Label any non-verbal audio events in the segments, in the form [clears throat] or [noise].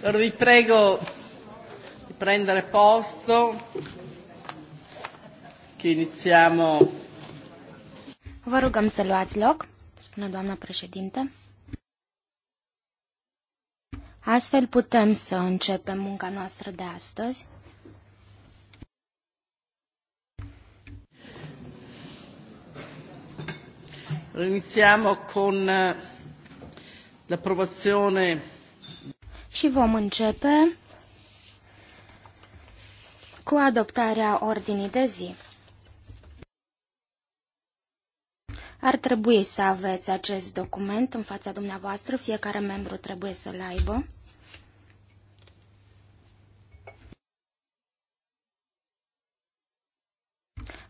Allora vi prego di prendere posto, che iniziamo. Vă rugăm să luați loc, spune doamna președinte. Astfel putem să începem munca noastră de astăzi. Iniziamo con eh, l'approvazione și vom începe cu adoptarea ordinii de zi. Ar trebui să aveți acest document în fața dumneavoastră, fiecare membru trebuie să-l aibă.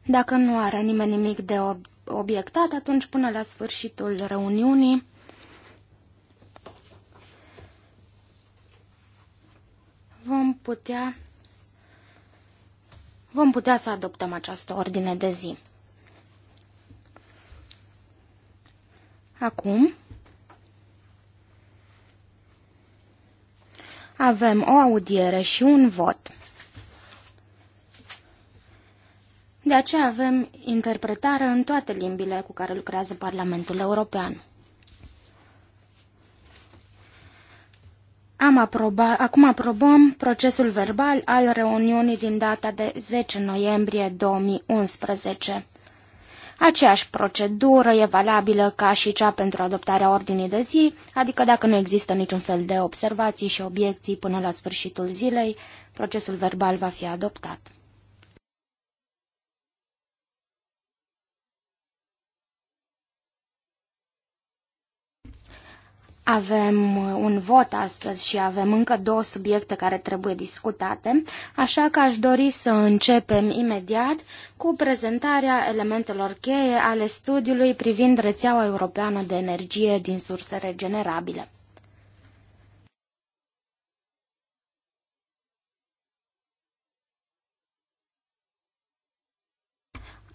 Dacă nu are nimeni nimic de obiectat, atunci până la sfârșitul reuniunii putea, vom putea să adoptăm această ordine de zi. Acum avem o audiere și un vot. De aceea avem interpretare în toate limbile cu care lucrează Parlamentul European. Am aprobat, acum aprobăm procesul verbal al reuniunii din data de 10 noiembrie 2011. Aceeași procedură e valabilă ca și cea pentru adoptarea ordinii de zi, adică dacă nu există niciun fel de observații și obiecții până la sfârșitul zilei, procesul verbal va fi adoptat. Avem uh, un vot astăzi și avem încă două subiecte care trebuie discutate, așa că aș dori să începem imediat cu prezentarea elementelor cheie ale studiului privind rețeaua europeană de energie din surse regenerabile.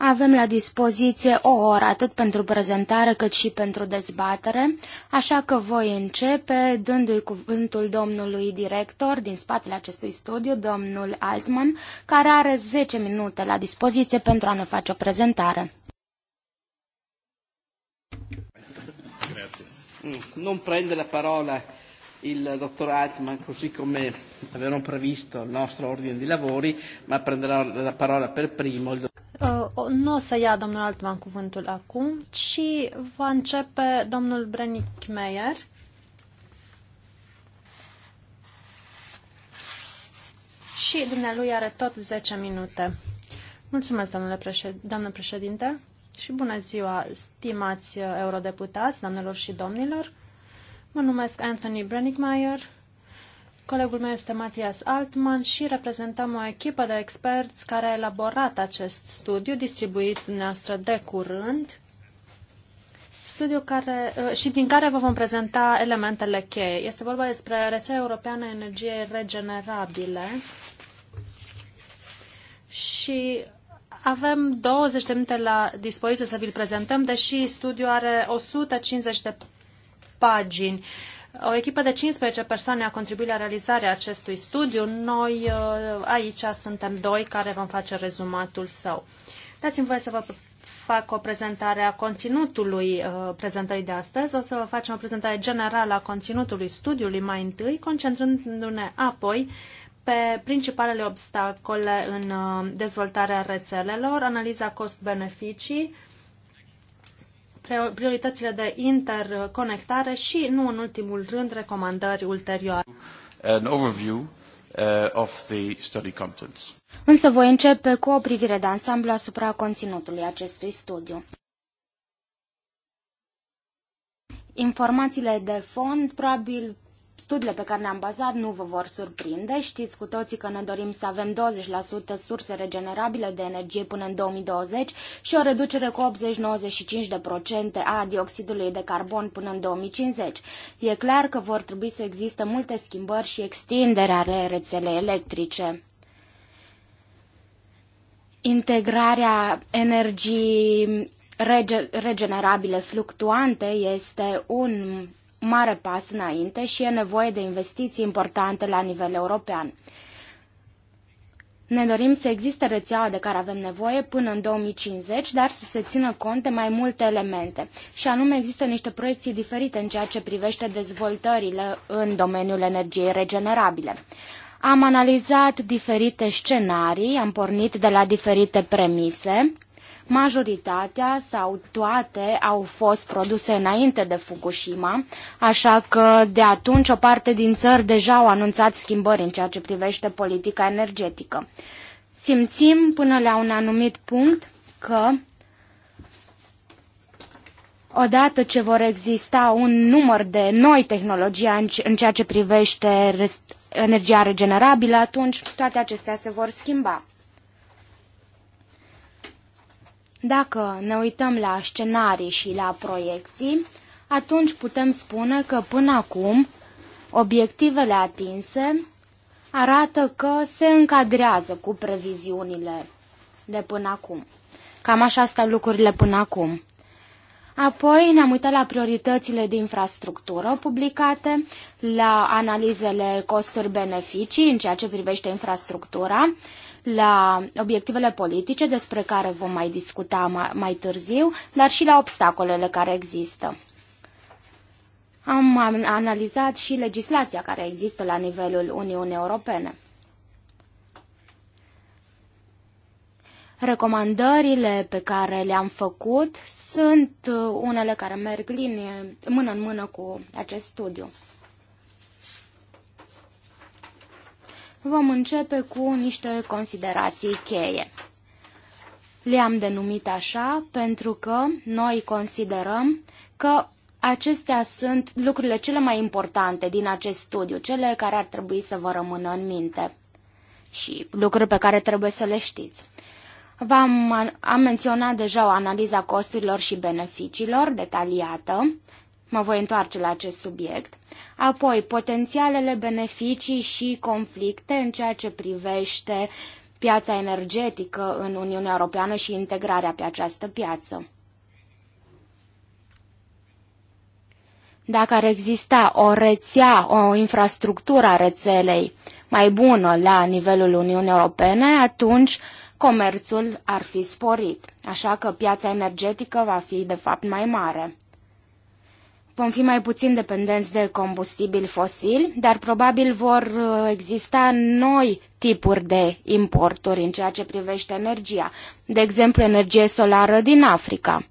Avem la dispoziție o oră atât pentru prezentare cât și pentru dezbatere, așa că voi începe dându-i cuvântul domnului director din spatele acestui studiu, domnul Altman, care are 10 minute la dispoziție pentru a ne face o prezentare. Mm, non prende la parola il dottor Altman, così come avevano previsto il nostro ordine di lavori, ma prenderà la parola per primo il Uh, nu o să ia domnul Altman cuvântul acum, ci va începe domnul Brenic Meyer. Și dumnealui are tot 10 minute. Mulțumesc, domnule președ... doamnă președinte, și bună ziua, stimați uh, eurodeputați, doamnelor și domnilor. Mă numesc Anthony Brenickmeyer, Colegul meu este Matias Altman și reprezentăm o echipă de experți care a elaborat acest studiu distribuit dumneavoastră de curând studiu care, uh, și din care vă vom prezenta elementele cheie. Este vorba despre rețea europeană a energiei regenerabile și avem 20 de minute la dispoziție să vi-l prezentăm, deși studiul are 150 de pagini. O echipă de 15 persoane a contribuit la realizarea acestui studiu. Noi uh, aici suntem doi care vom face rezumatul său. Dați-mi voie să vă fac o prezentare a conținutului uh, prezentării de astăzi. O să vă facem o prezentare generală a conținutului studiului mai întâi, concentrându-ne apoi pe principalele obstacole în uh, dezvoltarea rețelelor, analiza cost-beneficii, prioritățile de interconectare și, nu în ultimul rând, recomandări ulterioare. An overview uh, of the study contents. Însă voi începe cu o privire de ansamblu asupra conținutului acestui studiu. Informațiile de fond probabil studiile pe care ne-am bazat nu vă vor surprinde. Știți cu toții că ne dorim să avem 20% surse regenerabile de energie până în 2020 și o reducere cu 80-95% a dioxidului de carbon până în 2050. E clar că vor trebui să existe multe schimbări și extinderea ale rețelei electrice integrarea energii regenerabile fluctuante este un mare pas înainte și e nevoie de investiții importante la nivel european. Ne dorim să existe rețeaua de care avem nevoie până în 2050, dar să se țină cont de mai multe elemente. Și anume există niște proiecții diferite în ceea ce privește dezvoltările în domeniul energiei regenerabile. Am analizat diferite scenarii, am pornit de la diferite premise Majoritatea sau toate au fost produse înainte de Fukushima, așa că de atunci o parte din țări deja au anunțat schimbări în ceea ce privește politica energetică. Simțim până la un anumit punct că odată ce vor exista un număr de noi tehnologii în ceea ce privește energia regenerabilă, atunci toate acestea se vor schimba. Dacă ne uităm la scenarii și la proiecții, atunci putem spune că până acum obiectivele atinse arată că se încadrează cu previziunile de până acum. Cam așa stau lucrurile până acum. Apoi ne-am uitat la prioritățile de infrastructură publicate, la analizele costuri-beneficii în ceea ce privește infrastructura, la obiectivele politice despre care vom mai discuta mai, mai târziu, dar și la obstacolele care există. Am analizat și legislația care există la nivelul Uniunii Europene. Recomandările pe care le-am făcut sunt unele care merg linie, mână în mână cu acest studiu. Vom începe cu niște considerații cheie. Le-am denumit așa pentru că noi considerăm că acestea sunt lucrurile cele mai importante din acest studiu, cele care ar trebui să vă rămână în minte și lucruri pe care trebuie să le știți. V-am am menționat deja o analiza costurilor și beneficiilor detaliată. Mă voi întoarce la acest subiect. Apoi, potențialele beneficii și conflicte în ceea ce privește piața energetică în Uniunea Europeană și integrarea pe această piață. Dacă ar exista o rețea, o infrastructură a rețelei mai bună la nivelul Uniunii Europene, atunci comerțul ar fi sporit, așa că piața energetică va fi de fapt mai mare vom fi mai puțin dependenți de combustibili fosili, dar probabil vor uh, exista noi tipuri de importuri în ceea ce privește energia, de exemplu energie solară din Africa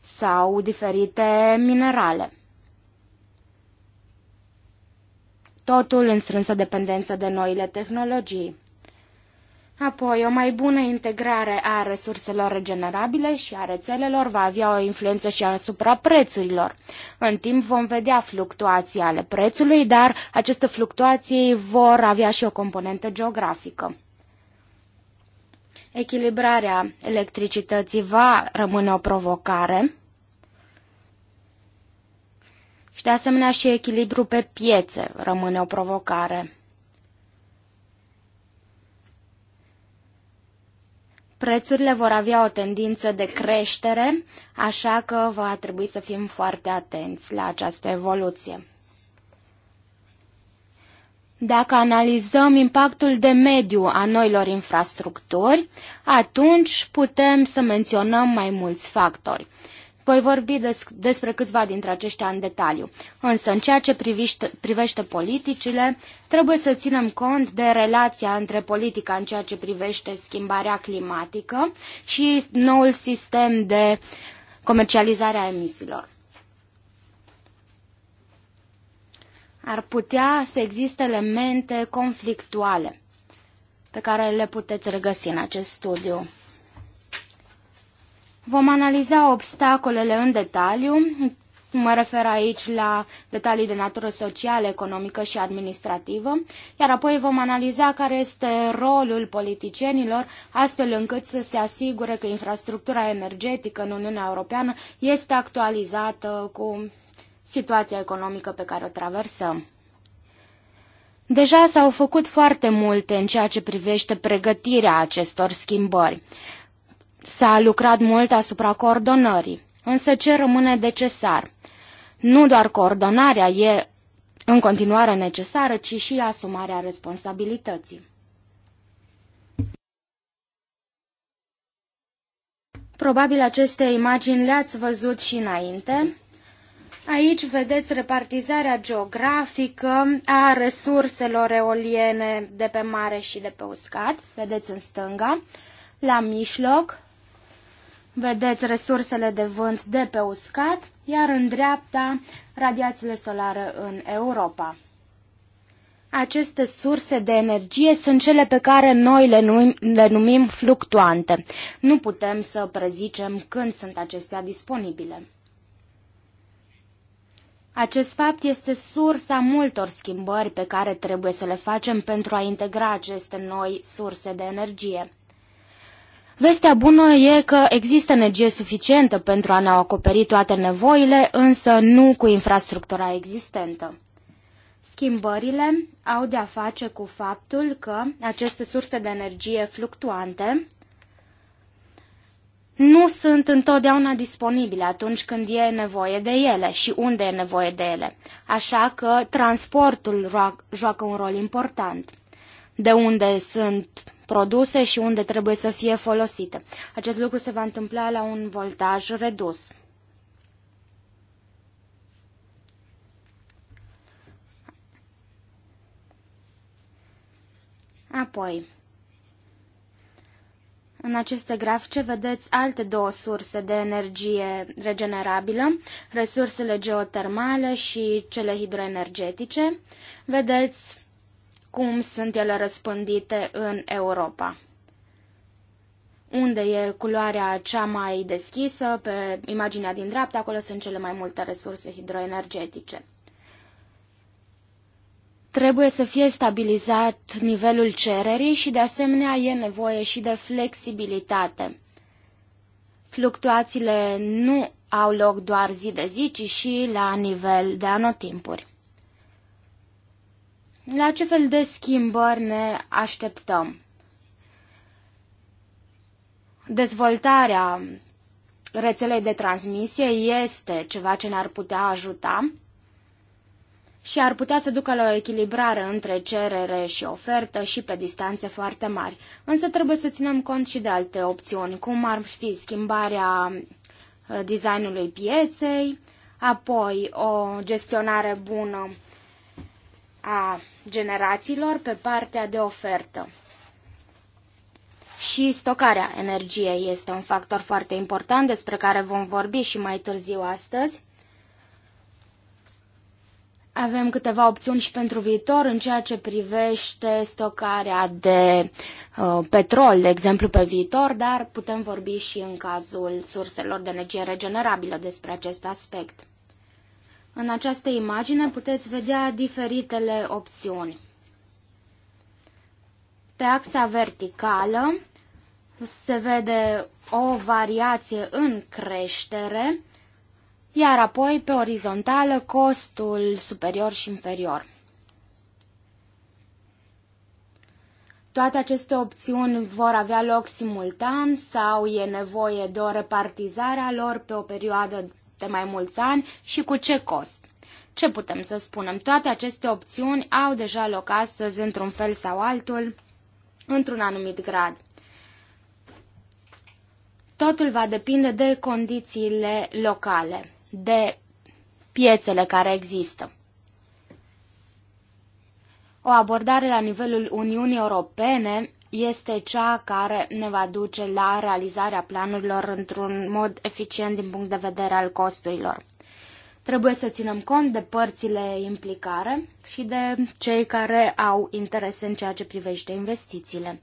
sau diferite minerale. Totul în strânsă dependență de noile tehnologii. Apoi, o mai bună integrare a resurselor regenerabile și a rețelelor va avea o influență și asupra prețurilor. În timp vom vedea fluctuații ale prețului, dar aceste fluctuații vor avea și o componentă geografică. Echilibrarea electricității va rămâne o provocare și de asemenea și echilibru pe piețe rămâne o provocare. Prețurile vor avea o tendință de creștere, așa că va trebui să fim foarte atenți la această evoluție. Dacă analizăm impactul de mediu a noilor infrastructuri, atunci putem să menționăm mai mulți factori. Voi vorbi des, despre câțiva dintre aceștia în detaliu. Însă, în ceea ce priviște, privește politicile, trebuie să ținem cont de relația între politica în ceea ce privește schimbarea climatică și noul sistem de comercializare a emisiilor. Ar putea să existe elemente conflictuale pe care le puteți regăsi în acest studiu. Vom analiza obstacolele în detaliu, mă refer aici la detalii de natură socială, economică și administrativă, iar apoi vom analiza care este rolul politicienilor, astfel încât să se asigure că infrastructura energetică în Uniunea Europeană este actualizată cu situația economică pe care o traversăm. Deja s-au făcut foarte multe în ceea ce privește pregătirea acestor schimbări. S-a lucrat mult asupra coordonării, însă ce rămâne necesar? Nu doar coordonarea e în continuare necesară, ci și asumarea responsabilității. Probabil aceste imagini le-ați văzut și înainte. Aici vedeți repartizarea geografică a resurselor eoliene de pe mare și de pe uscat. Vedeți în stânga. La mijloc vedeți resursele de vânt de pe uscat, iar în dreapta radiațiile solare în Europa. Aceste surse de energie sunt cele pe care noi le numim, le numim fluctuante. Nu putem să prezicem când sunt acestea disponibile. Acest fapt este sursa multor schimbări pe care trebuie să le facem pentru a integra aceste noi surse de energie. Vestea bună e că există energie suficientă pentru a ne acoperi toate nevoile, însă nu cu infrastructura existentă. Schimbările au de-a face cu faptul că aceste surse de energie fluctuante nu sunt întotdeauna disponibile atunci când e nevoie de ele și unde e nevoie de ele. Așa că transportul joacă un rol important. De unde sunt produse și unde trebuie să fie folosite. Acest lucru se va întâmpla la un voltaj redus. Apoi, în aceste grafice vedeți alte două surse de energie regenerabilă, resursele geotermale și cele hidroenergetice. Vedeți cum sunt ele răspândite în Europa. Unde e culoarea cea mai deschisă, pe imaginea din dreapta, acolo sunt cele mai multe resurse hidroenergetice trebuie să fie stabilizat nivelul cererii și de asemenea e nevoie și de flexibilitate. Fluctuațiile nu au loc doar zi de zi, ci și la nivel de anotimpuri. La ce fel de schimbări ne așteptăm? Dezvoltarea rețelei de transmisie este ceva ce ne-ar putea ajuta și ar putea să ducă la o echilibrare între cerere și ofertă și pe distanțe foarte mari. Însă trebuie să ținem cont și de alte opțiuni, cum ar fi schimbarea uh, designului pieței, apoi o gestionare bună a generațiilor pe partea de ofertă. Și stocarea energiei este un factor foarte important despre care vom vorbi și mai târziu astăzi. Avem câteva opțiuni și pentru viitor în ceea ce privește stocarea de uh, petrol, de exemplu, pe viitor, dar putem vorbi și în cazul surselor de energie regenerabilă despre acest aspect. În această imagine puteți vedea diferitele opțiuni. Pe axa verticală se vede o variație în creștere, iar apoi pe orizontală costul superior și inferior. Toate aceste opțiuni vor avea loc simultan sau e nevoie de o repartizare a lor pe o perioadă de mai mulți ani și cu ce cost. Ce putem să spunem? Toate aceste opțiuni au deja loc astăzi într-un fel sau altul, într-un anumit grad. Totul va depinde de condițiile locale, de piețele care există. O abordare la nivelul Uniunii Europene este cea care ne va duce la realizarea planurilor într-un mod eficient din punct de vedere al costurilor. Trebuie să ținem cont de părțile implicare și de cei care au interese în ceea ce privește investițiile.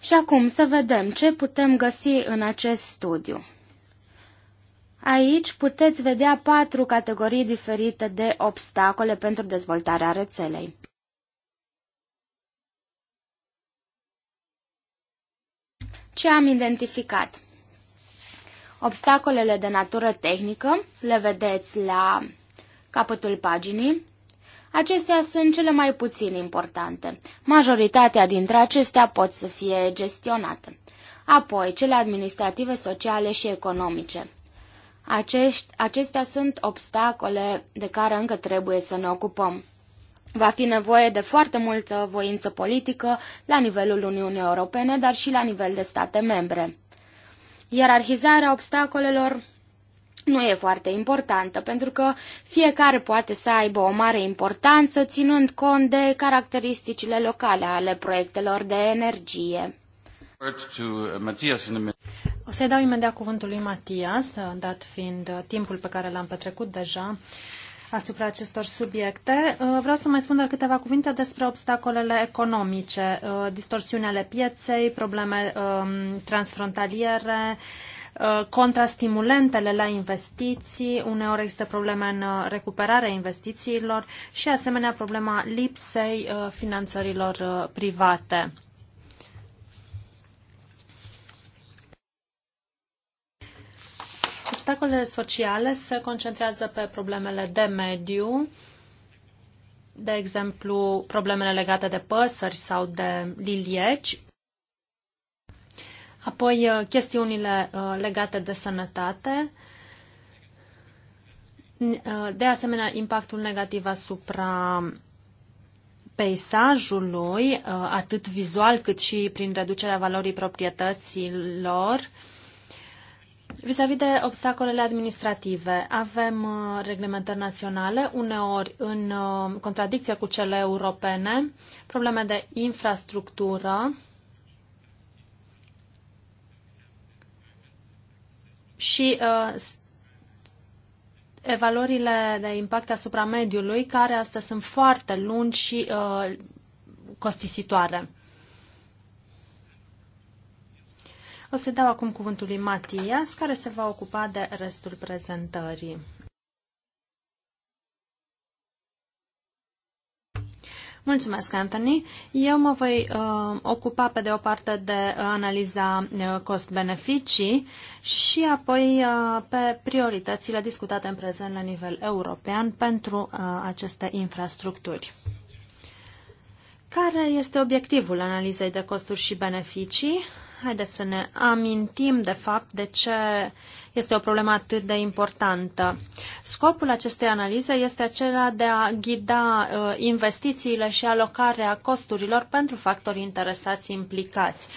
Și acum să vedem ce putem găsi în acest studiu. Aici puteți vedea patru categorii diferite de obstacole pentru dezvoltarea rețelei. Ce am identificat? Obstacolele de natură tehnică le vedeți la capătul paginii. Acestea sunt cele mai puțin importante. Majoritatea dintre acestea pot să fie gestionate. Apoi, cele administrative, sociale și economice. Acești, acestea sunt obstacole de care încă trebuie să ne ocupăm. Va fi nevoie de foarte multă voință politică la nivelul Uniunii Europene, dar și la nivel de state membre. Ierarhizarea obstacolelor nu e foarte importantă, pentru că fiecare poate să aibă o mare importanță, ținând cont de caracteristicile locale ale proiectelor de energie. O să-i dau imediat cuvântul lui Matias, dat fiind timpul pe care l-am petrecut deja asupra acestor subiecte. Uh, vreau să mai spun doar câteva cuvinte despre obstacolele economice, uh, distorsiunea ale pieței, probleme um, transfrontaliere, uh, contrastimulentele la investiții, uneori există probleme în recuperarea investițiilor și asemenea problema lipsei finanțărilor private. obstacolele sociale se concentrează pe problemele de mediu, de exemplu, problemele legate de păsări sau de lilieci, apoi uh, chestiunile uh, legate de sănătate, uh, de asemenea, impactul negativ asupra peisajului, atât vizual cât și prin reducerea valorii proprietăților, Vis-a-vis -vis de obstacolele administrative, avem uh, reglementări naționale, uneori în uh, contradicție cu cele europene, probleme de infrastructură și uh, evaluările de impact asupra mediului, care astăzi sunt foarte lungi și costisitoare. O să dau acum cuvântul lui Matias, care se va ocupa de restul prezentării. Mulțumesc, Anthony. Eu mă voi uh, ocupa pe de o parte de uh, analiza uh, cost-beneficii și apoi uh, pe prioritățile discutate în prezent la nivel european pentru uh, aceste infrastructuri. Care este obiectivul analizei de costuri și beneficii? haideți să ne amintim de fapt de ce este o problemă atât de importantă. Scopul acestei analize este acela de a ghida uh, investițiile și alocarea costurilor pentru factorii interesați implicați.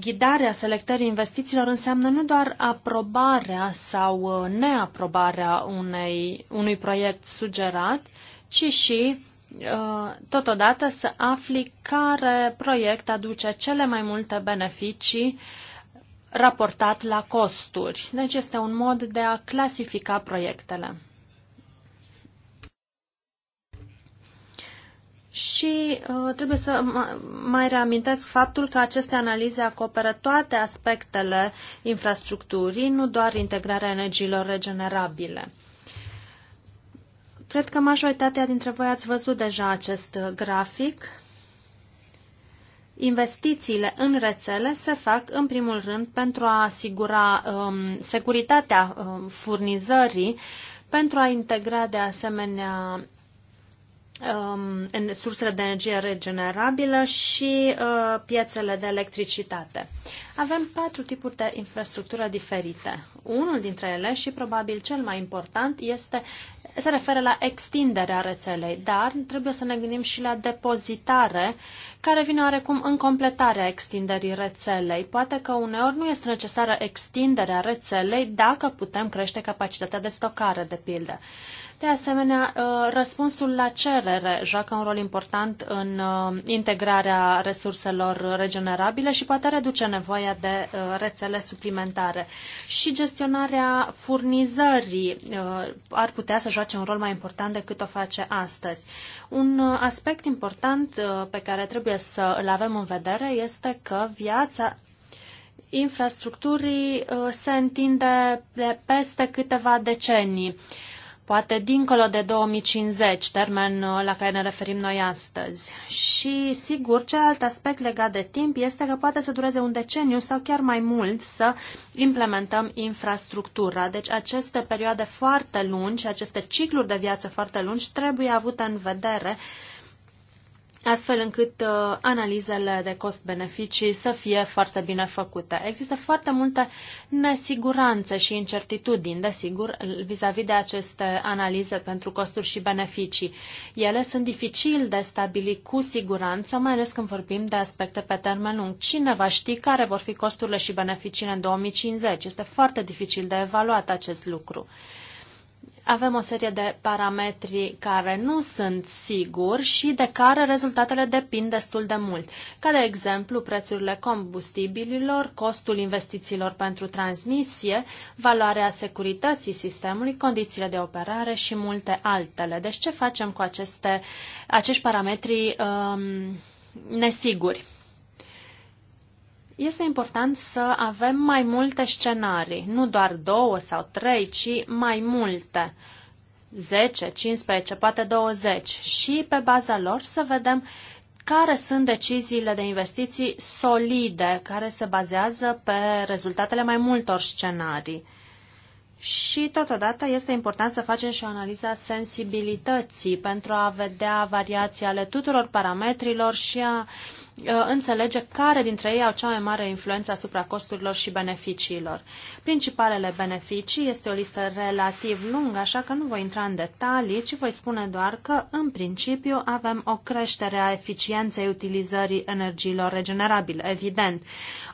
Ghidarea selectării investițiilor înseamnă nu doar aprobarea sau uh, neaprobarea unei, unui proiect sugerat, ci și Uh, totodată să afli care proiect aduce cele mai multe beneficii raportat la costuri. Deci este un mod de a clasifica proiectele. Și uh, trebuie să mai reamintesc faptul că aceste analize acoperă toate aspectele infrastructurii, nu doar integrarea energiilor regenerabile. Cred că majoritatea dintre voi ați văzut deja acest grafic. Investițiile în rețele se fac în primul rând pentru a asigura um, securitatea um, furnizării, pentru a integra de asemenea Um, în sursele de energie regenerabilă și uh, piețele de electricitate. Avem patru tipuri de infrastructură diferite. Unul dintre ele și probabil cel mai important este se referă la extinderea rețelei, dar trebuie să ne gândim și la depozitare, care vine oarecum în completarea extinderii rețelei. Poate că uneori nu este necesară extinderea rețelei dacă putem crește capacitatea de stocare, de pildă. De asemenea, uh, răspunsul la cerere joacă un rol important în uh, integrarea resurselor regenerabile și poate reduce nevoia de uh, rețele suplimentare. Și gestionarea furnizării ar putea să joace un rol mai important decât o face astăzi. Un aspect important pe care trebuie să îl avem în vedere este că viața infrastructurii se întinde peste câteva decenii poate dincolo de 2050, termen uh, la care ne referim noi astăzi. Și, sigur, celălalt aspect legat de timp este că poate să dureze un deceniu sau chiar mai mult să implementăm infrastructura. Deci aceste perioade foarte lungi, aceste cicluri de viață foarte lungi trebuie avute în vedere uh, astfel încât uh, analizele de cost-beneficii să fie foarte bine făcute. Există foarte multe nesiguranțe și incertitudini, desigur, vis-a-vis de aceste analize pentru costuri și beneficii. Ele sunt dificil de stabilit cu siguranță, mai ales când vorbim de aspecte pe termen lung. Cine va ști care vor fi costurile și beneficiile în 2050? Este foarte dificil de evaluat acest lucru avem o serie de parametri care nu sunt siguri și de care rezultatele depind destul de mult, ca de exemplu prețurile combustibililor, costul investițiilor pentru transmisie, valoarea securității sistemului, condițiile de operare și multe altele. Deci ce facem cu aceste, acești parametri um, nesiguri? este important să avem mai multe scenarii, nu doar două sau trei, ci mai multe, 10, 15, poate 20, și pe baza lor să vedem care sunt deciziile de investiții solide, care se bazează pe rezultatele mai multor scenarii. Și totodată este important să facem și o analiză sensibilității pentru a vedea variații ale tuturor parametrilor și a Uh, înțelege care dintre ei au cea mai mare influență asupra costurilor și beneficiilor. Principalele beneficii este o listă relativ lungă, așa că nu voi intra în detalii, ci voi spune doar că, în principiu, avem o creștere a eficienței utilizării energiilor regenerabile, evident,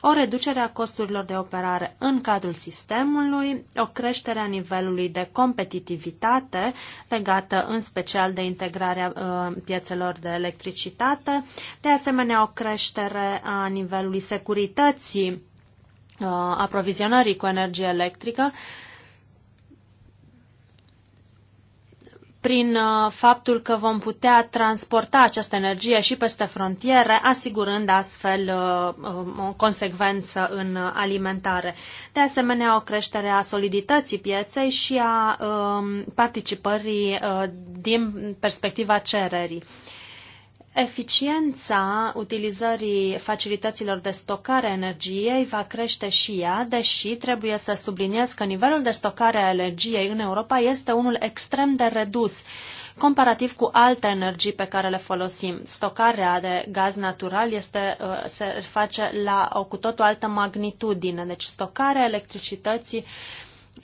o reducere a costurilor de operare în cadrul sistemului, o creștere a nivelului de competitivitate legată în special de integrarea uh, piețelor de electricitate, de asemenea o creștere a nivelului securității uh, aprovizionării cu energie electrică, prin uh, faptul că vom putea transporta această energie și peste frontiere, asigurând astfel uh, o consecvență în alimentare. De asemenea, o creștere a solidității pieței și a um, participării din perspectiva cererii. Eficiența utilizării facilităților de stocare a energiei va crește și ea, deși trebuie să subliniez că nivelul de stocare a energiei în Europa este unul extrem de redus comparativ cu alte energii pe care le folosim. Stocarea de gaz natural este, uh, se face la o cu totul altă magnitudine, deci stocarea electricității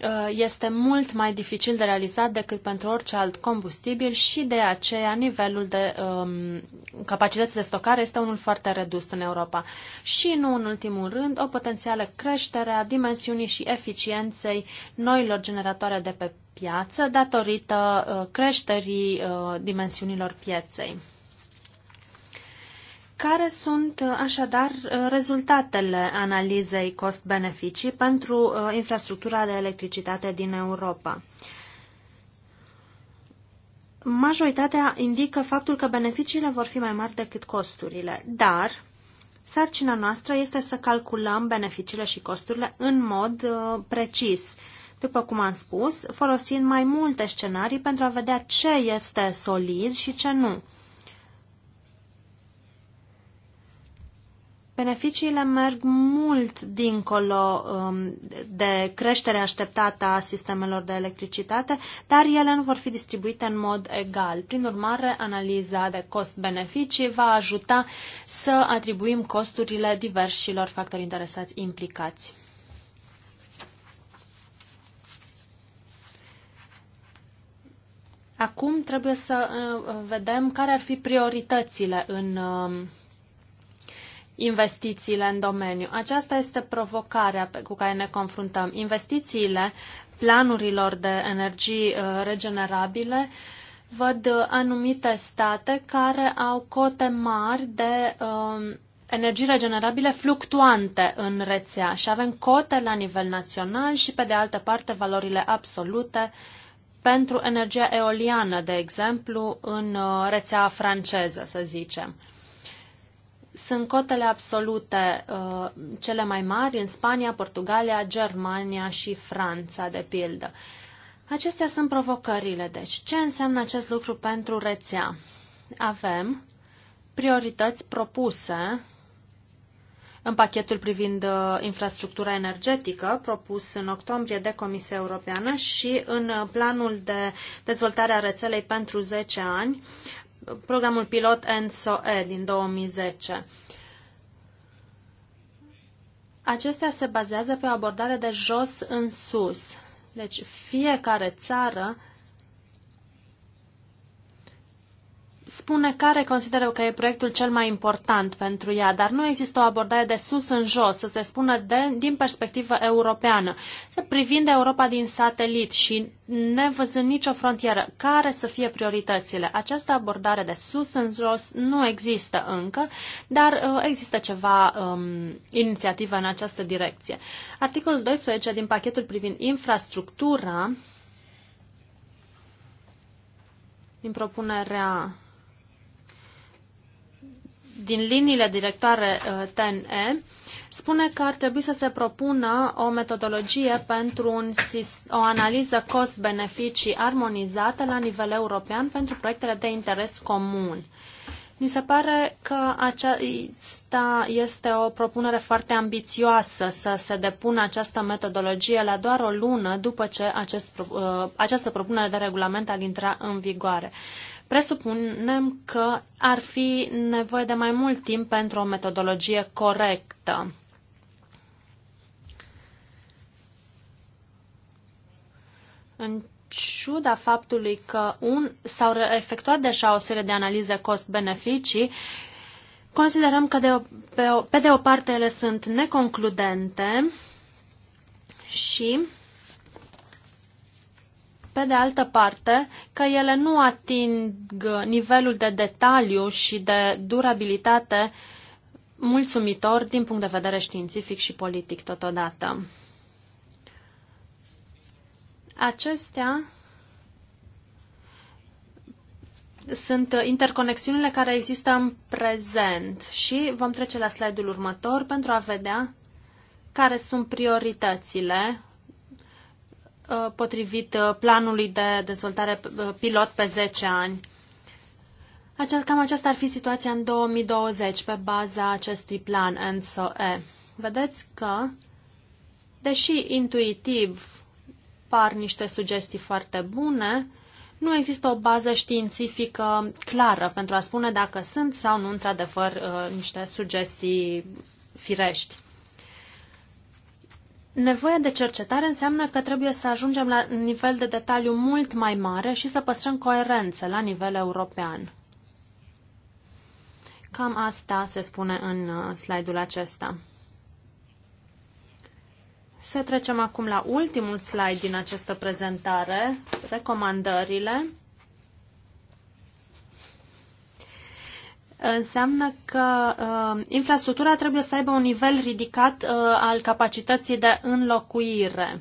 Uh, este mult mai dificil de realizat decât pentru orice alt combustibil și de aceea nivelul de um, capacități de stocare este unul foarte redus în Europa. Și nu în ultimul rând, o potențială creștere a dimensiunii și eficienței noilor generatoare de pe piață datorită uh, creșterii uh, dimensiunilor pieței. Care sunt uh, așadar uh, rezultatele analizei cost-beneficii pentru uh, infrastructura de electricitate din Europa? Majoritatea indică faptul că beneficiile vor fi mai mari decât costurile, dar sarcina noastră este să calculăm beneficiile și costurile în mod precis după cum am spus, folosind mai multe scenarii pentru a vedea ce este solid și ce nu. Beneficiile merg mult dincolo um, de creșterea așteptată a sistemelor de electricitate, dar ele nu vor fi distribuite în mod egal. Prin urmare, analiza de cost-beneficii va ajuta să atribuim costurile diversilor factori interesați implicați. Acum trebuie să uh, vedem care ar fi prioritățile în uh, investițiile în domeniu. Aceasta este provocarea cu care ne confruntăm. Investițiile planurilor de energii uh, regenerabile văd uh, anumite state care au cote mari de um, energii regenerabile fluctuante în rețea și avem cote la nivel național și, pe de altă parte, valorile absolute pentru energia eoliană, de exemplu, în uh, rețea franceză, să zicem sunt cotele absolute uh, cele mai mari în Spania, Portugalia, Germania și Franța, de pildă. Acestea sunt provocările. Deci, ce înseamnă acest lucru pentru rețea? Avem priorități propuse în pachetul privind uh, infrastructura energetică propus în octombrie de Comisia Europeană și în planul de dezvoltare a rețelei pentru 10 ani programul pilot ENSOE din 2010. Acestea se bazează pe o abordare de jos în sus. Deci fiecare țară spune care consideră că e proiectul cel mai important pentru ea, dar nu există o abordare de sus în jos, să se spună de, din perspectivă europeană, privind Europa din satelit și nevăzând nicio frontieră, care să fie prioritățile. Această abordare de sus în jos nu există încă, dar uh, există ceva um, inițiativă în această direcție. Articolul 12 din pachetul privind infrastructura din propunerea din liniile directoare uh, TNE spune că ar trebui să se propună o metodologie pentru un, o analiză cost-beneficii armonizată la nivel european pentru proiectele de interes comun. Mi se pare că aceasta este o propunere foarte ambițioasă să se depună această metodologie la doar o lună după ce acest, uh, această propunere de regulament ar intra în vigoare. Presupunem că ar fi nevoie de mai mult timp pentru o metodologie corectă. În ciuda faptului că un, s-au efectuat deja o serie de analize cost-beneficii, considerăm că, de o, pe, o, pe de o parte, ele sunt neconcludente și pe de altă parte că ele nu ating uh, nivelul de detaliu și de durabilitate mulțumitor din punct de vedere științific și politic totodată. Acestea sunt interconexiunile care există în prezent și vom trece la slide-ul următor pentru a vedea care sunt prioritățile Uh, potrivit uh, planului de dezvoltare uh, pilot pe 10 ani. Cam aceasta ar fi situația în 2020 pe baza acestui plan ENSOE. Vedeți că, deși intuitiv par niște sugestii foarte bune, nu există o bază științifică clară pentru a spune dacă sunt sau nu într-adevăr niște sugestii firești. Nevoia de cercetare înseamnă că trebuie să ajungem la un nivel de detaliu mult mai mare și să păstrăm coerență la nivel european. Cam asta se spune în uh, slide-ul acesta. Să trecem acum la ultimul slide din această prezentare, recomandările. înseamnă că uh, infrastructura trebuie să aibă un nivel ridicat uh, al capacității de înlocuire.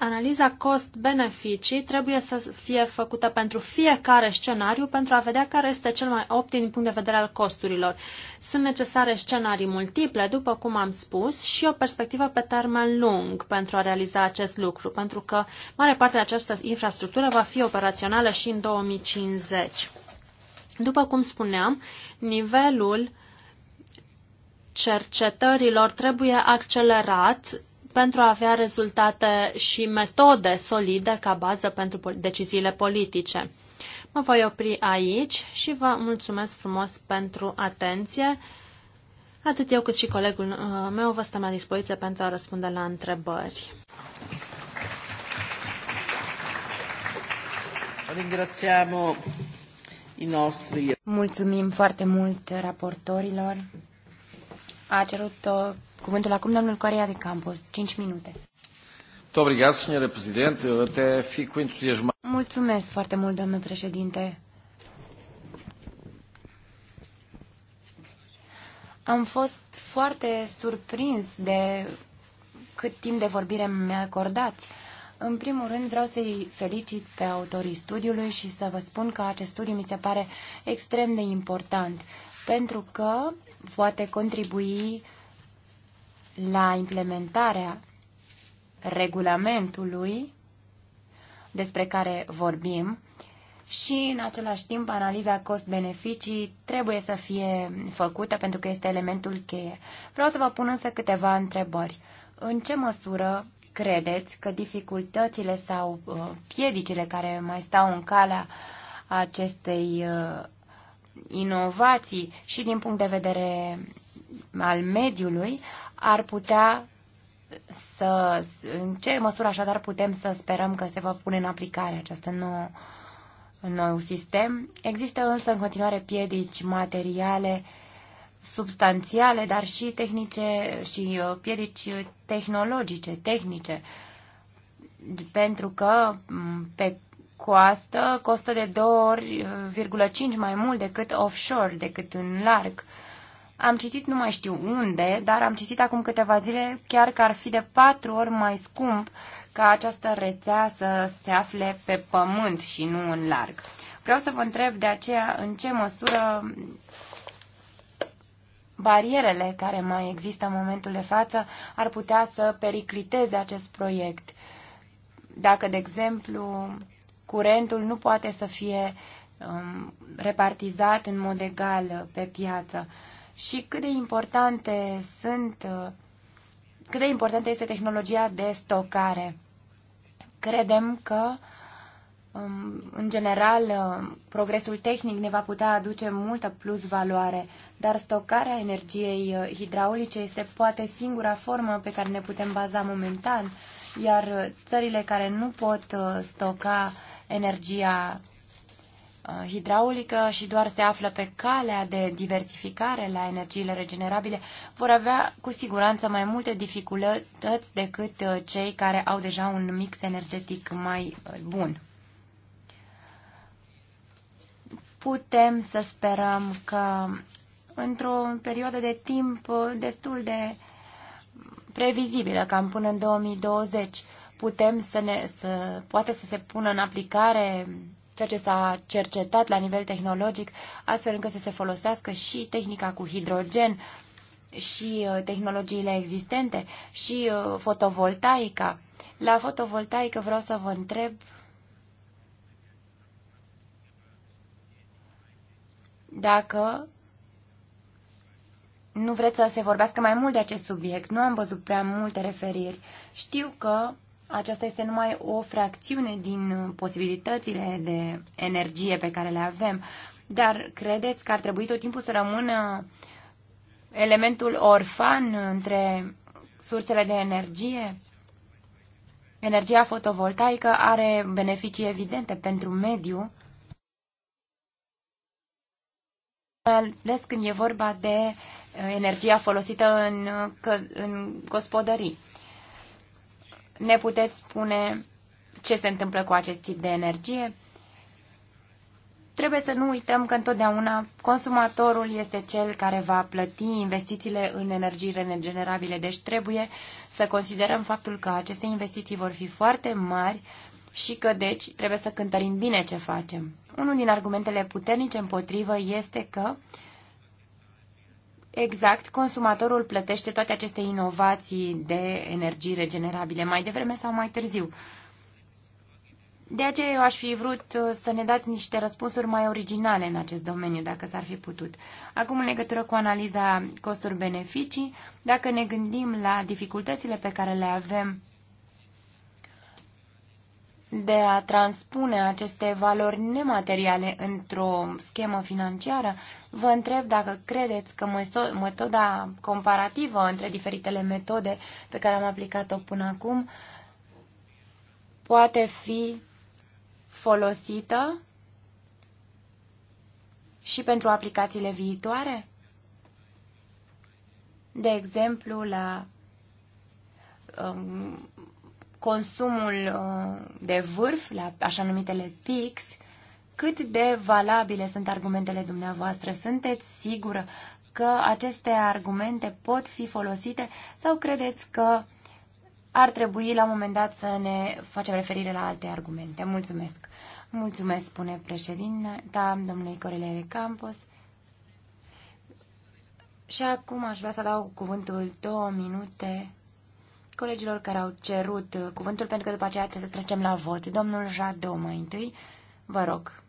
analiza cost-beneficii trebuie să fie făcută pentru fiecare scenariu pentru a vedea care este cel mai optim din punct de vedere al costurilor. Sunt necesare scenarii multiple, după cum am spus, și o perspectivă pe termen lung pentru a realiza acest lucru, pentru că mare parte de această infrastructură va fi operațională și în 2050. După cum spuneam, nivelul cercetărilor trebuie accelerat pentru a avea rezultate și metode solide ca bază pentru deciziile politice. Mă voi opri aici și vă mulțumesc frumos pentru atenție. Atât eu cât și colegul uh, meu vă stăm la dispoziție pentru a răspunde la întrebări. Mulțumim foarte mult raportorilor. A cerut o Cuvântul acum domnul Corea de Campos, 5 minute. Mulțumesc foarte mult, doamnă președinte. Am fost foarte surprins de cât timp de vorbire mi-a acordat. În primul rând vreau să-i felicit pe autorii studiului și să vă spun că acest studiu mi se pare extrem de important pentru că poate contribui la implementarea regulamentului despre care vorbim și, în același timp, analiza cost-beneficii trebuie să fie făcută pentru că este elementul cheie. Vreau să vă pun însă câteva întrebări. În ce măsură credeți că dificultățile sau uh, piedicile care mai stau în calea acestei uh, inovații și din punct de vedere al mediului ar putea să, în ce măsură așadar putem să sperăm că se va pune în aplicare acest nou nou sistem. Există însă în continuare piedici materiale, substanțiale, dar și tehnice și uh, piedici tehnologice, tehnice, pentru că pe coastă costă de 2,5 uh, mai mult decât offshore, decât în larg. Uh, am citit nu mai știu unde, dar am citit acum câteva zile chiar că ar fi de patru ori mai scump ca această rețea să se afle pe pământ și nu în larg. Vreau să vă întreb de aceea în ce măsură barierele care mai există în momentul de față ar putea să pericliteze acest proiect. Dacă, de exemplu, curentul nu poate să fie um, repartizat în mod egal pe piață. Uh, și cât de importante sunt, cât de importantă este tehnologia de stocare. Credem că um, în general, um, progresul tehnic ne va putea aduce multă plus valoare, dar stocarea energiei uh, hidraulice este poate singura formă pe care ne putem baza momentan, iar uh, țările care nu pot uh, stoca energia Uh, hidraulică și doar se află pe calea de diversificare la energiile regenerabile, vor avea cu siguranță mai multe dificultăți decât uh, cei care au deja un mix energetic mai uh, bun. Putem să sperăm că într-o perioadă de timp destul de previzibilă, cam până în 2020, putem să ne, să, poate să se pună în aplicare ceea ce s-a cercetat la nivel tehnologic, astfel încât să se folosească și tehnica cu hidrogen și uh, tehnologiile existente și uh, fotovoltaica. La fotovoltaică vreau să vă întreb dacă nu vreți să se vorbească mai mult de acest subiect. Nu am văzut prea multe referiri. Știu că aceasta este numai o fracțiune din posibilitățile de energie pe care le avem. Dar credeți că ar trebui tot timpul să rămână elementul orfan între sursele de energie? Energia fotovoltaică are beneficii evidente pentru mediu, mai ales când e vorba de uh, energia folosită în, uh, în gospodării. Ne puteți spune ce se întâmplă cu acest tip de energie? Trebuie să nu uităm că întotdeauna consumatorul este cel care va plăti investițiile în energii regenerabile, deci trebuie să considerăm faptul că aceste investiții vor fi foarte mari și că, deci, trebuie să cântărim bine ce facem. Unul din argumentele puternice împotrivă este că uh, exact consumatorul plătește toate aceste inovații de energii regenerabile, mai devreme sau mai târziu. De aceea eu aș fi vrut uh, să ne dați niște răspunsuri mai originale în acest domeniu, dacă s-ar fi putut. Acum, în legătură cu analiza costuri-beneficii, dacă ne gândim la dificultățile pe care le avem de a transpune aceste valori nemateriale într-o schemă financiară, vă întreb dacă credeți că metoda comparativă între diferitele metode pe care am aplicat-o până acum poate fi folosită și pentru aplicațiile viitoare? De exemplu, la um, consumul uh, de vârf, la așa numitele PIX, cât de valabile sunt argumentele dumneavoastră? Sunteți sigură că aceste argumente pot fi folosite sau credeți că ar trebui la un moment dat să ne facem referire la alte argumente? Mulțumesc! Mulțumesc, spune președinta domnului Corelele Campos. Și acum aș vrea să dau cuvântul două minute colegilor care au cerut uh, cuvântul, pentru că după aceea trebuie să trecem la vot. Domnul Jadot mai întâi, vă rog.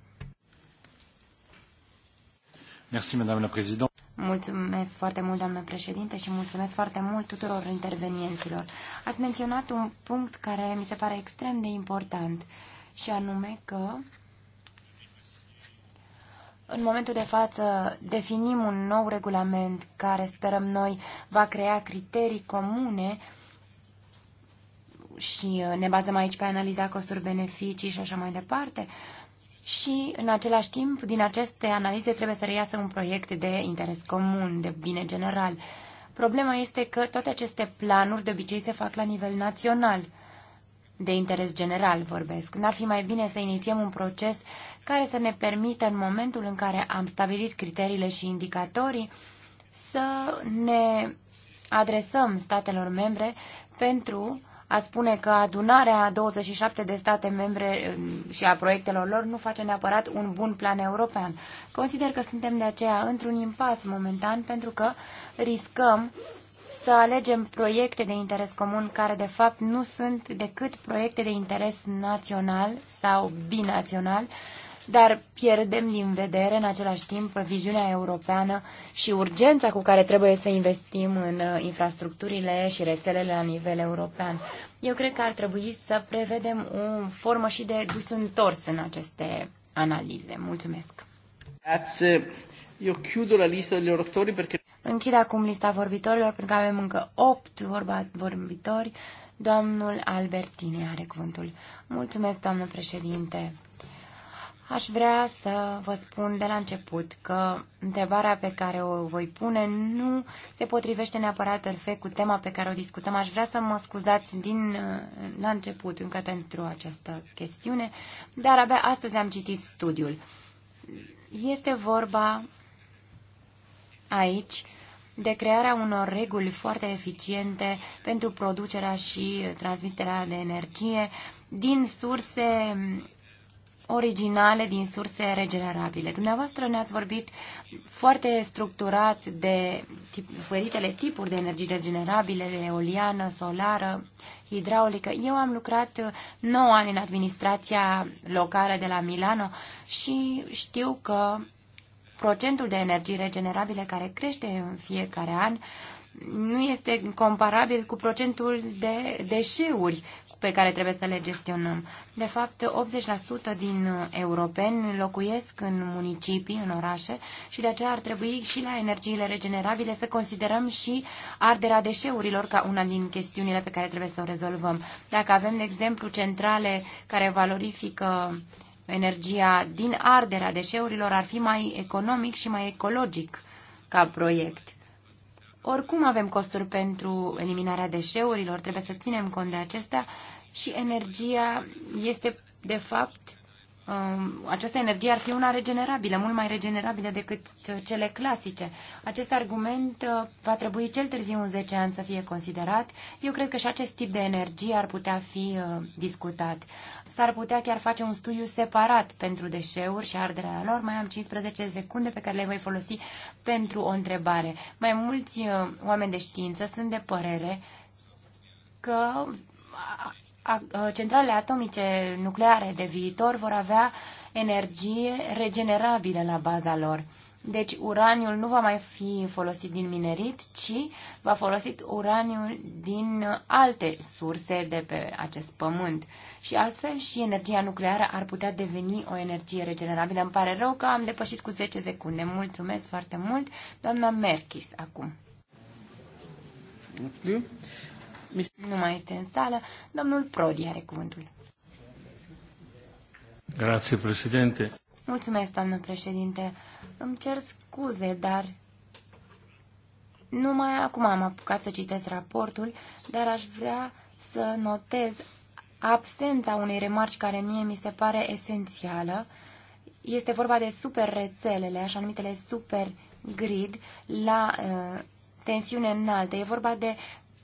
Merci, Madame la président. Mulțumesc foarte mult, doamnă președinte, și mulțumesc foarte mult tuturor intervenienților. Ați menționat un punct care mi se pare extrem de important, și anume că în momentul de față definim un nou regulament care, sperăm noi, va crea criterii comune uh, și uh, ne bazăm aici pe analiza costuri-beneficii și așa mai departe. Și, în același timp, din aceste analize trebuie să reiasă un proiect de interes comun, de bine general. Problema este că toate aceste planuri de obicei se fac la nivel național, de interes general vorbesc. N-ar fi mai bine să inițiem un proces care să ne permită, în momentul în care am stabilit criteriile și indicatorii, să ne adresăm statelor membre pentru a spune că adunarea a 27 de state membre um, și a proiectelor lor nu face neapărat un bun plan european. Consider că suntem de aceea într-un impas momentan pentru că riscăm să alegem proiecte de interes comun care de fapt nu sunt decât proiecte de interes național sau binațional dar pierdem din vedere în același timp viziunea europeană și urgența cu care trebuie să investim în uh, infrastructurile și rețelele la nivel european. Eu cred că ar trebui să prevedem o formă și de dus întors în aceste analize. Mulțumesc! Grazie. Uh, eu chiudo la lista oratori perché... Închid acum lista vorbitorilor pentru că avem încă 8 vorba, vorbitori. Domnul Albertini are cuvântul. Mulțumesc, doamnă președinte. Aș vrea să vă spun de la început că întrebarea pe care o voi pune nu se potrivește neapărat perfect cu tema pe care o discutăm. Aș vrea să mă scuzați din la început încă pentru această chestiune, dar abia astăzi am citit studiul. Este vorba aici de crearea unor reguli foarte eficiente pentru producerea și transmiterea de energie din surse originale din surse regenerabile. Dumneavoastră ne-ați vorbit foarte structurat de tip, diferitele tipuri de energii regenerabile, de eoliană, solară, hidraulică. Eu am lucrat 9 ani în administrația locală de la Milano și știu că procentul de energii regenerabile care crește în fiecare an nu este comparabil cu procentul de deșeuri pe care trebuie să le gestionăm. De fapt, 80% din europeni locuiesc în municipii, în orașe și de aceea ar trebui și la energiile regenerabile să considerăm și arderea deșeurilor ca una din chestiunile pe care trebuie să o rezolvăm. Dacă avem, de exemplu, centrale care valorifică energia din arderea deșeurilor, ar fi mai economic și mai ecologic ca proiect. Oricum avem costuri pentru eliminarea deșeurilor, trebuie să ținem cont de acestea și energia este, de fapt, Um, această energie ar fi una regenerabilă, mult mai regenerabilă decât uh, cele clasice. Acest argument uh, va trebui cel târziu în 10 ani să fie considerat. Eu cred că și acest tip de energie ar putea fi uh, discutat. S-ar putea chiar face un studiu separat pentru deșeuri și arderea lor. Mai am 15 secunde pe care le voi folosi pentru o întrebare. Mai mulți oameni de știință sunt de părere că Uh, centralele atomice nucleare de viitor vor avea energie regenerabilă la baza lor. Deci uraniul nu va mai fi folosit din minerit, ci va folosit uraniul din alte surse de pe acest pământ. Și astfel și energia nucleară ar putea deveni o energie regenerabilă. Îmi pare rău că am depășit cu 10 secunde. Mulțumesc foarte mult, doamna Merkis, acum. Nu mai este în sală. Domnul Prodi are cuvântul. Grazie, președinte. Mulțumesc, doamnă președinte. Îmi cer scuze, dar numai acum am apucat să citesc raportul, dar aș vrea să notez absența unei remarci care mie mi se pare esențială. Este vorba de super rețelele, așa numitele super grid, la uh, tensiune înaltă. E vorba de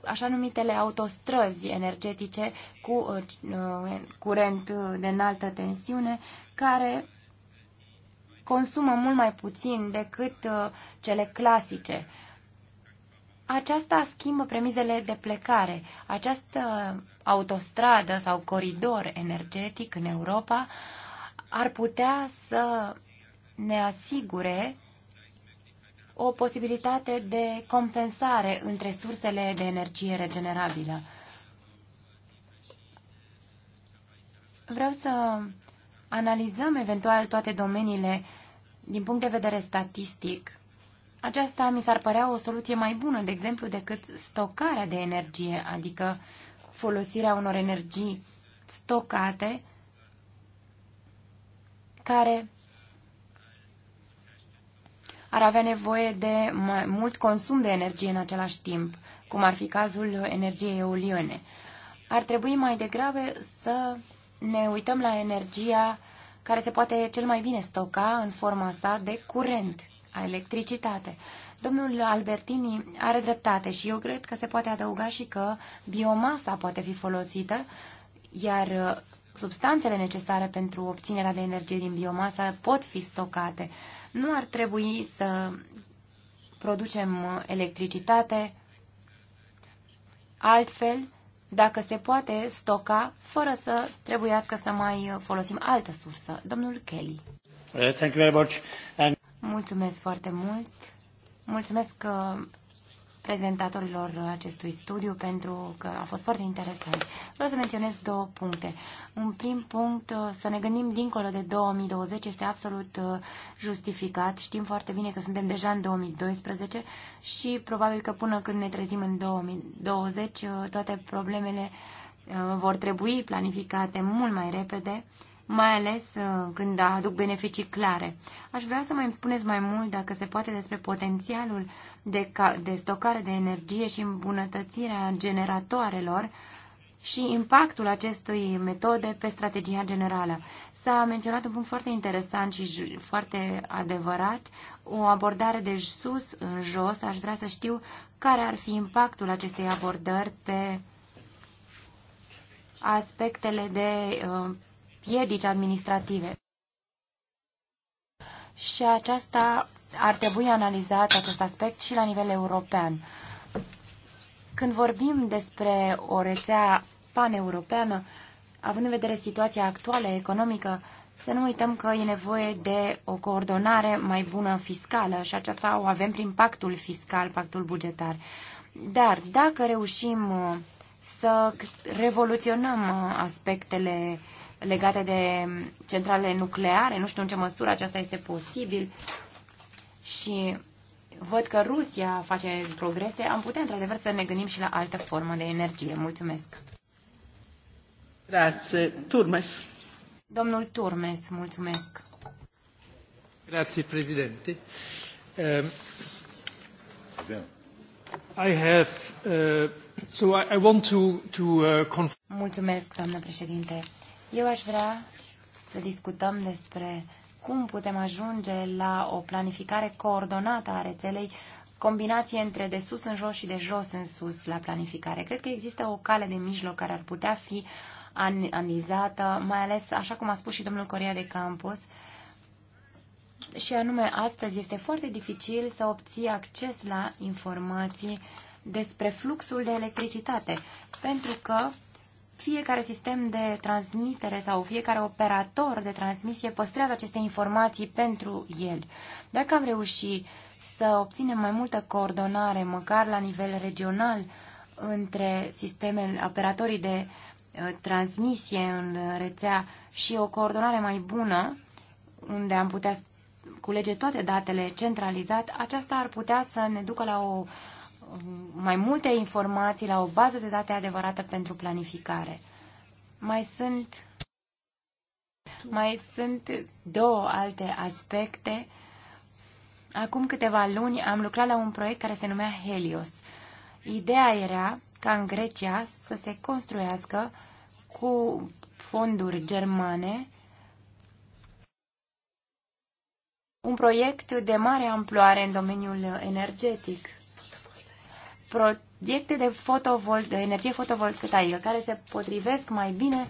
așa numitele autostrăzi energetice cu uh, uh, curent de înaltă tensiune, care consumă mult mai puțin decât uh, cele clasice. Aceasta schimbă premizele de plecare. Această autostradă sau coridor energetic în Europa ar putea să ne asigure o posibilitate de compensare între sursele de energie regenerabilă. Vreau să analizăm eventual toate domeniile din punct de vedere statistic. Aceasta mi s-ar părea o soluție mai bună, de exemplu, decât stocarea de energie, adică folosirea unor energii stocate care ar avea nevoie de mai mult consum de energie în același timp, cum ar fi cazul energiei eoliene. Ar trebui mai degrabă să ne uităm la energia care se poate cel mai bine stoca în forma sa de curent, a electricitate. Domnul Albertini are dreptate și eu cred că se poate adăuga și că biomasa poate fi folosită, iar uh, substanțele necesare pentru obținerea de energie din biomasa pot fi stocate. Nu ar trebui să producem electricitate altfel dacă se poate stoca fără să trebuiască să mai folosim altă sursă. Domnul Kelly. Uh, thank you very much. And... Mulțumesc foarte mult. Mulțumesc uh, prezentatorilor acestui studiu pentru că a fost foarte interesant. Vreau să menționez două puncte. Un prim punct, să ne gândim dincolo de 2020 este absolut uh, justificat. Știm foarte bine că suntem deja în 2012 și probabil că până când ne trezim în 2020 uh, toate problemele uh, vor trebui planificate mult mai repede mai ales uh, când aduc beneficii clare. Aș vrea să mai îmi spuneți mai mult, dacă se poate, despre potențialul de, de stocare de energie și îmbunătățirea generatoarelor și impactul acestui metode pe strategia generală. S-a menționat un punct foarte interesant și foarte adevărat, o abordare de sus în jos. Aș vrea să știu care ar fi impactul acestei abordări pe aspectele de uh, piedici administrative. Și aceasta ar trebui analizat, acest aspect, și la nivel european. Când vorbim despre o rețea paneuropeană, având în vedere situația actuală economică, să nu uităm că e nevoie de o coordonare mai bună fiscală și aceasta o avem prin pactul fiscal, pactul bugetar. Dar dacă reușim uh, să revoluționăm uh, aspectele legate de centrale nucleare. Nu știu în ce măsură aceasta este posibil. Și văd că Rusia face progrese. Am putea, într-adevăr, să ne gândim și la altă formă de energie. Mulțumesc! Grazie. Turmes. Domnul Turmes, mulțumesc. Grazie, Președinte, Uh, ehm, I have, uh, so I, I want to, to, uh, mulțumesc, doamnă președinte. Eu aș vrea să discutăm despre cum putem ajunge la o planificare coordonată a rețelei, combinație între de sus în jos și de jos în sus la planificare. Cred că există o cale de mijloc care ar putea fi analizată, mai ales, așa cum a spus și domnul Coria de Campus, și anume, astăzi este foarte dificil să obții acces la informații despre fluxul de electricitate, pentru că fiecare sistem de transmitere sau fiecare operator de transmisie păstrează aceste informații pentru el. Dacă am reușit să obținem mai multă coordonare, măcar la nivel regional, între sistemele, operatorii de uh, transmisie în rețea și o coordonare mai bună, unde am putea culege toate datele centralizat, aceasta ar putea să ne ducă la o uh, mai multe informații la o bază de date adevărată pentru planificare. Mai sunt, mai sunt două alte aspecte. Acum câteva luni am lucrat la un proiect care se numea Helios. Ideea era ca în Grecia să se construiască cu fonduri germane un proiect de mare amploare în domeniul energetic proiecte de, fotovol- de energie fotovoltaică care se potrivesc mai bine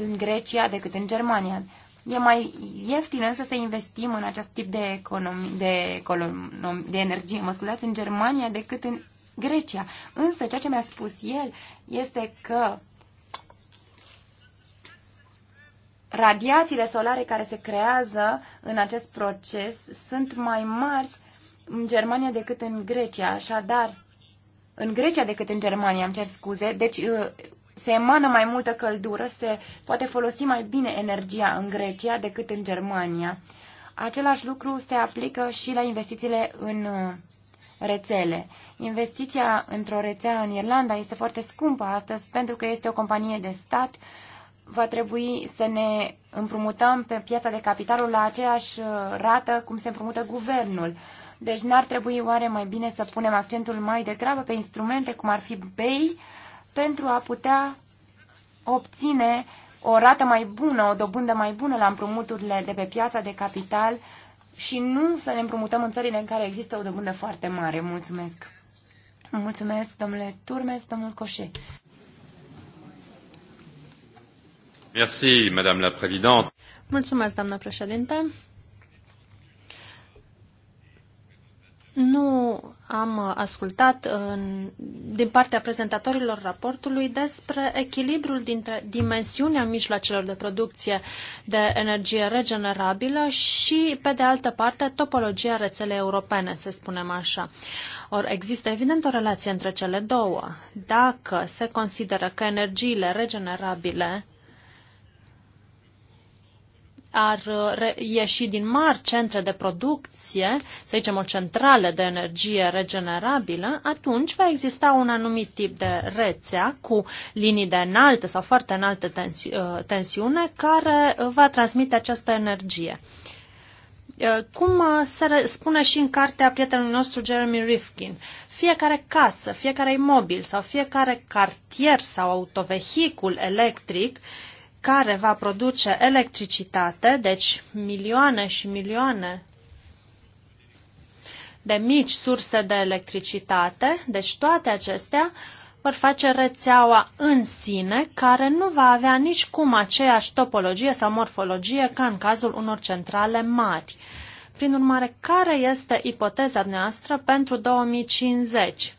în Grecia decât în Germania. E mai ieftin însă să investim în acest tip de, economi- de, economi, de energie, mă scuzați, în Germania decât în Grecia. Însă ceea ce mi-a spus el este că radiațiile solare care se creează în acest proces sunt mai mari în Germania decât în Grecia. Așadar, în Grecia decât în Germania, îmi cer scuze, deci uh, se emană mai multă căldură, se poate folosi mai bine energia în Grecia decât în Germania. Același lucru se aplică și la investițiile în uh, rețele. Investiția într-o rețea în Irlanda este foarte scumpă astăzi pentru că este o companie de stat. Va trebui să ne împrumutăm pe piața de capitalul la aceeași uh, rată cum se împrumută guvernul. Deci n-ar trebui oare mai bine să punem accentul mai degrabă pe instrumente cum ar fi BEI pentru a putea obține o rată mai bună, o dobândă mai bună la împrumuturile de pe piața de capital și nu să ne împrumutăm în țările în care există o dobândă foarte mare. Mulțumesc! Mulțumesc, domnule Turmes, domnul Coșe. Mulțumesc, doamnă președinte. nu am ascultat uh, în, din partea prezentatorilor raportului despre echilibrul dintre dimensiunea mijloacelor de producție de energie regenerabilă și, pe de altă parte, topologia rețelei europene, să spunem așa. Or, există evident o relație între cele două. Dacă se consideră că energiile regenerabile ar uh, ieși din mari centre de producție, să zicem o centrală de energie regenerabilă, atunci va exista un anumit tip de rețea cu linii de înaltă sau foarte înaltă tensi- uh, tensiune care uh, va transmite această energie. Cum se spune și în cartea prietenului nostru Jeremy Rifkin, fiecare casă, fiecare imobil sau fiecare cartier sau autovehicul electric uh, care va produce electricitate, deci milioane și milioane de mici surse de electricitate, deci toate acestea vor face rețeaua în sine, care nu va avea nici cum aceeași topologie sau morfologie ca în cazul unor centrale mari. Prin urmare, care este ipoteza noastră pentru 2050?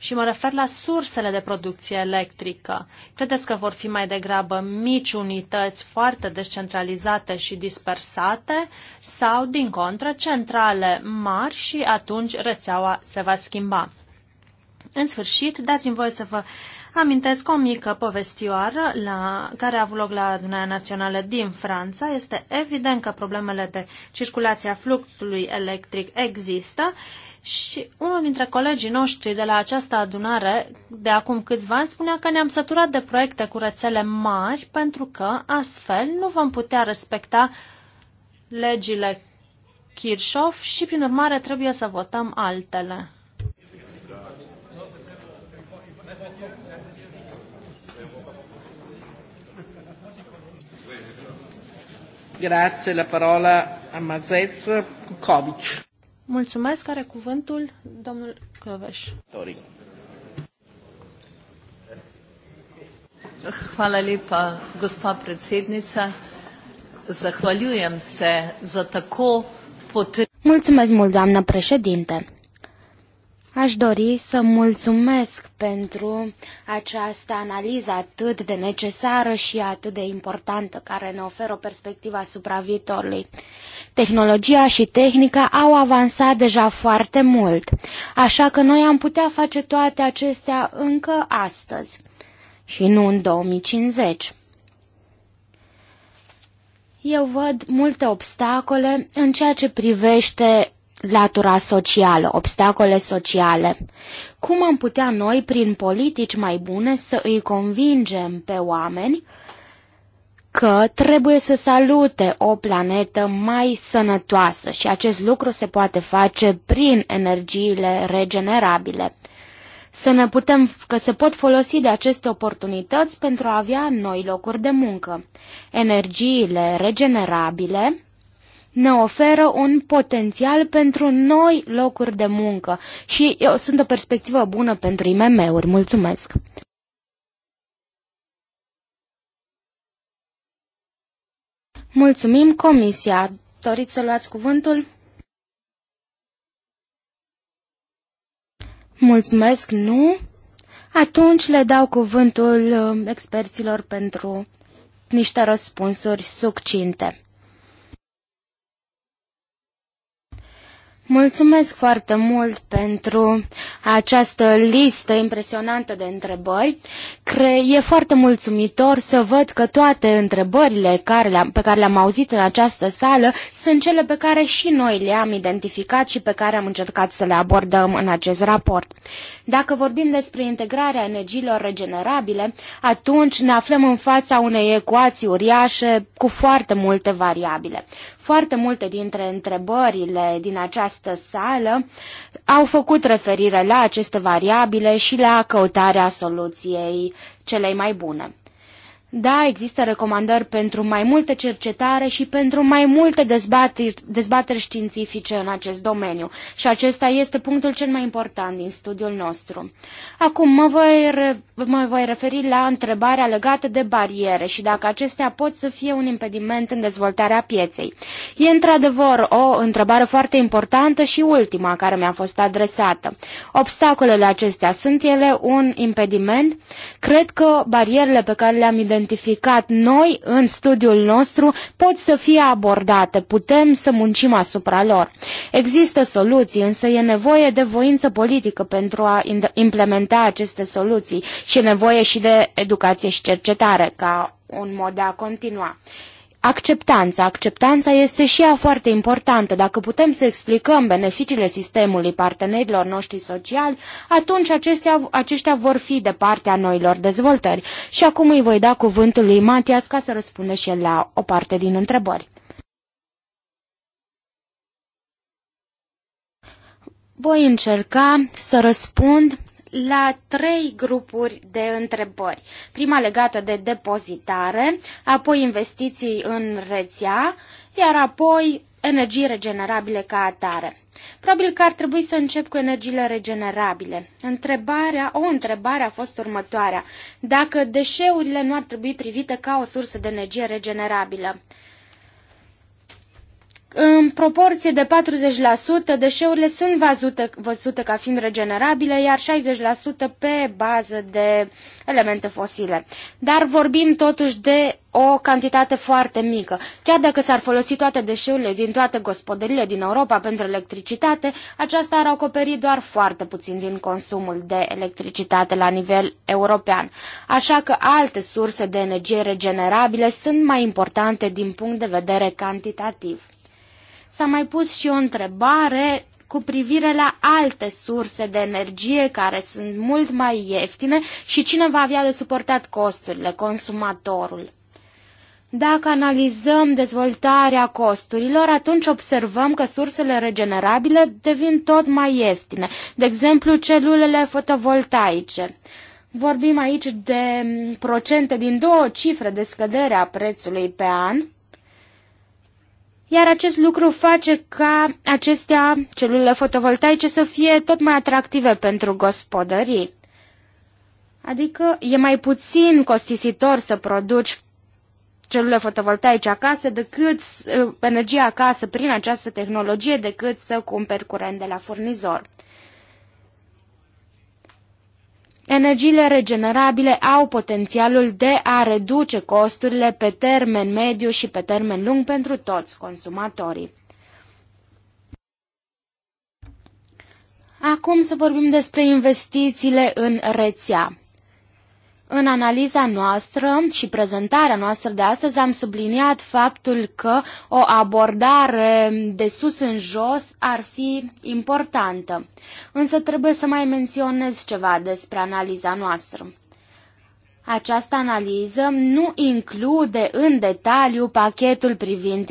Și mă refer la sursele de producție electrică. Credeți că vor fi mai degrabă mici unități foarte descentralizate și dispersate sau, din contră, centrale mari și atunci rețeaua se va schimba? În sfârșit, dați-mi voie să vă amintesc o mică povestioară la, care a avut loc la adunarea națională din Franța. Este evident că problemele de circulație a fluxului electric există și unul dintre colegii noștri de la această adunare de acum câțiva ani spunea că ne-am săturat de proiecte cu rețele mari pentru că astfel nu vom putea respecta legile Kirchhoff și prin urmare trebuie să votăm altele. Grazie, la parola a Mazez Kukovic. Mulțumesc, are cuvântul domnul Căveș. Tori. Hvala lepa, gospa predsednica. Zahvaljujem se za tako potrebno. Mulțumesc mult, doamnă președinte. Aș dori să mulțumesc pentru această analiză atât de necesară și atât de importantă care ne oferă o perspectivă asupra viitorului. Tehnologia și tehnica au avansat deja foarte mult, așa că noi am putea face toate acestea încă astăzi și nu în 2050. Eu văd multe obstacole în ceea ce privește latura socială, obstacole sociale. Cum am putea noi, prin politici mai bune, să îi convingem pe oameni că trebuie să salute o planetă mai sănătoasă și acest lucru se poate face prin energiile regenerabile. Să ne putem, că se pot folosi de aceste oportunități pentru a avea noi locuri de muncă. Energiile regenerabile ne oferă un potențial pentru noi locuri de muncă și eu, sunt o perspectivă bună pentru IMM-uri. Mulțumesc! Mulțumim, Comisia. Doriți să luați cuvântul? Mulțumesc, nu? Atunci le dau cuvântul uh, experților pentru niște răspunsuri succinte. Mulțumesc foarte mult pentru această listă impresionantă de întrebări. Cre- e foarte mulțumitor să văd că toate întrebările care le pe care le-am auzit în această sală sunt cele pe care și noi le-am identificat și pe care am încercat să le abordăm în acest raport. Dacă vorbim despre integrarea energiilor regenerabile, atunci ne aflăm în fața unei ecuații uriașe cu foarte multe variabile. Foarte multe dintre întrebările din această sală au făcut referire la aceste variabile și la căutarea soluției celei mai bune. Da, există recomandări pentru mai multă cercetare și pentru mai multe dezbateri, dezbateri științifice în acest domeniu și acesta este punctul cel mai important din studiul nostru. Acum mă voi, mă voi referi la întrebarea legată de bariere și dacă acestea pot să fie un impediment în dezvoltarea pieței. E într-adevăr o întrebare foarte importantă și ultima care mi-a fost adresată. Obstacolele acestea sunt ele un impediment? Cred că barierele pe care le-am identificat identificat noi în studiul nostru pot să fie abordate, putem să muncim asupra lor. Există soluții, însă e nevoie de voință politică pentru a implementa aceste soluții și e nevoie și de educație și cercetare ca un mod de a continua acceptanța. Acceptanța este și ea foarte importantă. Dacă putem să explicăm beneficiile sistemului partenerilor noștri sociali, atunci acestea, aceștia vor fi de partea noilor dezvoltări. Și acum îi voi da cuvântul lui Matias ca să răspundă și el la o parte din întrebări. Voi încerca să răspund la trei grupuri de întrebări. Prima legată de depozitare, apoi investiții în rețea, iar apoi energii regenerabile ca atare. Probabil că ar trebui să încep cu energiile regenerabile. Întrebarea, o întrebare a fost următoarea. Dacă deșeurile nu ar trebui privite ca o sursă de energie regenerabilă? În proporție de 40%, deșeurile sunt văzute, văzute ca fiind regenerabile, iar 60% pe bază de elemente fosile. Dar vorbim totuși de o cantitate foarte mică. Chiar dacă s-ar folosi toate deșeurile din toate gospodările din Europa pentru electricitate, aceasta ar acoperi doar foarte puțin din consumul de electricitate la nivel european. Așa că alte surse de energie regenerabile sunt mai importante din punct de vedere cantitativ. S-a mai pus și o întrebare cu privire la alte surse de energie care sunt mult mai ieftine și cine va avea de suportat costurile, consumatorul. Dacă analizăm dezvoltarea costurilor, atunci observăm că sursele regenerabile devin tot mai ieftine, de exemplu celulele fotovoltaice. Vorbim aici de procente din două cifre de scădere a prețului pe an, iar acest lucru face ca acestea, celulele fotovoltaice, să fie tot mai atractive pentru gospodării. Adică e mai puțin costisitor să produci celule fotovoltaice acasă decât uh, energia acasă prin această tehnologie decât să cumperi curent de la furnizor. Energiile regenerabile au potențialul de a reduce costurile pe termen mediu și pe termen lung pentru toți consumatorii. Acum să vorbim despre investițiile în rețea. În analiza noastră și prezentarea noastră de astăzi am subliniat faptul că o abordare de sus în jos ar fi importantă. Însă trebuie să mai menționez ceva despre analiza noastră. Această analiză nu include în detaliu pachetul privind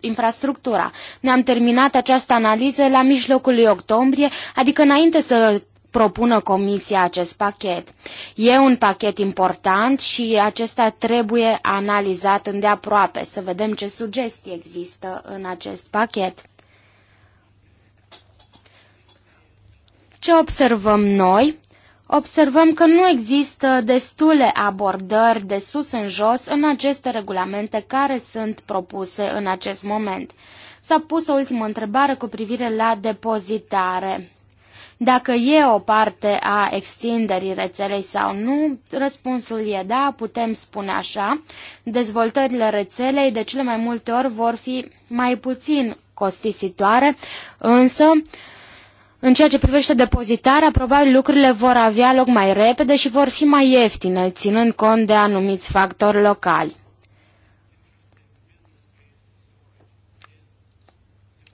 infrastructura. Ne-am terminat această analiză la mijlocul lui octombrie, adică înainte să propună Comisia acest pachet. E un pachet important și acesta trebuie analizat îndeaproape, să vedem ce sugestii există în acest pachet. Ce observăm noi? Observăm că nu există destule abordări de sus în jos în aceste regulamente care sunt propuse în acest moment. S-a pus o ultimă întrebare cu privire la depozitare. Dacă e o parte a extinderii rețelei sau nu, răspunsul e da, putem spune așa. Dezvoltările rețelei de cele mai multe ori vor fi mai puțin costisitoare, însă în ceea ce privește depozitarea, probabil lucrurile vor avea loc mai repede și vor fi mai ieftine, ținând cont de anumiți factori locali.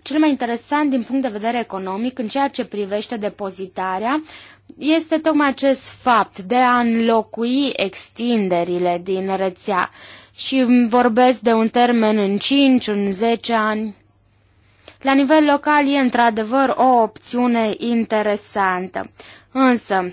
Cel mai interesant din punct de vedere economic, în ceea ce privește depozitarea, este tocmai acest fapt de a înlocui extinderile din rețea. Și vorbesc de un termen în 5, în 10 ani. La nivel local e într-adevăr o opțiune interesantă. Însă,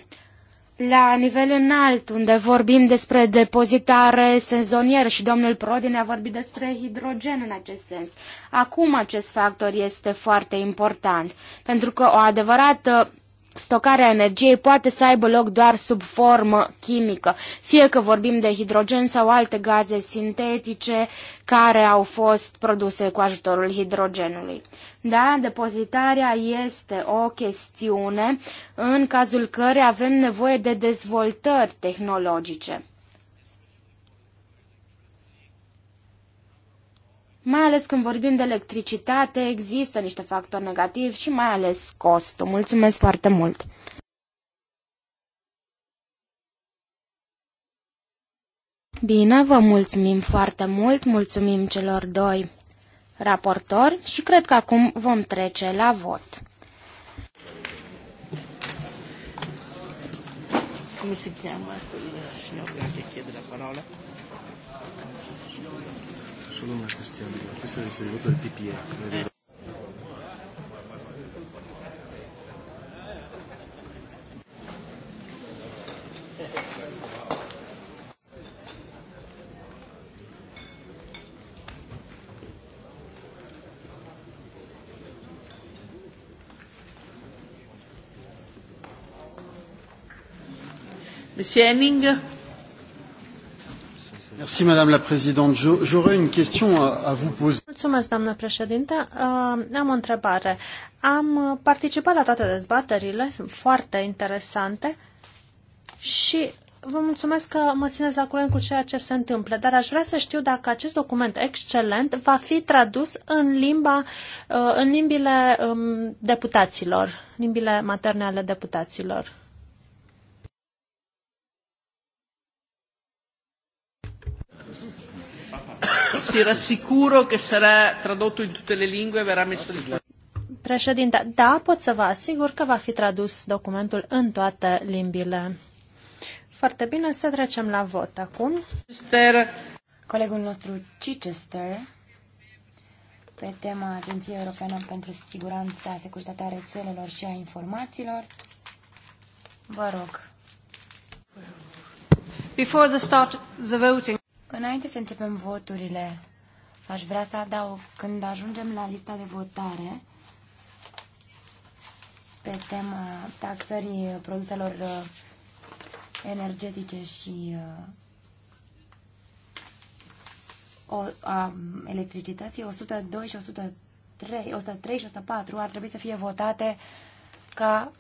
la nivel înalt, unde vorbim despre depozitare sezonieră și domnul Prodi ne-a vorbit despre hidrogen în acest sens. Acum acest factor este foarte important, pentru că o adevărată stocarea energiei poate să aibă loc doar sub formă chimică, fie că vorbim de hidrogen sau alte gaze sintetice care au fost produse cu ajutorul hidrogenului. Da, depozitarea este o chestiune în cazul căreia avem nevoie de dezvoltări tehnologice. Mai ales când vorbim de electricitate, există niște factori negativi și mai ales costul. Mulțumesc foarte mult! Bine, vă mulțumim foarte mult, mulțumim celor doi raportori și cred că acum vom trece la vot. cheamă? Și eu vreau să-i chiede la parola? solo una questione, questo deve il voto del PPE. Miss Henning. Mulțumesc, doamnă președinte. Uh, am o întrebare. Am uh, participat la toate dezbaterile, sunt foarte interesante și vă mulțumesc că mă țineți la curent cu ceea ce se întâmplă, dar aș vrea să știu dacă acest document excelent va fi tradus în, limba, uh, în limbile um, deputaților, limbile materne ale deputaților. si rassicuro che sarà tradotto in tutte le lingue e verrà messo in Președinte, da, pot să vă asigur că va fi tradus documentul în toate limbile. Foarte bine, să trecem la vot acum. Chichester. Colegul nostru Chichester pe tema Agenției Europeană pentru Siguranța, Securitatea Rețelelor și a Informațiilor. Vă rog. Before the start the voting. Înainte să începem voturile, aș vrea să adaug, când ajungem la lista de votare, pe tema taxării produselor uh, energetice și uh, a electricității, 102 și 103, 103 și 104 ar trebui să fie votate ca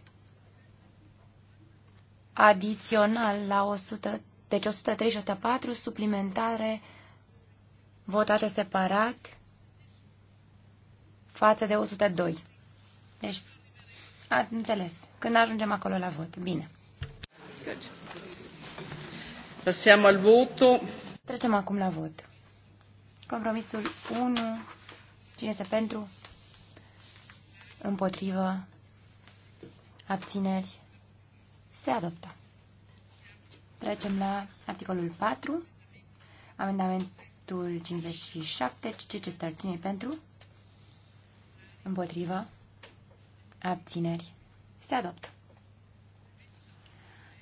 adițional la 100 deci 103 și 104 suplimentare votate separat față de 102. Deci, ați înțeles. Când ajungem acolo la vot. Bine. Passiamo al voto. Trecem acum la vot. Compromisul 1. Cine este pentru? Împotrivă. Abțineri. Se adoptă. Trecem la articolul 4, amendamentul 57, ce ce stărcine pentru? Împotrivă. Abțineri. Se adoptă.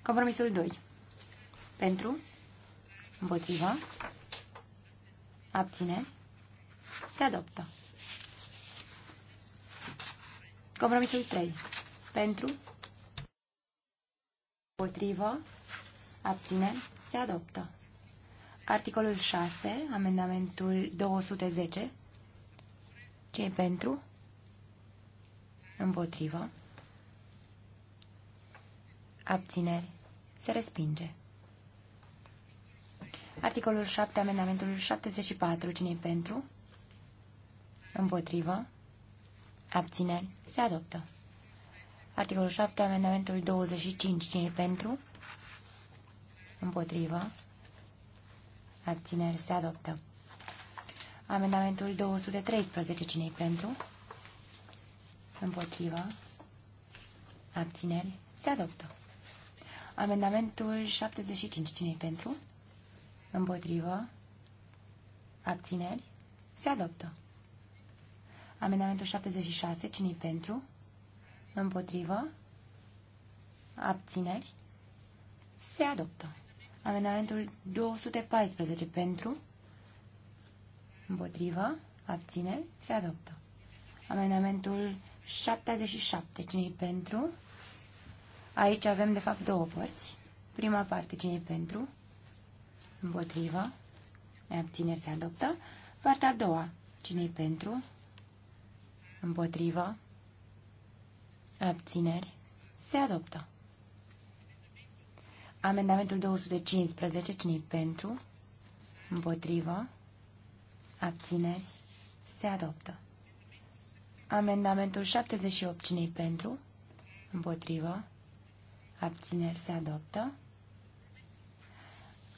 Compromisul 2. Pentru. Împotrivă. Abțineri. Se adoptă. Compromisul 3. Pentru. Împotrivă. Abține, se adoptă. Articolul 6, amendamentul 210. e pentru? Împotrivă. Abțineri. Se respinge. Articolul 7, amendamentul 74. Cine pentru? Împotrivă. Abțineri. Se adoptă. Articolul 7, amendamentul 25. Cine pentru? Împotrivă. Abțineri se adoptă. Amendamentul 213. cine pentru? Împotrivă. Abțineri se adoptă. Amendamentul 75. cine pentru? Împotrivă. Abțineri se adoptă. Amendamentul 76. cine pentru? Împotrivă. Abțineri se adoptă. Amendamentul 214 pentru, împotrivă, abține, se adoptă. Amendamentul 77, cine pentru? Aici avem, de fapt, două părți. Prima parte, cine pentru? Împotrivă, abțineri, se adoptă. Partea a doua, cine pentru? Împotrivă, abțineri, se adoptă. Amendamentul 215, cine pentru? Împotrivă? Abțineri? Se adoptă. Amendamentul 78, cine pentru? Împotrivă? Abțineri? Se adoptă.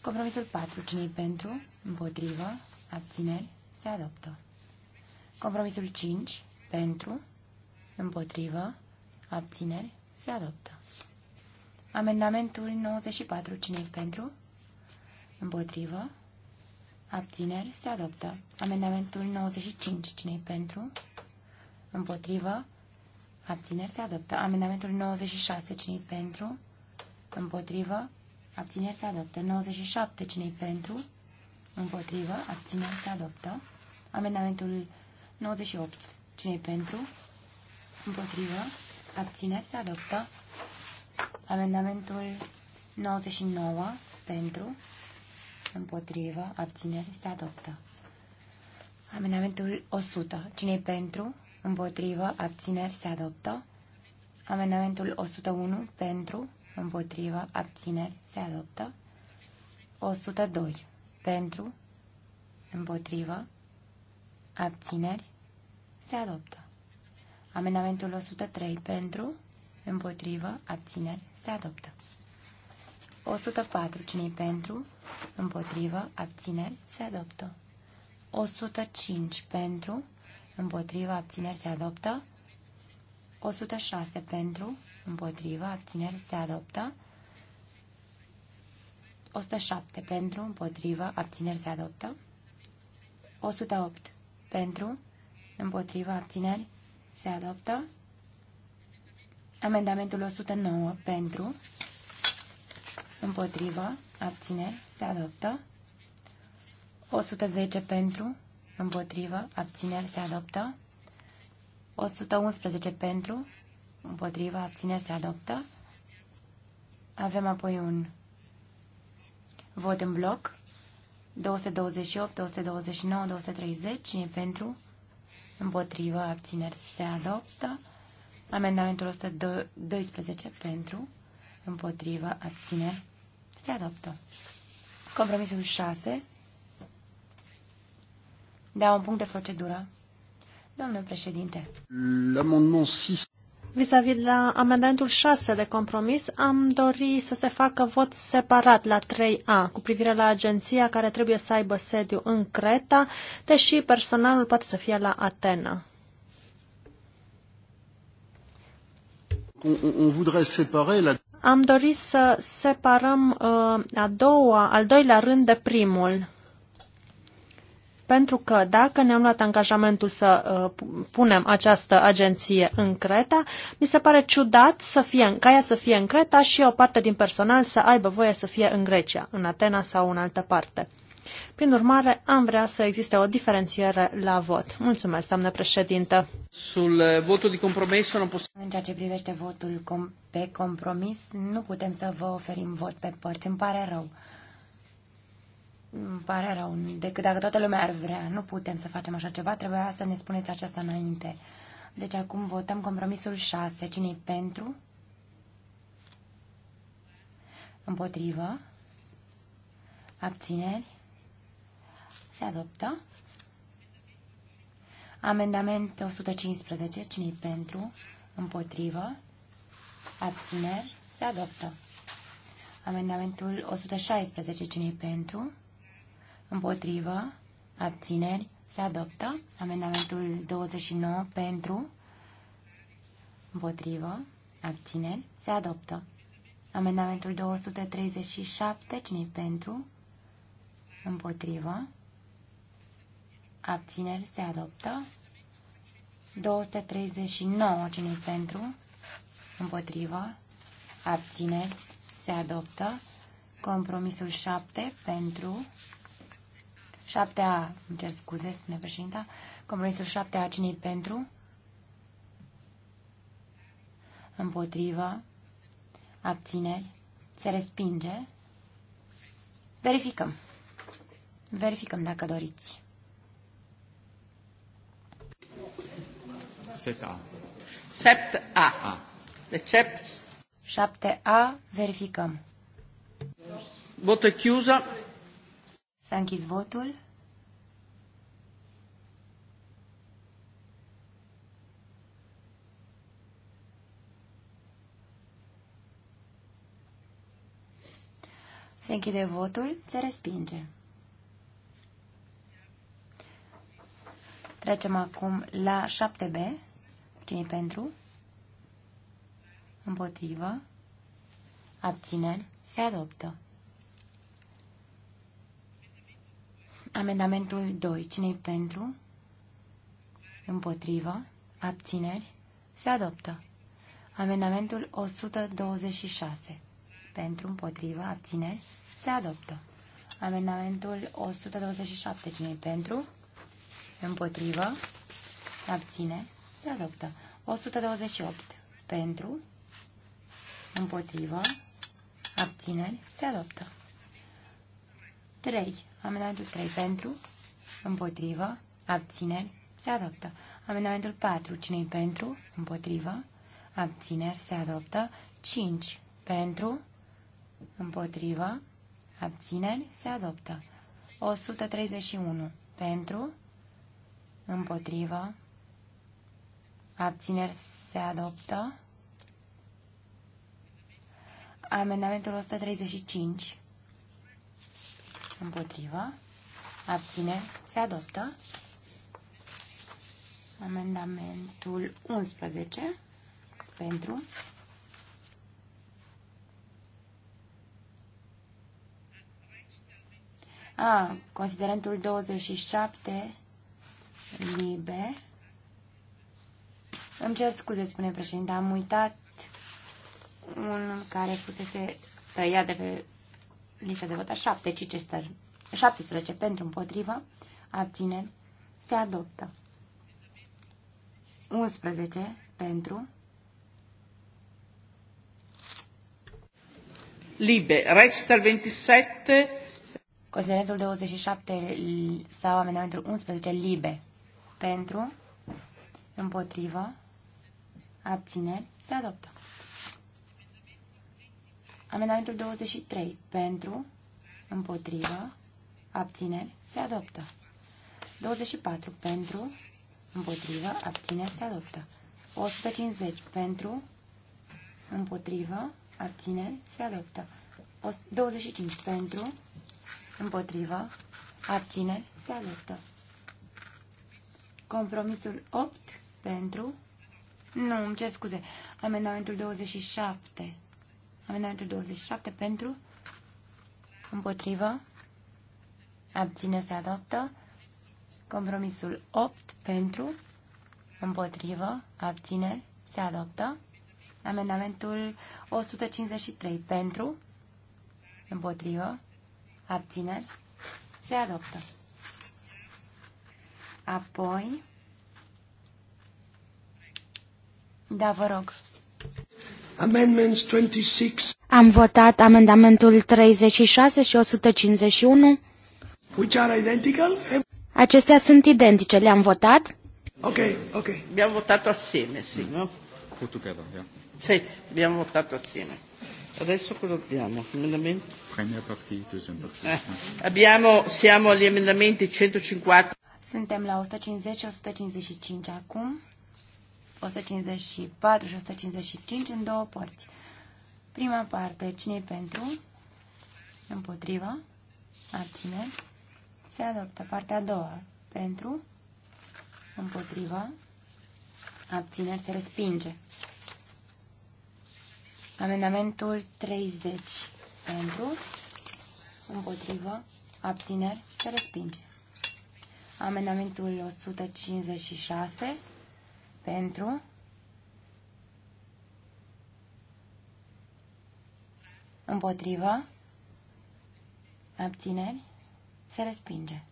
Compromisul 4, cine pentru? Împotrivă? Abțineri? Se adoptă. Compromisul 5, pentru? Împotrivă? Abțineri? Se adoptă. Amendamentul 94. cine pentru? Împotrivă. Abțineri. Se adoptă. Amendamentul 95. cine pentru? Împotrivă. Abțineri. Se adoptă. Amendamentul 96. cine pentru? Împotrivă. Abțineri. Se adoptă. 97. cine pentru? Împotrivă. Abțineri. Se adoptă. Amendamentul 98. cine pentru? Împotrivă. Abțineri. Se adoptă. Amendamentul 99 pentru, împotrivă, abțineri, se adoptă. Amendamentul 100. Cine pentru, împotrivă, abțineri, se adoptă. Amendamentul 101 pentru, împotrivă, abțineri, se adoptă. 102 pentru, împotrivă, abțineri, se adoptă. Amendamentul 103 pentru, împotrivă, abțineri, se adoptă. 104. cine pentru, împotrivă, abțineri, se adoptă. 105. Pentru, împotrivă, abțineri, se adoptă. 106. Pentru, împotrivă, abțineri, se adoptă. 107. Pentru, împotrivă, abțineri, se adoptă. 108. Pentru, împotrivă, abțineri, se adoptă. Amendamentul 109 pentru, împotrivă, abține, se adoptă. 110 pentru, împotrivă, abțineri, se adoptă. 111 pentru, împotrivă, abțineri, se adoptă. Avem apoi un vot în bloc. 228, 229, 230 e pentru, împotrivă, abțineri, se adoptă. Amendamentul 112 pentru, împotrivă, abține, se adoptă. Compromisul 6. Da, un punct de procedură. Domnule președinte. L'amendement 6. Vis-a-vis de la amendamentul 6 de compromis, am dori să se facă vot separat la 3A cu privire la agenția care trebuie să aibă sediu în Creta, deși personalul poate să fie la Atena. Am dorit să separăm uh, a doua, al doilea rând de primul. Pentru că dacă ne-am luat angajamentul să uh, punem această agenție în Creta, mi se pare ciudat să fie, ca ea să fie în Creta și o parte din personal să aibă voie să fie în Grecia, în Atena sau în altă parte. Prin urmare, am vrea să existe o diferențiere la vot. Mulțumesc, doamnă președintă. Sul eh, votul de compromis nu pos- În ceea ce privește votul com- pe compromis, nu putem să vă oferim vot pe părți. Îmi pare rău. Îmi pare rău. Decât dacă toată lumea ar vrea. Nu putem să facem așa ceva. Trebuia să ne spuneți aceasta înainte. Deci acum votăm compromisul 6. cine pentru? Împotrivă? Abțineri? se adoptă. Amendament 115, cine pentru, împotrivă, abțineri, se adoptă. Amendamentul 116, cine pentru, împotrivă, abțineri, se adoptă. Amendamentul 29, pentru, împotrivă, abțineri, se adoptă. Amendamentul 237, cine pentru, împotrivă, abțineri, se adoptă. 239, cine pentru, împotrivă, abțineri, se adoptă. Compromisul 7, pentru, 7A, îmi cer scuze, spune președinta, compromisul 7A, cine pentru, împotrivă, abțineri, se respinge. Verificăm. Verificăm dacă doriți. 7A. 7A. Deci 7A, verificăm. Votul chiusă. S-a închis votul. Se închide votul, se respinge. Trecem acum la 7B. cine pentru? Împotrivă. Abțineri. Se adoptă. Amendamentul 2. cine pentru? Împotrivă. Abțineri. Se adoptă. Amendamentul 126. Pentru, împotrivă, abțineri. Se adoptă. Amendamentul 127. cine pentru? Împotrivă. Abține. Se adoptă. 128. Pentru. Împotrivă. Abțineri. Se adoptă. 3. Amendamentul 3. Pentru. Împotrivă. Abțineri. Se adoptă. Amendamentul 4. cine pentru? Împotrivă. Abțineri. Se adoptă. 5. Pentru. Împotrivă. Abțineri. Se adoptă. 131. Pentru împotrivă, abțineri se adoptă. Amendamentul 135 împotrivă, abțineri se adoptă. Amendamentul 11 pentru A, considerentul 27 libe. Îmi cer scuze, spune președinte, am uitat un care fusese tăiat de pe lista de vota 7, Chichester, 17 pentru împotrivă, abține, se adoptă. 11 pentru. Libe, Register 27. Considerentul 27 sau amendamentul 11, Libe. Pentru, împotrivă, abțineri, se adoptă. Amendamentul 23. Pentru, împotrivă, abțineri, se adoptă. 24. Pentru, împotrivă, abțineri, se adoptă. 150. Pentru, împotrivă, abțineri, se adoptă. 25. Pentru, împotrivă, abțineri, se adoptă. Compromisul 8 pentru. Nu, îmi cer scuze. Amendamentul 27. Amendamentul 27 pentru. Împotrivă. Abține se adoptă. Compromisul 8 pentru. Împotrivă. Abține se adoptă. Amendamentul 153 pentru. Împotrivă. abține Se adoptă. Apoi... Da, vă rog. Amendments 26. Am votat amendamentul 36 și 151. Which are identical? Acestea sunt identice, le-am votat. Ok, ok. Le-am votat assieme, da. sì, no? Put together, yeah. Sì, le-am votat assieme. Adesso cosa abbiamo? Amendamenti? Prima partita, sempre. Eh, abbiamo, siamo agli emendamenti 150. Suntem la 150 și 155 acum. 154 și 155 în două părți. Prima parte, cine pentru? Împotriva. Abține. Se adoptă. Partea a doua, pentru? Împotriva. Abțineri se respinge. Amendamentul 30 pentru, împotriva abțineri se respinge. Amendamentul 156 pentru împotrivă abțineri se respinge.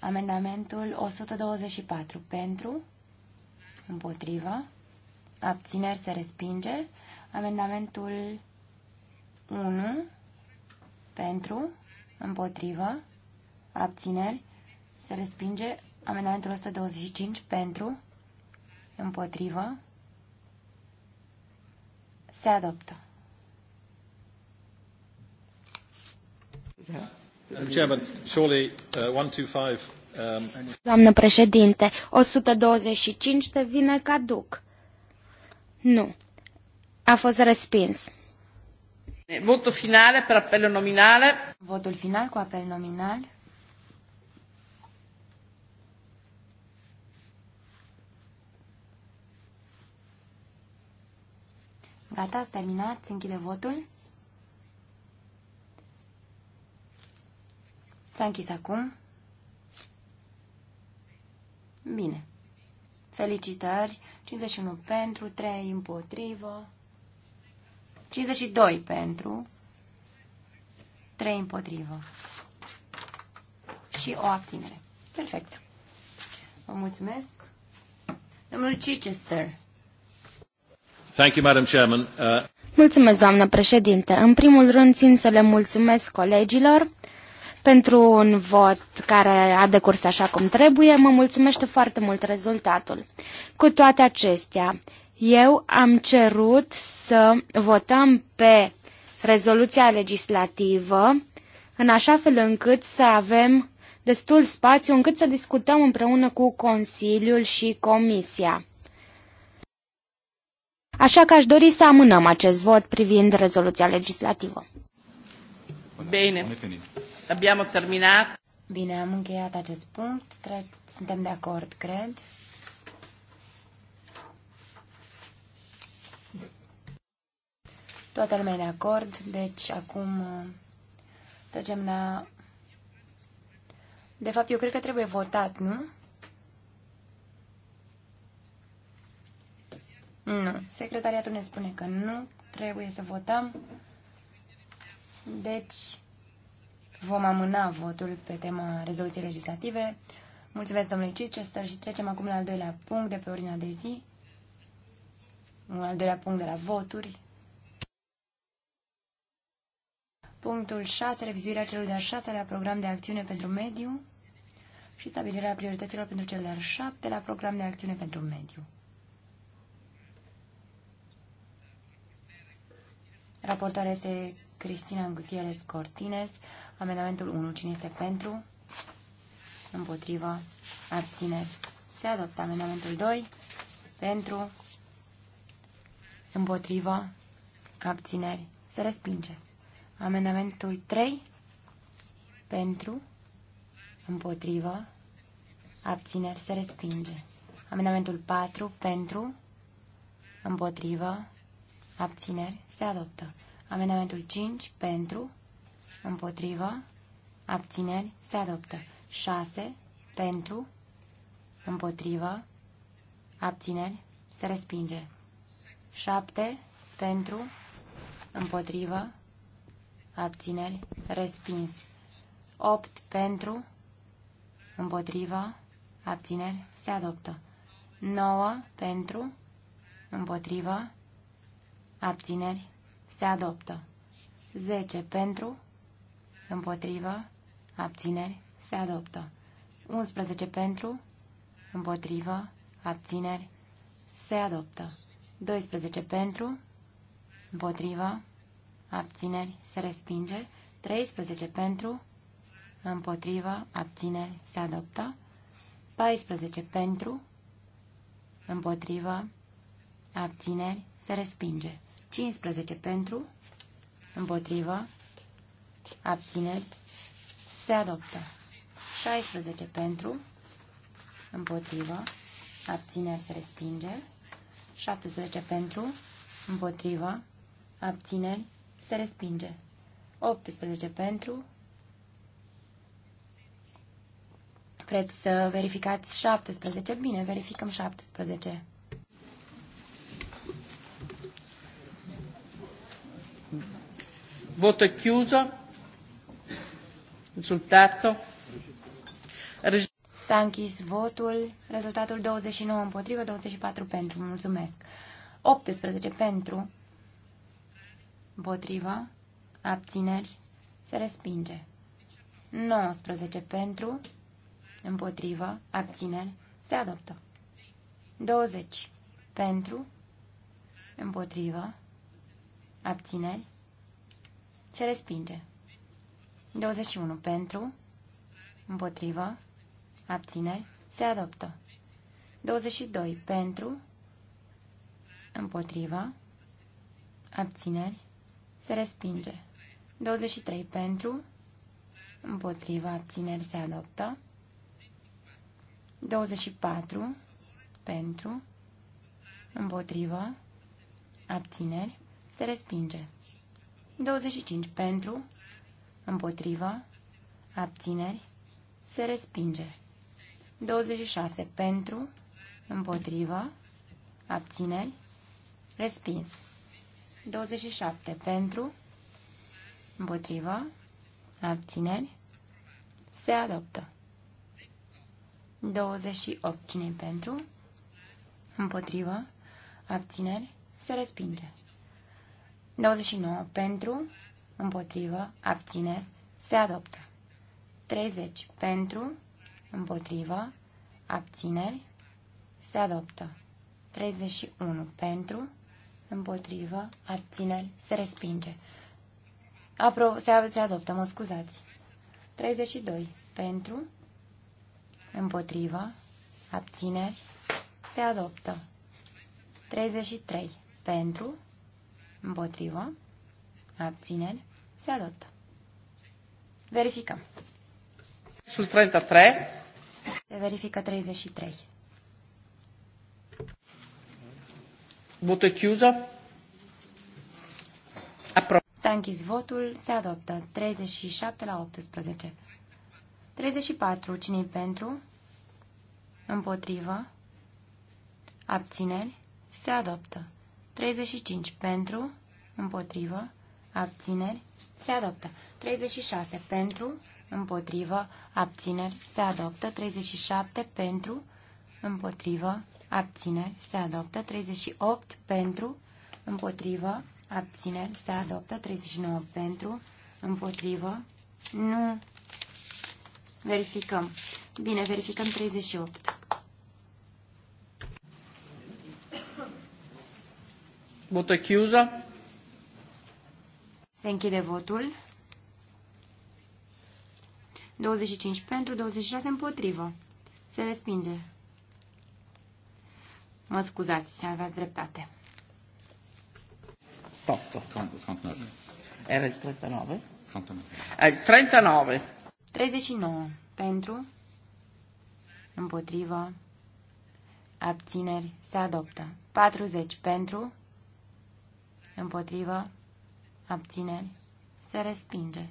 Amendamentul 124 pentru împotrivă abțineri se respinge. Amendamentul 1 pentru împotrivă abțineri, se respinge. Amendamentul 125 pentru, împotrivă, se adoptă. Uh, um, Doamnă președinte, 125 vine caduc. Nu. A fost respins. Votul final per apel nominal. Votul final cu apel nominal. Gata, ați terminat, se închide votul. S-a închis acum. Bine. Felicitări. 51 pentru, 3 împotrivă. 52 pentru, 3 împotrivă. Și o abținere. Perfect. Vă mulțumesc. Domnul Chichester. Uh, mulțumesc, doamnă președinte. În primul rând, țin să le mulțumesc colegilor pentru un vot care a decurs așa cum trebuie. Mă mulțumește foarte mult rezultatul. Cu toate acestea, eu am cerut să votăm pe rezoluția legislativă în așa fel încât să avem destul spațiu încât să discutăm împreună cu Consiliul și Comisia. Așa că aș dori să amânăm acest vot privind rezoluția legislativă. Bine. am terminat. Bine, am încheiat acest punct. Suntem de acord, cred. Toată lumea e de acord, deci acum uh, trecem la... De fapt, eu cred că trebuie votat, nu? Nu. Secretariatul ne spune că nu trebuie să votăm. Deci vom amâna votul pe tema rezoluției legislative. Mulțumesc, domnule Chichester, și trecem acum la al doilea punct de pe ordinea de zi. Un al doilea punct de la voturi. Punctul 6, revizuirea celui de-al șaselea program de acțiune pentru mediu și stabilirea priorităților pentru cel de-al șaptelea program de acțiune pentru mediu. Raportarea este Cristina Gutierrez Cortines. Amendamentul 1. Cine este pentru? Împotriva. Abțineri. Se adoptă amendamentul 2. Pentru. Împotriva. Abțineri. Se respinge. Amendamentul 3. Pentru. Împotriva. Abțineri. Se respinge. Amendamentul 4. Pentru. Împotrivă. Abțineri se adoptă. Amendamentul 5 pentru, împotrivă, abțineri, se adoptă. 6 pentru, împotrivă, abțineri, se respinge. 7 pentru, împotrivă, abțineri, respins. 8 pentru, împotrivă, abțineri, se adoptă. 9 pentru, împotrivă, abțineri, se adoptă. 10 pentru, împotrivă, abțineri, se adoptă. 11 pentru, împotrivă, abțineri, se adoptă. 12 pentru, împotrivă, abțineri, se respinge. 13 pentru, împotrivă, abțineri, se adoptă. 14 pentru, împotrivă, abțineri, se respinge. 15 pentru, împotrivă, abțineri, se adoptă. 16 pentru, împotrivă, abțineri se respinge. 17 pentru, împotrivă, abțineri, se respinge. 18 pentru, vreți să verificați 17? Bine, verificăm 17. Voto è chiuso. Risultato. S-a închis votul. Rezultatul 29 împotrivă, 24 pentru. Mulțumesc. 18 pentru. Împotrivă. Abțineri. Se respinge. 19 pentru. Împotrivă. Abțineri. Se adoptă. 20 pentru. Împotrivă. Abțineri. Se respinge. 21. Pentru, împotrivă, abțineri, se adoptă. 22. Pentru, împotrivă, abțineri, se respinge. 23. Pentru, împotrivă, abțineri, se adoptă. 24. Pentru, împotrivă, abțineri, se respinge. 25 pentru, împotrivă, abțineri, se respinge. 26 pentru, împotrivă, abțineri, respins. 27 pentru, împotrivă, abțineri, se adoptă. 28 cine pentru, împotrivă, abțineri, se respinge. 29 pentru, împotrivă, abțineri, se adoptă. 30 pentru, împotrivă, abțineri, se adoptă. 31 pentru, împotrivă, abțineri, se respinge. Apro se, se adoptă, mă scuzați. 32 pentru, împotrivă, abțineri, se adoptă. 33 pentru, Împotrivă. Abțineri. Se adoptă. Verificăm. Sul 33. Se verifică 33. Votul chiuză. Apro. S-a închis votul, se adoptă 37 la 18. 34. cine pentru? Împotrivă. Abțineri. Se adoptă. 35 pentru, împotrivă, abțineri, se adoptă. 36 pentru, împotrivă, abțineri, se adoptă. 37 pentru, împotrivă, abțineri, se adoptă. 38 pentru, împotrivă, abțineri, se adoptă. 39 pentru, împotrivă, nu verificăm. Bine, verificăm 38. Votă è Se închide votul. 25 pentru, 26 împotrivă. Se respinge. Mă scuzați, se avea dreptate. top. 39. Era 39? 39. 39. 39 pentru, împotrivă, abțineri, se adoptă. 40 pentru, Împotrivă. Abțineri. Se respinge.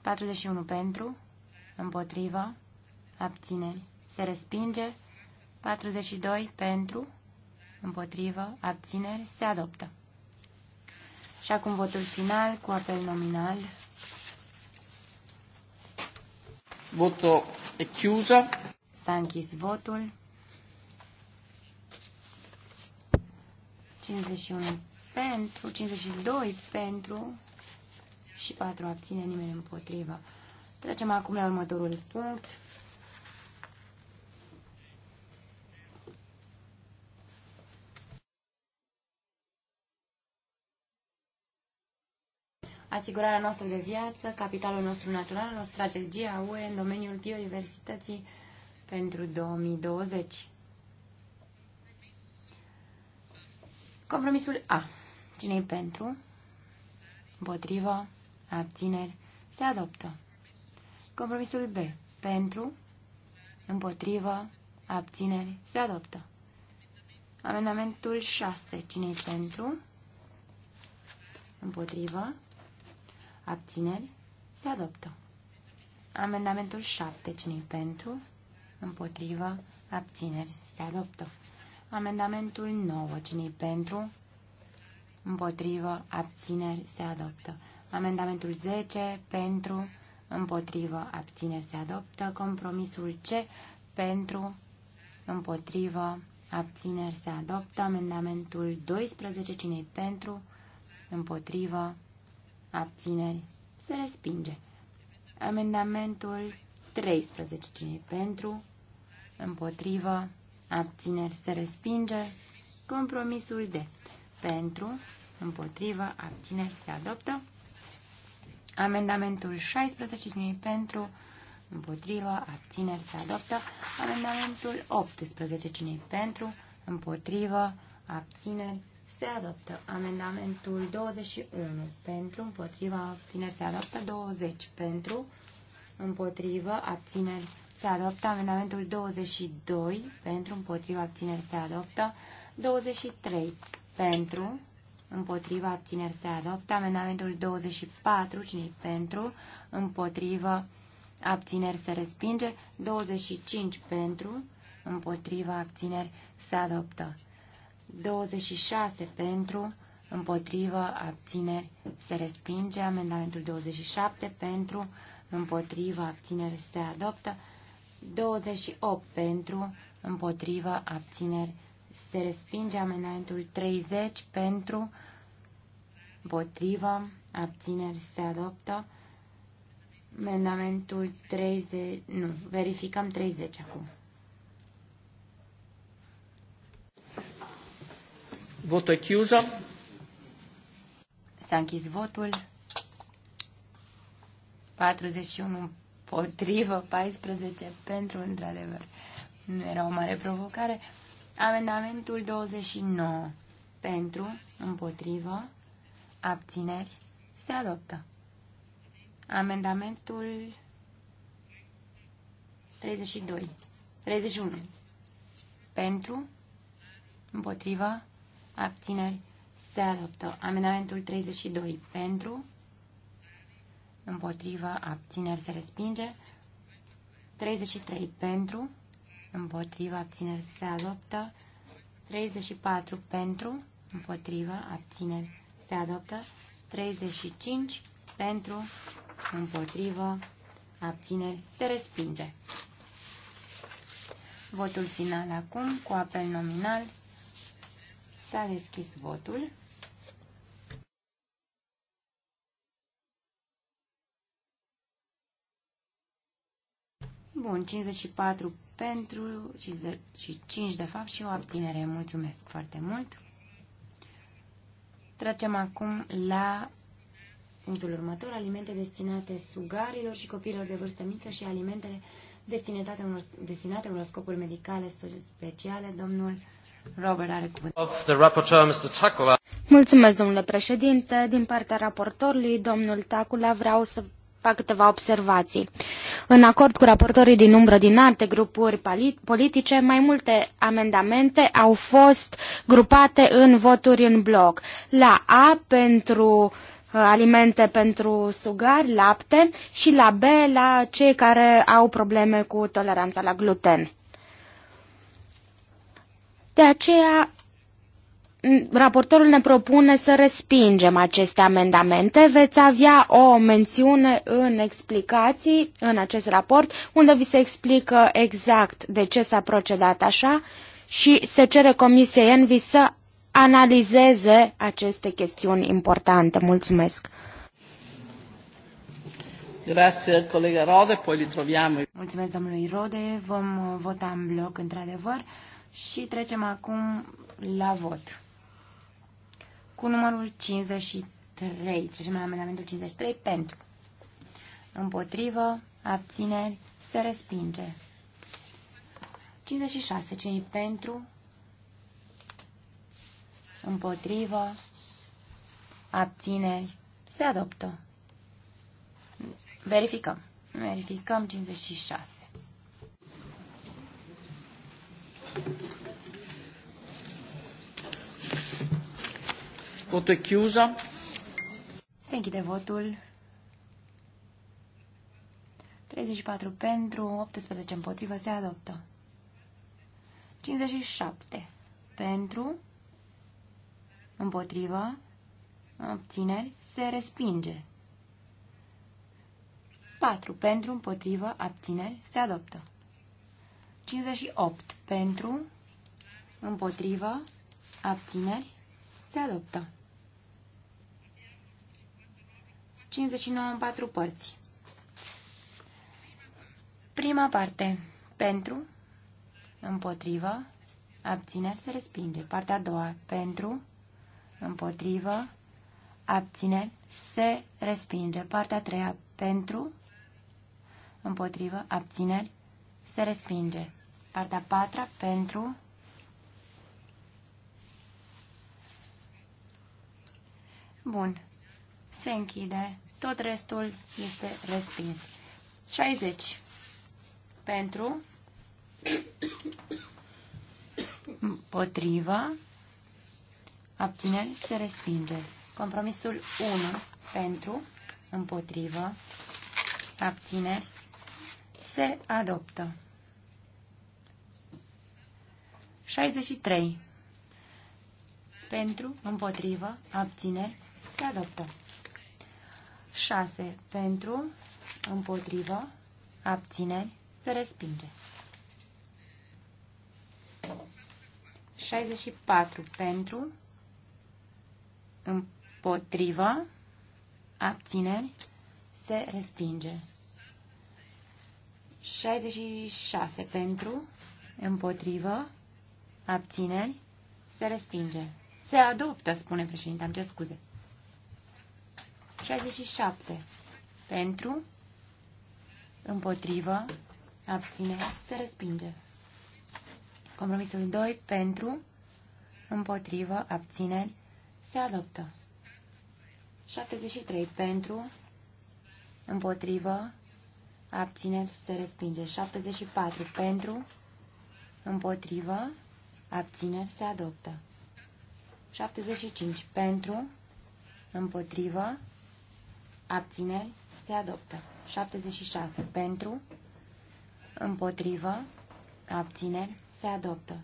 41 pentru. Împotrivă. Abțineri. Se respinge. 42 pentru. Împotrivă. Abțineri. Se adoptă. Și acum votul final cu apel nominal. Votul e chiusă. S-a închis votul. 51 pentru, 52 pentru și 4 abține nimeni împotrivă. Trecem acum la următorul punct. Asigurarea noastră de viață, capitalul nostru natural, o strategie a UE în domeniul biodiversității pentru 2020. Compromisul A paginii pentru, împotrivă, abțineri, se adoptă. Compromisul B. Pentru, împotrivă, abțineri, se adoptă. Amendamentul 6. cine pentru? Împotrivă, abțineri, se adoptă. Amendamentul 7. cine pentru? Împotrivă, abțineri, se adoptă. Amendamentul 9. cine pentru? împotrivă, abțineri, se adoptă. Amendamentul 10 pentru, împotrivă, abțineri, se adoptă. Compromisul C pentru, împotrivă, abțineri, se adoptă. Amendamentul 12, cine pentru, împotrivă, abțineri, se respinge. Amendamentul 13, cine pentru, împotrivă, abțineri, se respinge. Compromisul D pentru, împotrivă, abțineri se adoptă. Amendamentul 16, cine pentru, împotrivă, abțineri se adoptă. Amendamentul 18, cine pentru, împotrivă, abțineri se adoptă. Amendamentul 21, pentru, împotrivă, abțineri se adoptă. 20, pentru, împotrivă, abțineri se adoptă. Amendamentul 22, pentru, împotrivă, abțineri se adoptă. 23, pentru, împotriva, abțineri se adoptă. Amendamentul 24, cine pentru, împotriva, abțineri se respinge. 25 pentru, împotriva, abțineri se adoptă. 26 pentru, împotrivă, abțineri se respinge. Amendamentul 27 pentru, împotrivă, abțineri se adoptă. 28 pentru, împotrivă, abțineri se respinge amendamentul 30 pentru, potrivă abțineri se adoptă. Amendamentul 30, nu, verificăm 30 acum. Votul e S-a închis votul. 41 potrivă 14 pentru, într-adevăr. Nu era o mare provocare. Amendamentul 29. Pentru, împotrivă, abțineri, se adoptă. Amendamentul 32. 31. Pentru, împotrivă, abțineri, se adoptă. Amendamentul 32. Pentru, împotrivă, abțineri, se respinge. 33. Pentru, împotriva, abțineri se adoptă. 34 pentru, împotriva, abțineri se adoptă. 35 pentru, împotriva, abțineri se respinge. Votul final acum, cu apel nominal, s-a deschis votul. Bun, 54 pentru, 55 de fapt și o abținere. Mulțumesc foarte mult! Trecem acum la punctul următor, alimente destinate sugarilor și copiilor de vârstă mică și alimentele destinate unor, destinate unor scopuri medicale speciale. Domnul Robert are cuvânt. Mulțumesc, domnule președinte. Din partea raportorului, domnul Tacula, vreau să fac câteva observații. În acord cu raportorii din umbră din alte grupuri politice, mai multe amendamente au fost grupate în voturi în bloc. La A pentru uh, alimente pentru sugari, lapte și la B la cei care au probleme cu toleranța la gluten. De aceea raportorul ne propune să respingem aceste amendamente. Veți avea o mențiune în explicații în acest raport unde vi se explică exact de ce s-a procedat așa și se cere Comisiei Envi să analizeze aceste chestiuni importante. Mulțumesc! poi li Mulțumesc, domnului Rode. Vom vota în bloc, într-adevăr. Și trecem acum la vot cu numărul 53. Trecem la amendamentul 53 pentru. Împotrivă, abțineri, se respinge. 56. Cine pentru? Împotrivă, abțineri, se adoptă. Verificăm. Verificăm 56. Votul e chiuso. Se închide votul. 34 pentru, 18 împotrivă, se adoptă. 57 pentru, împotrivă, obțineri, se respinge. 4 pentru, împotrivă, abțineri, se adoptă. 58 pentru, împotrivă, abțineri, se adoptă. 59 în patru părți. Prima parte. Pentru, împotrivă, abțineri se respinge. Partea a doua. Pentru, împotrivă, abțineri se respinge. Partea a treia. Pentru, împotrivă, abțineri se respinge. Partea a patra. Pentru, Bun. Se închide tot restul este respins. 60 pentru, potriva, abțineri, se respinge. Compromisul 1 pentru, împotrivă, abțineri, se adoptă. 63. Pentru, împotrivă, abțineri, se adoptă. 6 pentru, împotrivă, abțineri, se respinge. 64 pentru, împotrivă, abțineri, se respinge. 66 pentru, împotrivă, abțineri, se respinge. Se adoptă, spune președinte, am ce scuze. 67. Pentru, împotrivă, abține, se respinge. Compromisul 2. Pentru, împotrivă, abține, se adoptă. 73. Pentru, împotrivă, abține, se respinge. 74. Pentru, împotrivă, abține, se adoptă. 75. Pentru, împotrivă, Abțineri se adoptă. 76. Pentru, împotrivă, abțineri se adoptă.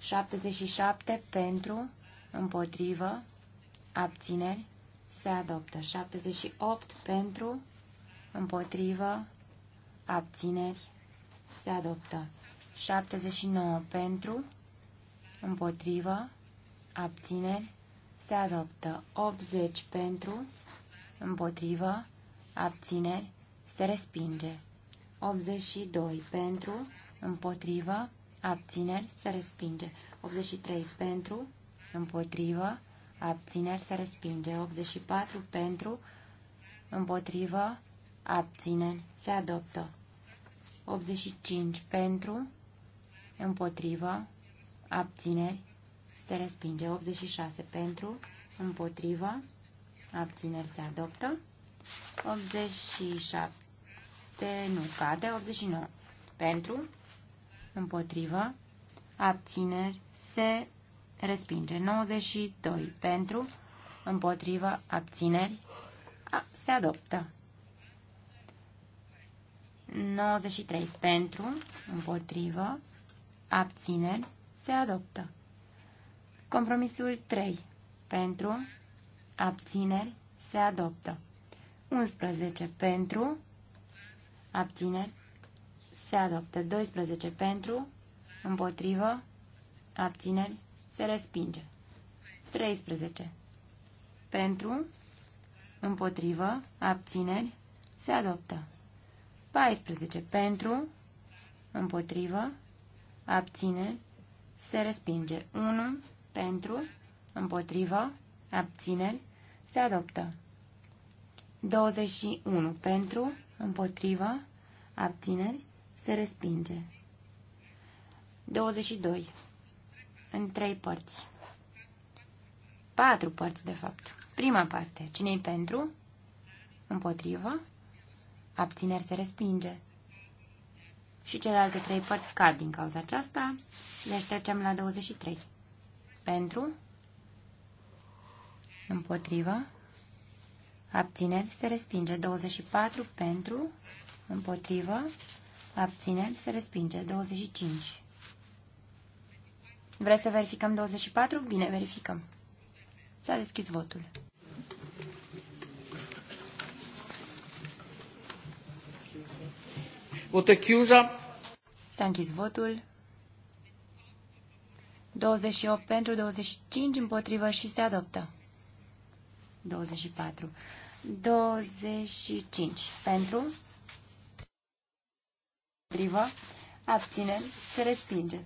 77. Pentru, împotrivă, abțineri se adoptă. 78. Pentru, împotrivă, abțineri se adoptă. 79. Pentru, împotrivă, abțineri se adoptă. 80. Pentru, împotrivă, abțineri, se respinge. 82 pentru, împotrivă, abțineri, se respinge. 83 pentru, împotrivă, abțineri, se respinge. 84 pentru, împotrivă, abțineri, se adoptă. 85 pentru, împotrivă, abțineri, se respinge. 86 pentru, împotrivă, abțineri se adoptă. 87 nu cade, 89 pentru, împotrivă, abțineri se respinge. 92 pentru, împotrivă, abțineri a, se adoptă. 93 pentru, împotrivă, abțineri se adoptă. Compromisul 3 pentru, abțineri, se adoptă. 11 pentru, abțineri, se adoptă. 12 pentru, împotrivă, abțineri, se respinge. 13 pentru, împotrivă, abțineri, se adoptă. 14 pentru, împotrivă, abțineri, se respinge. 1 pentru, împotrivă, abțineri, se adoptă. 21 pentru, împotrivă, abțineri, se respinge. 22 în trei părți. Patru părți, de fapt. Prima parte, cine e pentru, împotrivă, abțineri se respinge. Și celelalte trei părți cad din cauza aceasta, Le deci ștergem la 23. Pentru, împotriva, abțineri, se respinge. 24 pentru, împotriva, abțineri, se respinge. 25. Vreți să verificăm 24? Bine, verificăm. S-a deschis votul. Votă Chiuza. S-a închis votul. 28 pentru, 25 împotrivă și se adoptă. 24. 25. Pentru? Împotrivă? Abține. Se respinge.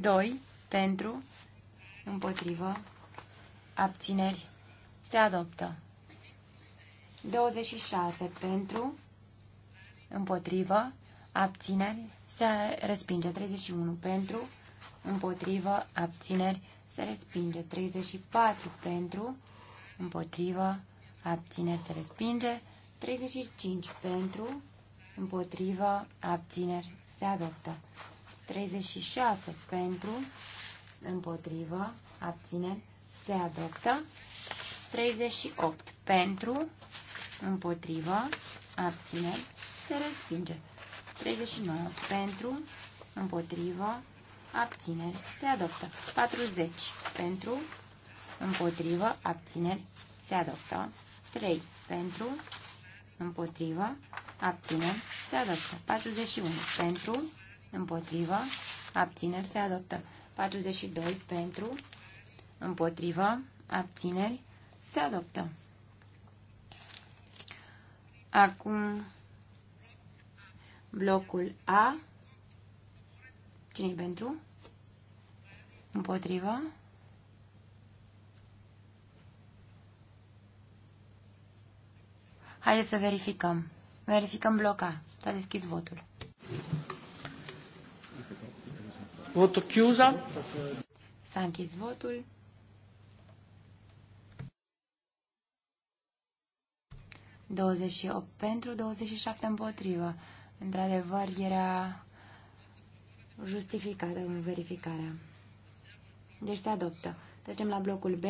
2. Pentru? Împotrivă? Abțineri? Se adoptă. 26. Pentru? Împotrivă? Abțineri? Se respinge. 31. Pentru? Împotrivă? Abțineri? Se respinge. 34. Pentru? împotrivă, abțineri se respinge. 35 pentru, împotrivă, abțineri se adoptă. 36 pentru, împotrivă, abțineri se adoptă. 38 pentru, împotrivă, abțineri se respinge. 39 pentru, împotrivă, abțineri se adoptă. 40 pentru, împotrivă, abțineri, se adoptă. 3 pentru, împotrivă, abțineri, se adoptă. 41 pentru, împotrivă, abțineri, se adoptă. 42 pentru, împotrivă, abțineri, se adoptă. Acum blocul A. cine pentru? Împotrivă. Haideți să verificăm. Verificăm bloca. S-a deschis votul. Votul chiusa. S-a închis votul. 28 pentru, 27 împotrivă. Într-adevăr, era justificată verificarea. Deci se adoptă. Trecem la blocul B.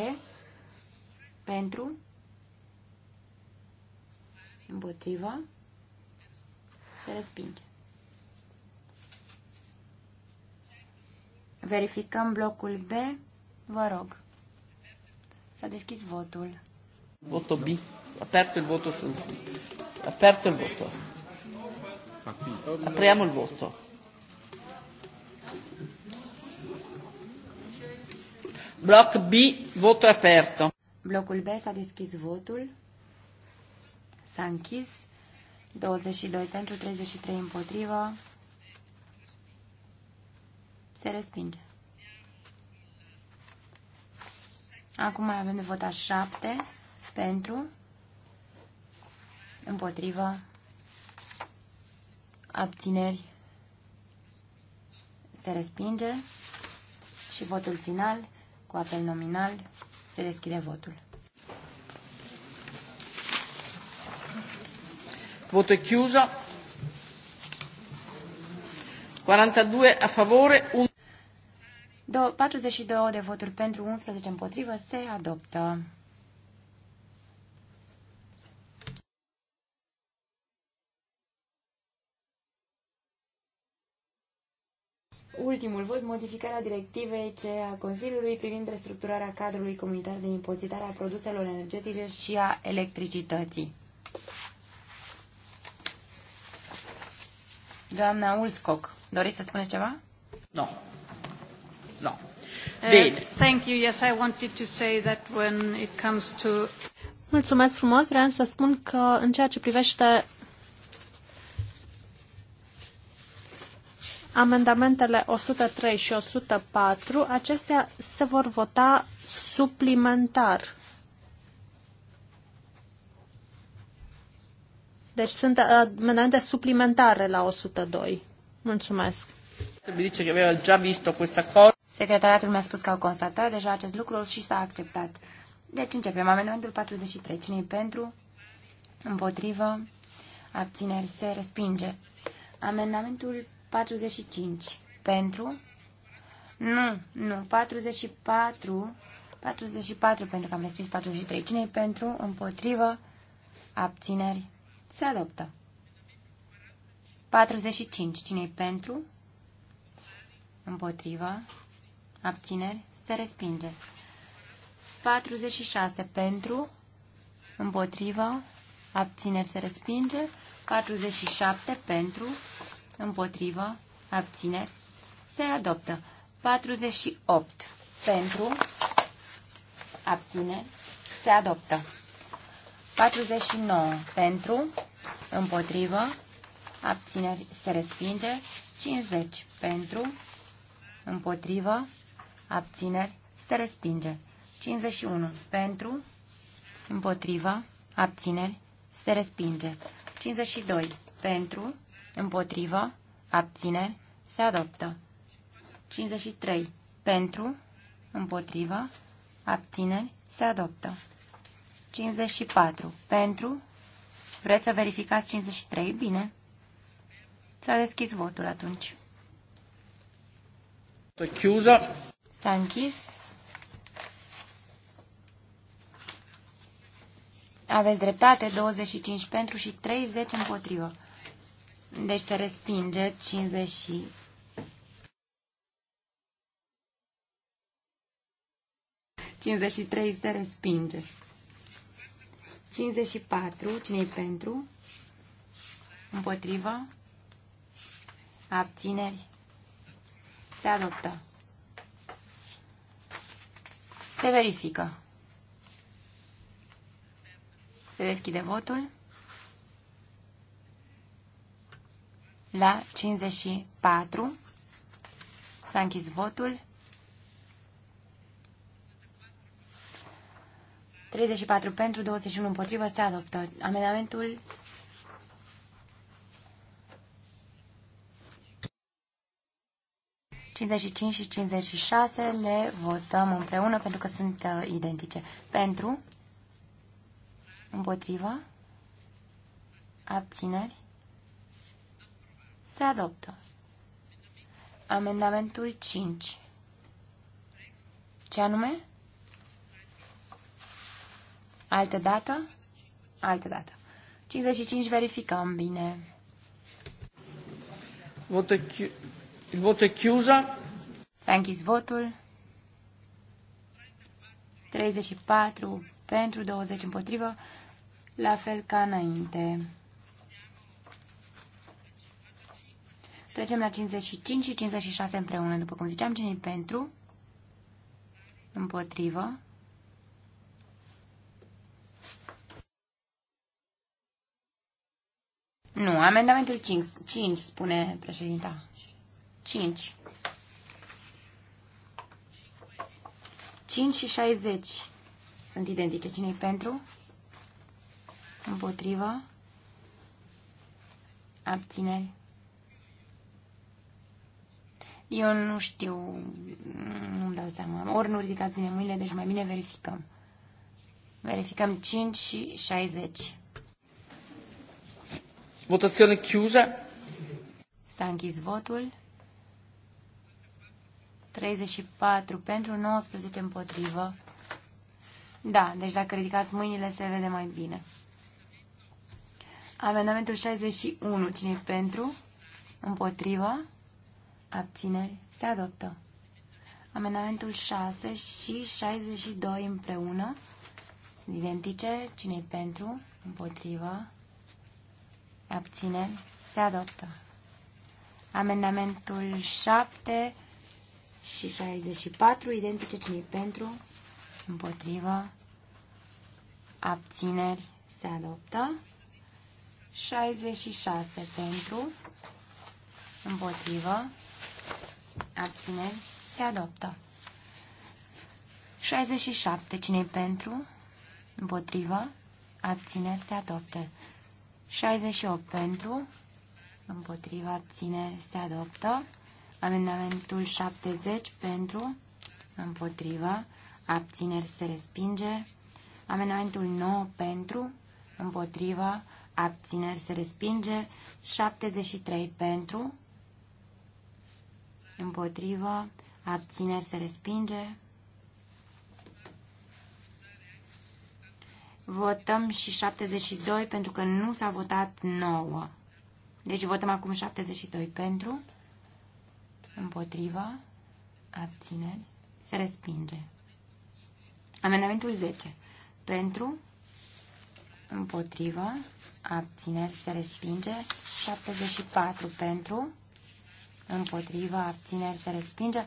Pentru împotriva, Se respinge. Verificăm blocul B. Vă rog. S-a deschis votul. Votul B. Aperto il voto sul B. Aperto il voto. Apriamo il voto. Bloc B, voto aperto. Blocul B s-a deschis votul. S-a închis. 22 pentru, 33 împotrivă. Se respinge. Acum mai avem de votat 7 pentru, împotrivă, abțineri, se respinge și votul final cu apel nominal se deschide votul. Voto è chiuso. 42 a favore. Un... 42 de voturi pentru, 11 împotrivă, se adoptă. Ultimul vot, modificarea directivei ce a Consiliului privind restructurarea cadrului comunitar de impozitare a produselor energetice și a electricității. Doamna Ulscoc, doriți să spuneți ceva? Nu. No. Nu. No. Eh, Bine. Uh, thank you. Yes, I wanted to say that when it comes to... Mulțumesc frumos. Vreau să spun că în ceea ce privește amendamentele 103 și 104, acestea se vor vota suplimentar. Deci sunt uh, amendamente suplimentare la 102. Mulțumesc. Mi dice că aveva già visto questa cosa. Secretariatul mi-a spus că au constatat deja acest lucru și s-a acceptat. Deci începem. Amendamentul 43. cine pentru? Împotrivă? Abțineri se respinge. Amendamentul 45. Pentru? Nu, nu. 44. 44 pentru că am respins 43. cine pentru? Împotrivă? Abțineri se adoptă. 45. Cine-i pentru? Împotrivă. Abțineri. Se respinge. 46. Pentru. Împotrivă. Abțineri se respinge. 47. Pentru. Împotrivă. Abțineri. Se adoptă. 48. Pentru. Abțineri. Se adoptă. 49 pentru, împotrivă, abțineri se respinge, 50 pentru, împotrivă, abțineri se respinge, 51 pentru, împotrivă, abțineri se respinge, 52 pentru, împotrivă, abțineri se adoptă, 53 pentru, împotrivă, abțineri se adoptă. 54. Pentru? Vreți să verificați 53? Bine. S-a deschis votul atunci. Chiusa. S-a închis. Aveți dreptate, 25 pentru și 30 împotrivă. Deci se respinge 50 și... trei se respinge. 54. Cine-i pentru? Împotrivă? Abțineri? Se adoptă. Se verifică. Se deschide votul. La 54 s-a închis votul. 34 pentru, 21 împotrivă, se adoptă. Amendamentul și 56 le votăm împreună pentru că sunt uh, identice. Pentru, împotriva, abțineri, se adoptă. Amendamentul 5. Ce anume? Altă dată? Altă dată. 55 verificăm bine. Votul voto chiusa. S-a închis votul. 34 pentru, 20 împotrivă, la fel ca înainte. Trecem la 55 și 56 împreună, după cum ziceam, cine pentru, împotrivă, Nu, amendamentul 5, 5 spune președinta. 5. 5 și 60 sunt identice. cine e pentru? Împotrivă? Abțineri? Eu nu știu, nu-mi dau seama. Ori nu ridicați bine mâinile, deci mai bine verificăm. Verificăm 5 și 60. Votazione chiusa. S-a închis votul. 34 pentru, 19 împotrivă. Da, deci dacă ridicați mâinile se vede mai bine. Amendamentul 61. cine pentru? Împotrivă? Abțineri? Se adoptă. Amendamentul 6 și 62 împreună sunt identice. cine pentru? Împotrivă? abțineri, se adoptă. Amendamentul 7 și 64, identice cine pentru, împotrivă, abțineri, se adoptă. 66 pentru, împotrivă, abțineri, se adoptă. 67. cine pentru? Împotrivă? abțineri, se adoptă. 68 pentru, împotriva abțineri se adoptă. Amendamentul 70 pentru, împotriva, abțineri se respinge. Amendamentul 9 pentru, împotriva, abțineri se respinge. 73 pentru, împotriva, abțineri se respinge. Votăm și 72 pentru că nu s-a votat 9. Deci votăm acum 72 pentru, împotriva, abțineri, se respinge. Amendamentul 10. Pentru, împotriva, abțineri, se respinge. 74 pentru, împotriva, abțineri, se respinge.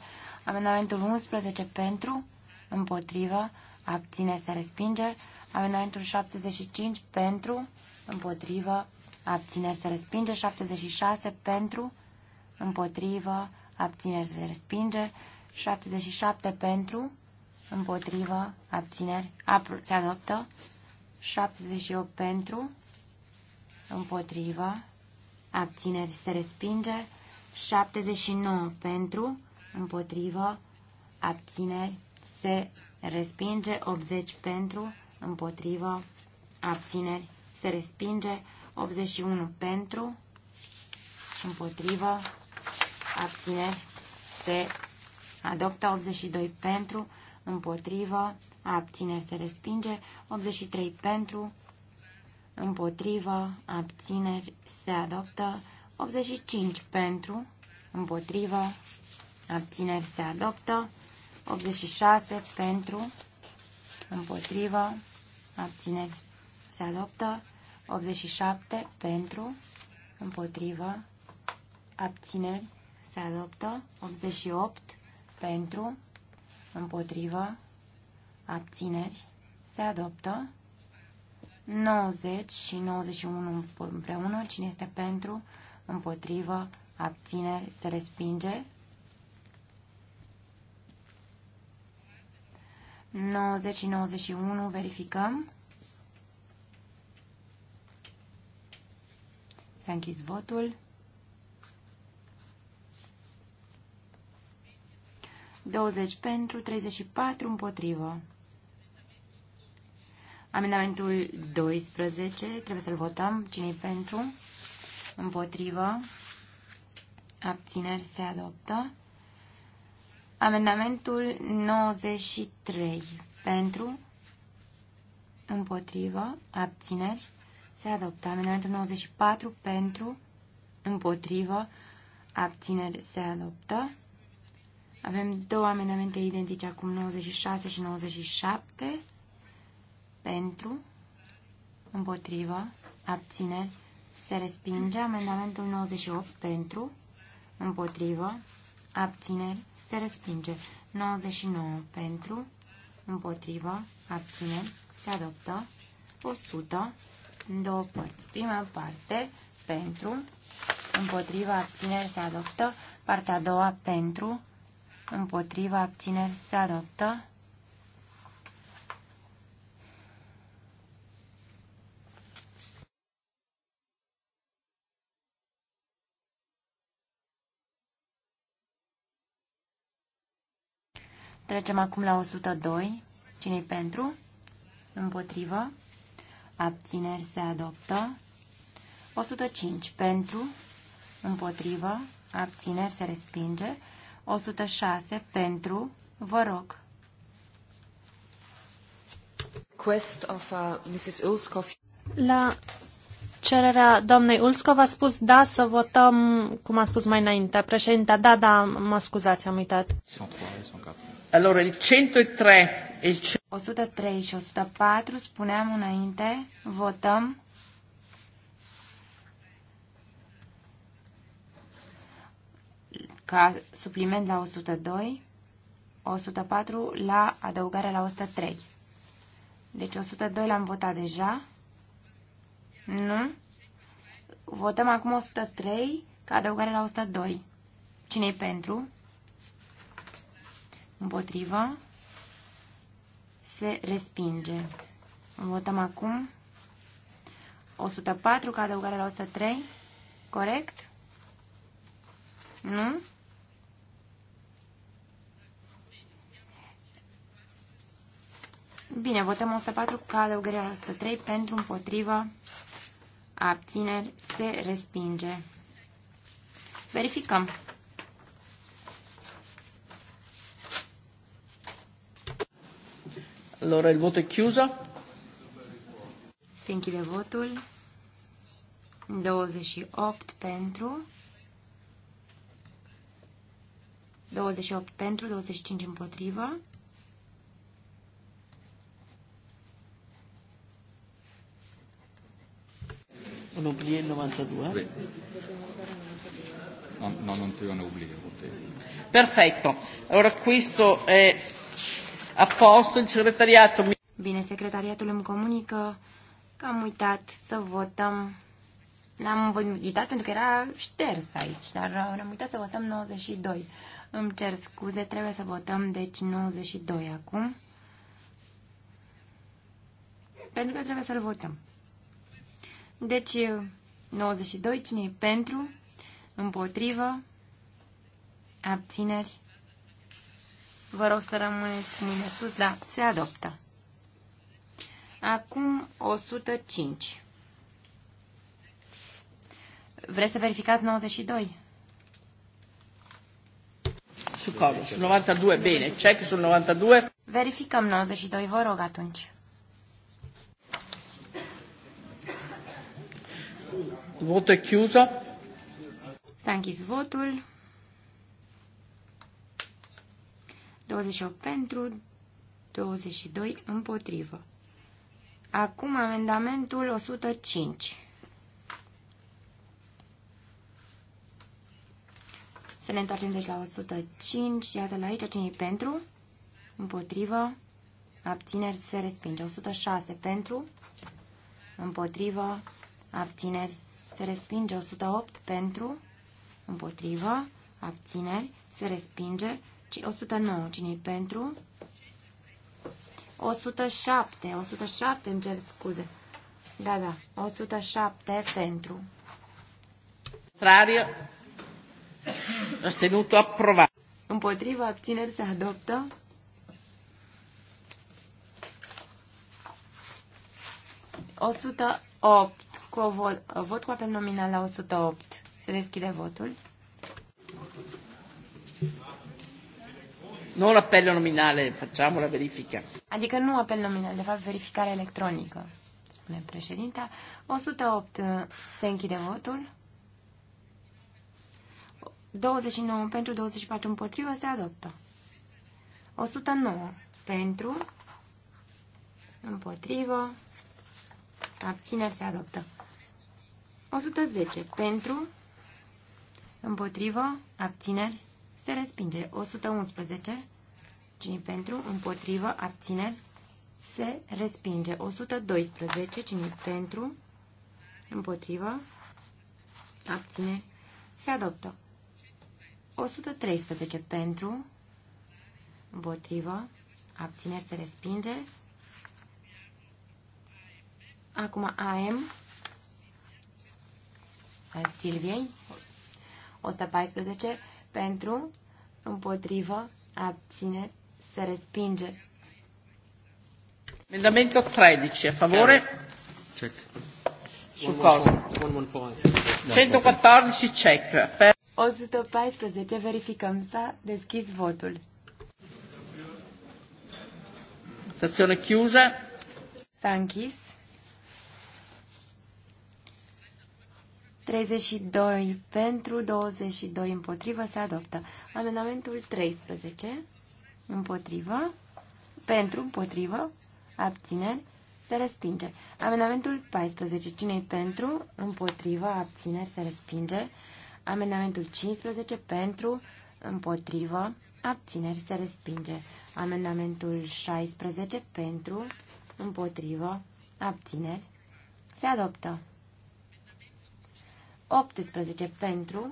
Amendamentul 11 pentru, împotriva, abțineri, se respinge. Amendamentul 75 pentru, împotrivă, abțineri se respinge. 76 pentru, împotrivă, abțineri se respinge. 77 pentru, împotrivă, abțineri, se adoptă. 78 pentru, împotrivă, abțineri se respinge. 79 pentru, împotrivă, abțineri se respinge. 80 pentru, împotrivă, abțineri, se respinge. 81 pentru, împotrivă, abțineri, se adoptă. 82 pentru, împotrivă, abțineri, se respinge. 83 pentru, împotrivă, abțineri, se adoptă. 85 pentru, împotrivă, abțineri, se adoptă. 86 pentru, împotrivă, abțineri se adoptă, 87 pentru, împotrivă, abțineri se adoptă, 88 pentru, împotrivă, abțineri se adoptă, 90 și 91 împreună, cine este pentru, împotrivă, abțineri se respinge, 90 și 91, verificăm. S-a închis votul. 20 pentru, 34 împotrivă. Amendamentul 12, trebuie să-l votăm. cine pentru? Împotrivă. Abțineri se adoptă. Amendamentul 93 pentru, împotrivă, abțineri, se adoptă. Amendamentul 94 pentru, împotrivă, abțineri, se adoptă. Avem două amendamente identice acum, 96 și 97, pentru, împotrivă, abțineri, se respinge. Amendamentul 98 pentru, împotrivă, abțineri, se respinge. 99 pentru, împotrivă, abține, se adoptă. 100 în două părți. Prima parte pentru, împotriva abține, se adoptă, partea a doua pentru, împotriva abține, se adoptă, Trecem acum la 102. cine pentru? Împotrivă. Abțineri se adoptă. 105. Pentru. Împotrivă. Abțineri se respinge. 106. Pentru. Vă rog. Quest of, uh, Mrs. Ulskov. La cererea doamnei Ulskov a spus da să votăm, cum a spus mai înainte, președinta. Da, da, mă scuzați, am uitat. 103, 104. Allora, il 103 e il 103 și 104, spuneam înainte, votăm. Ca supliment la 102, 104 la adăugare la 103. Deci 102 l-am votat deja. Nu. Votăm acum 103 ca adăugare la 102. Cine-i pentru? Împotrivă. Se respinge. Votăm acum 104 ca adăugare la 103. Corect? Nu? Bine, votăm 104 ca adăugare la 103 pentru împotrivă abțineri se respinge. Verificăm. Allora il voto è chiuso. Si închide votul. 28 pentru. 28 pentru, 25 împotrivă. Un oblie 92? Oui. No, no, non ti ho oblie. Perfetto. Allora questo è a secretariatul. Bine, secretariatul îmi comunică că am uitat să votăm. L-am uitat pentru că era șters aici, dar uh, l-am uitat să votăm 92. Îmi cer scuze, trebuie să votăm, deci 92 acum. Pentru că trebuie să-l votăm. Deci, 92, uh, cine e pentru? Împotrivă? Abțineri? Vă rog să rămâneți cu mine sus. Da, se adoptă. Acum 105. Vreți să verificați 92? Su sunt 92, bine. Check sunt 92. Verificăm 92, vă rog atunci. Votul e chiuso. S-a închis votul. 28 pentru, 22 împotrivă. Acum amendamentul 105. Să ne întoarcem deci la 105. Iată-l aici. cine pentru? Împotrivă. Abțineri se respinge. 106 pentru. Împotrivă. Abțineri se respinge. 108 pentru. Împotrivă. Abțineri se respinge. 109. cine e pentru? 107. 107, îmi cer scuze. Da, da. 107 pentru. Contrario. Astenuto approvato. Împotriva abțineri se adoptă. opt cu vot, vot cu apel nominal la 108. Se deschide votul. Non apel nominale, facem la verifică. Adică nu apel nominal, de fapt verificare electronică, spune președinta. 108 uh, se închide votul. 29 pentru, 24 împotrivă, se adoptă. 109 pentru, împotrivă, abțineri, se adoptă. 110 pentru, împotrivă, abțineri, se respinge. 111. Cine pentru? Împotrivă. Abține. Se respinge. 112. Cine pentru? Împotrivă. Abține. Se adoptă. 113. Pentru. Împotrivă. Abține. Se respinge. Acum AM Silviei. 114 pentru, împotrivă, abține se respinge. Amendamentul 13, a favore? Check. Su cosa? 114, check. 114, verificăm, să deschis votul. Stazione chiusa. S-a închis. 32 pentru, 22 împotrivă, se adoptă. Amendamentul 13 împotrivă, pentru, împotrivă, abțineri, se respinge. Amendamentul 14, cine pentru, împotrivă, abțineri, se respinge. Amendamentul 15, pentru, împotrivă, abțineri, se respinge. Amendamentul 16, pentru, împotrivă, abțineri, se adoptă. 18 pentru,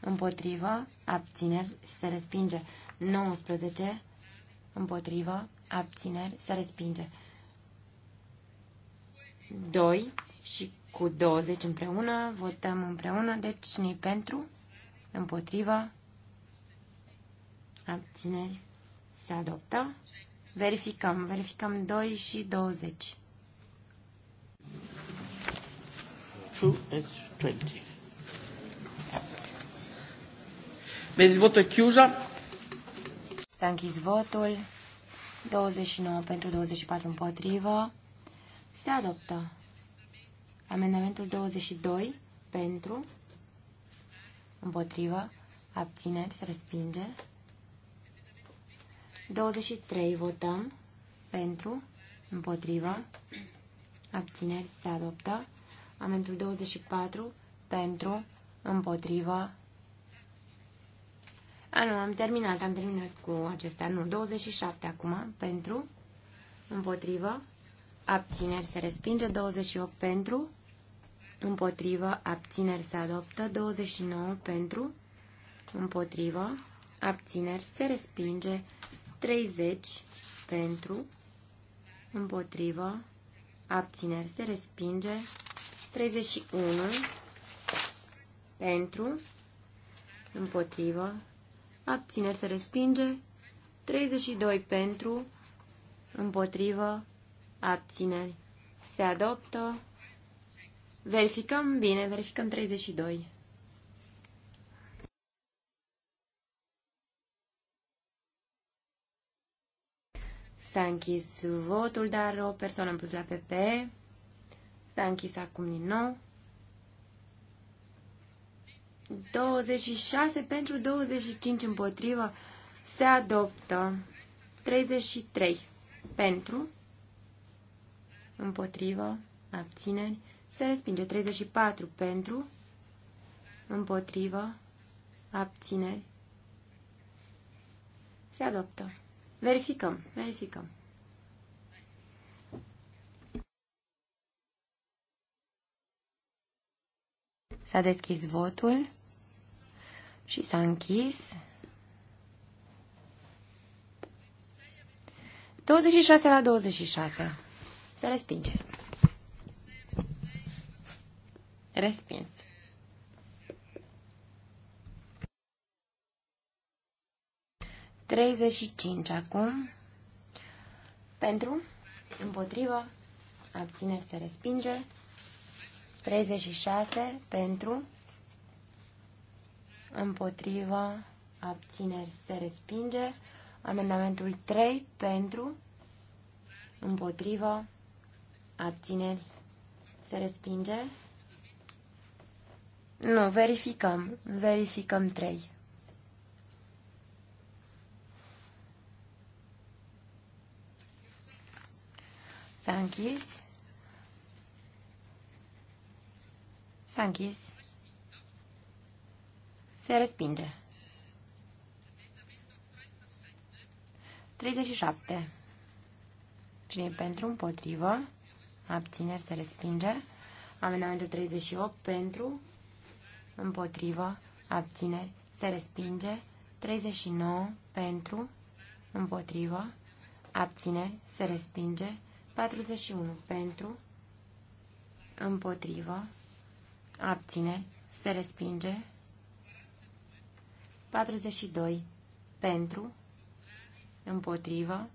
împotrivă, abțineri, se respinge. 19 împotrivă, abțineri, se respinge. 2 și cu 20 împreună, votăm împreună, deci nu pentru, împotrivă, abțineri, se adoptă. Verificăm, verificăm 2 și 20. to 20. Bine, il voto è chiusa. S-a închis votul. 29 pentru 24 împotrivă. Se adoptă. Amendamentul 22 pentru împotrivă abțineri se respinge. 23 votăm pentru împotrivă abțineri se adoptă. Amentul 24 pentru, împotriva. A, nu, am terminat, am terminat cu acestea. Nu, 27 acum, pentru, împotriva, abțineri se respinge, 28 pentru, împotrivă, abțineri se adoptă, 29 pentru, împotrivă, abțineri se respinge, 30 pentru, împotrivă, abțineri se respinge, 31 pentru, împotrivă, abțineri se respinge, 32 pentru, împotrivă, abțineri se adoptă, verificăm bine, verificăm 32. S-a închis votul, dar o persoană în plus la PP. S-a închis acum din nou. 26 pentru 25 împotrivă. Se adoptă. 33 pentru. Împotrivă. Abțineri. Se respinge. 34 pentru. Împotrivă. Abțineri. Se adoptă. Verificăm. Verificăm. S-a deschis votul și s-a închis. 26 la 26. Se respinge. Respins. Treizeci și cinci acum. Pentru, împotrivă, abțineri se respinge. 36 pentru, împotrivă, abțineri se respinge. Amendamentul 3 pentru, împotrivă, abțineri se respinge. Nu, verificăm. Verificăm 3. S-a închis. S-a închis. Se respinge. 37. Cine e pentru, împotrivă, abțineri, se respinge. Amendamentul 38, pentru, împotrivă, abțineri, se respinge. 39, pentru, împotrivă, abțineri, se respinge. 41, pentru, împotrivă, abține, se respinge. 42. Pentru, împotrivă,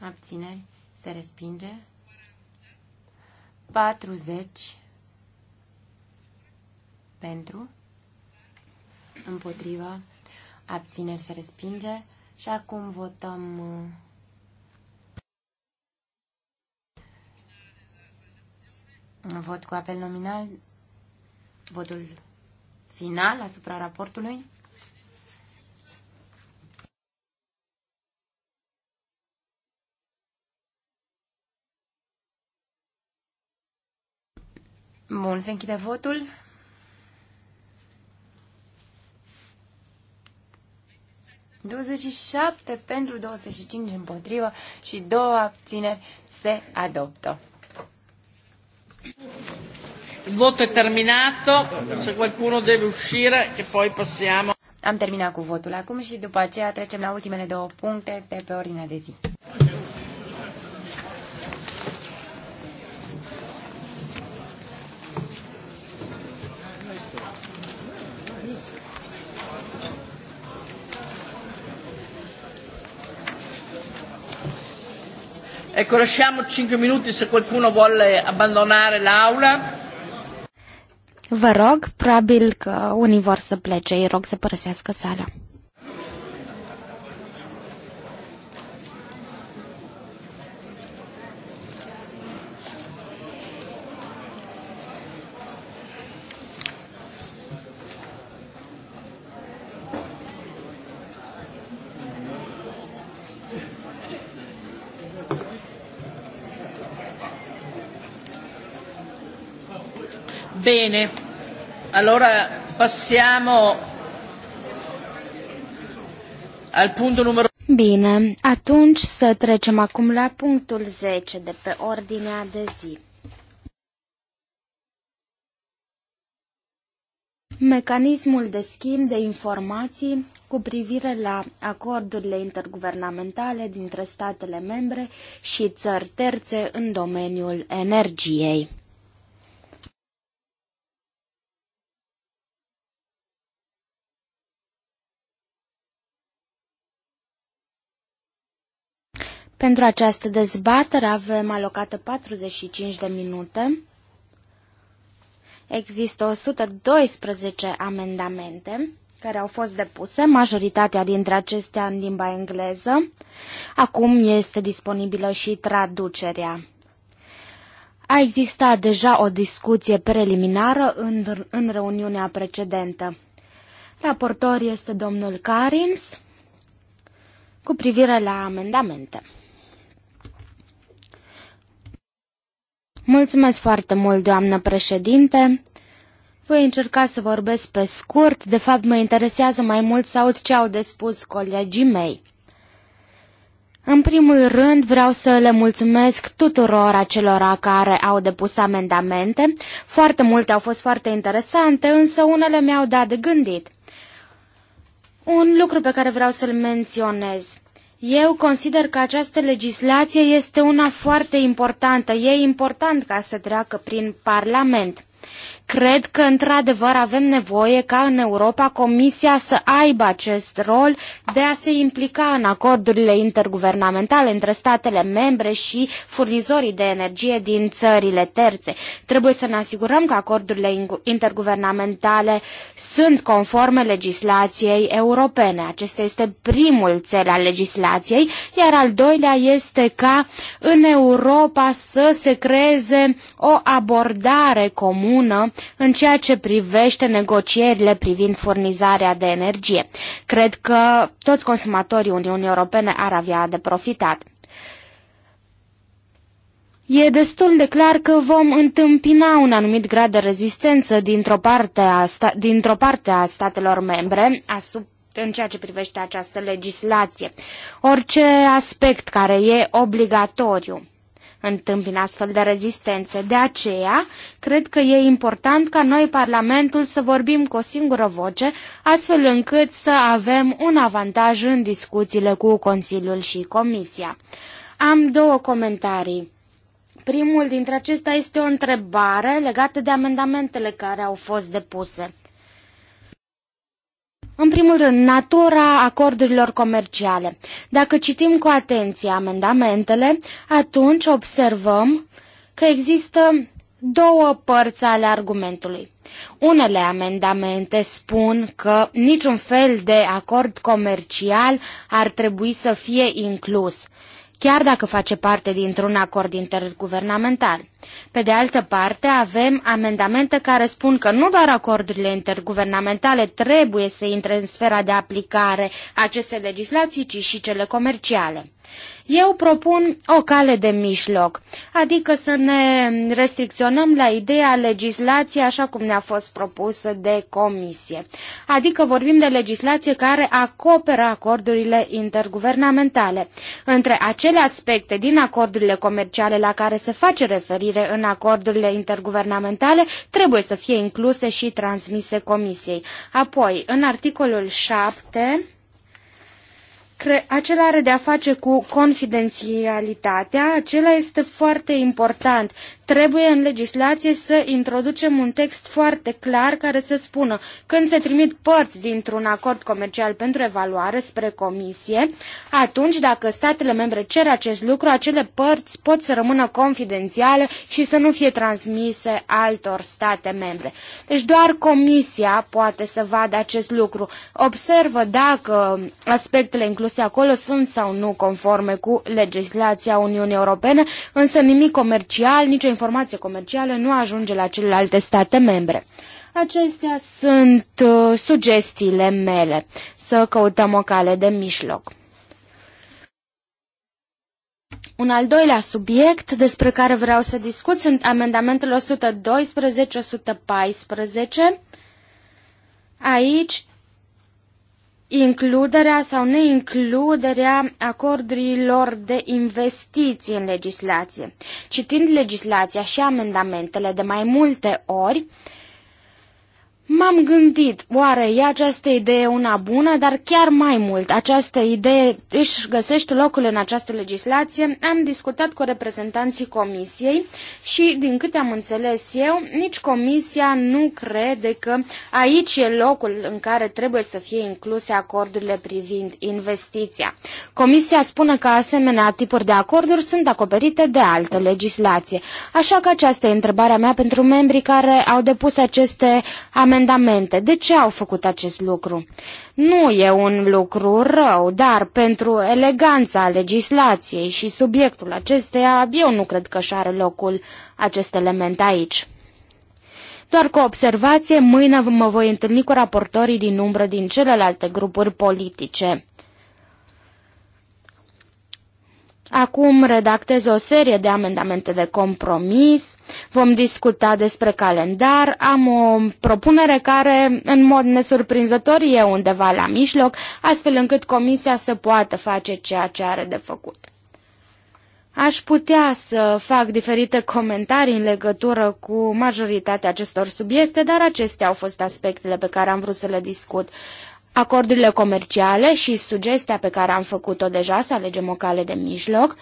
Abține, se respinge. 40. Pentru, împotrivă, abțineri, se respinge. Și acum votăm uh, Vot cu apel nominal. Votul final asupra raportului. Bun, se închide votul. ...27 pentru 25 împotrivă și două abțineri se adoptă. Il voto è terminato, se qualcuno deve uscire che poi passiamo. Am terminat cu votul acum și după aceea trecem la ultimele două puncte de pe ordinea de zi. Ecco, lasciamo 5 minuti se qualcuno vuole abbandonare l'aula. Vă rog, probabil că unii vor să plece, îi rog să părăsească sala. Bene, allora passiamo al punto numero... Bine, atunci să trecem acum la punctul 10 de pe ordinea de zi. Mecanismul de schimb de informații cu privire la acordurile interguvernamentale dintre statele membre și țări terțe în domeniul energiei. Pentru această dezbatere avem alocată 45 de minute. Există 112 amendamente care au fost depuse, majoritatea dintre acestea în limba engleză. Acum este disponibilă și traducerea. A existat deja o discuție preliminară în, în reuniunea precedentă. Raportor este domnul Carins cu privire la amendamente. Mulțumesc foarte mult, doamnă președinte. Voi încerca să vorbesc pe scurt, de fapt mă interesează mai mult să aud ce au de spus colegii mei. În primul rând vreau să le mulțumesc tuturor acelora care au depus amendamente. Foarte multe au fost foarte interesante, însă unele mi-au dat de gândit. Un lucru pe care vreau să-l menționez. Eu consider că această legislație este una foarte importantă. E important ca să treacă prin Parlament. Cred că, într-adevăr, avem nevoie ca în Europa Comisia să aibă acest rol de a se implica în acordurile interguvernamentale între statele membre și furnizorii de energie din țările terțe. Trebuie să ne asigurăm că acordurile interguvernamentale sunt conforme legislației europene. Acesta este primul țel al legislației, iar al doilea este ca în Europa să se creeze o abordare comună în ceea ce privește negocierile privind furnizarea de energie. Cred că toți consumatorii Uniunii Europene ar avea de profitat. E destul de clar că vom întâmpina un anumit grad de rezistență dintr-o parte a, sta- dintr-o parte a statelor membre asupra în ceea ce privește această legislație. Orice aspect care e obligatoriu întâmpină astfel de rezistențe. De aceea, cred că e important ca noi, Parlamentul, să vorbim cu o singură voce, astfel încât să avem un avantaj în discuțiile cu Consiliul și Comisia. Am două comentarii. Primul dintre acestea este o întrebare legată de amendamentele care au fost depuse. În primul rând, natura acordurilor comerciale. Dacă citim cu atenție amendamentele, atunci observăm că există două părți ale argumentului. Unele amendamente spun că niciun fel de acord comercial ar trebui să fie inclus chiar dacă face parte dintr-un acord interguvernamental. Pe de altă parte, avem amendamente care spun că nu doar acordurile interguvernamentale trebuie să intre în sfera de aplicare acestei legislații, ci și cele comerciale. Eu propun o cale de mijloc, adică să ne restricționăm la ideea legislației așa cum ne-a fost propusă de comisie. Adică vorbim de legislație care acoperă acordurile interguvernamentale. Între acele aspecte din acordurile comerciale la care se face referire în acordurile interguvernamentale trebuie să fie incluse și transmise comisiei. Apoi, în articolul 7, acela are de-a face cu confidențialitatea, acela este foarte important. Trebuie în legislație să introducem un text foarte clar care să spună când se trimit părți dintr-un acord comercial pentru evaluare spre comisie, atunci dacă statele membre cer acest lucru, acele părți pot să rămână confidențiale și să nu fie transmise altor state membre. Deci doar comisia poate să vadă acest lucru. Observă dacă aspectele incluse acolo sunt sau nu conforme cu legislația Uniunii Europene, însă nimic comercial, nici informație comercială nu ajunge la celelalte state membre. Acestea sunt uh, sugestiile mele, să căutăm o cale de mijloc. Un al doilea subiect despre care vreau să discut sunt amendamentele 112-114. Aici includerea sau neincluderea acordurilor de investiții în legislație. Citind legislația și amendamentele de mai multe ori, uh, M-am gândit, oare e această idee una bună, dar chiar mai mult, această idee își găsește locul în această legislație. Am discutat cu reprezentanții comisiei și, din câte am înțeles eu, nici comisia nu crede că aici e locul în care trebuie să fie incluse acordurile privind investiția. Comisia spune că asemenea tipuri de acorduri sunt acoperite de altă legislație. Așa că aceasta e întrebarea mea pentru membrii care au depus aceste amendamente amendamente. De ce au făcut acest lucru? Nu e un lucru rău, dar pentru eleganța legislației și subiectul acesteia, eu nu cred că și are locul acest element aici. Doar cu observație, mâine mă voi întâlni cu raportorii din umbră din celelalte grupuri politice. Acum redactez o serie de amendamente de compromis, vom discuta despre calendar, am o propunere care, în mod nesurprinzător, e undeva la mijloc, astfel încât comisia să poată face ceea ce are de făcut. Aș putea să fac diferite comentarii în legătură cu majoritatea acestor subiecte, dar acestea au fost aspectele pe care am vrut să le discut acordurile comerciale și sugestia pe care am făcut-o deja, să alegem o cale de mijloc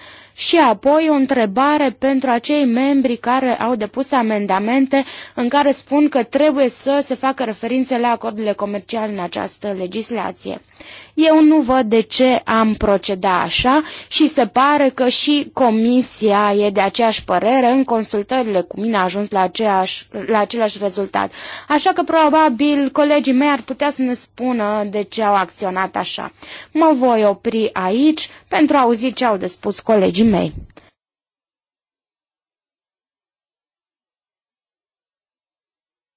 și apoi o întrebare pentru acei membri care au depus amendamente în care spun că trebuie să se facă referințe la acordurile comerciale în această legislație. Eu nu văd de ce am proceda așa și se pare că și comisia e de aceeași părere. În consultările cu mine a ajuns la, aceeași, la același rezultat. Așa că probabil colegii mei ar putea să ne spună de ce au acționat așa. Mă voi opri aici pentru a auzi ce au de spus colegii mei.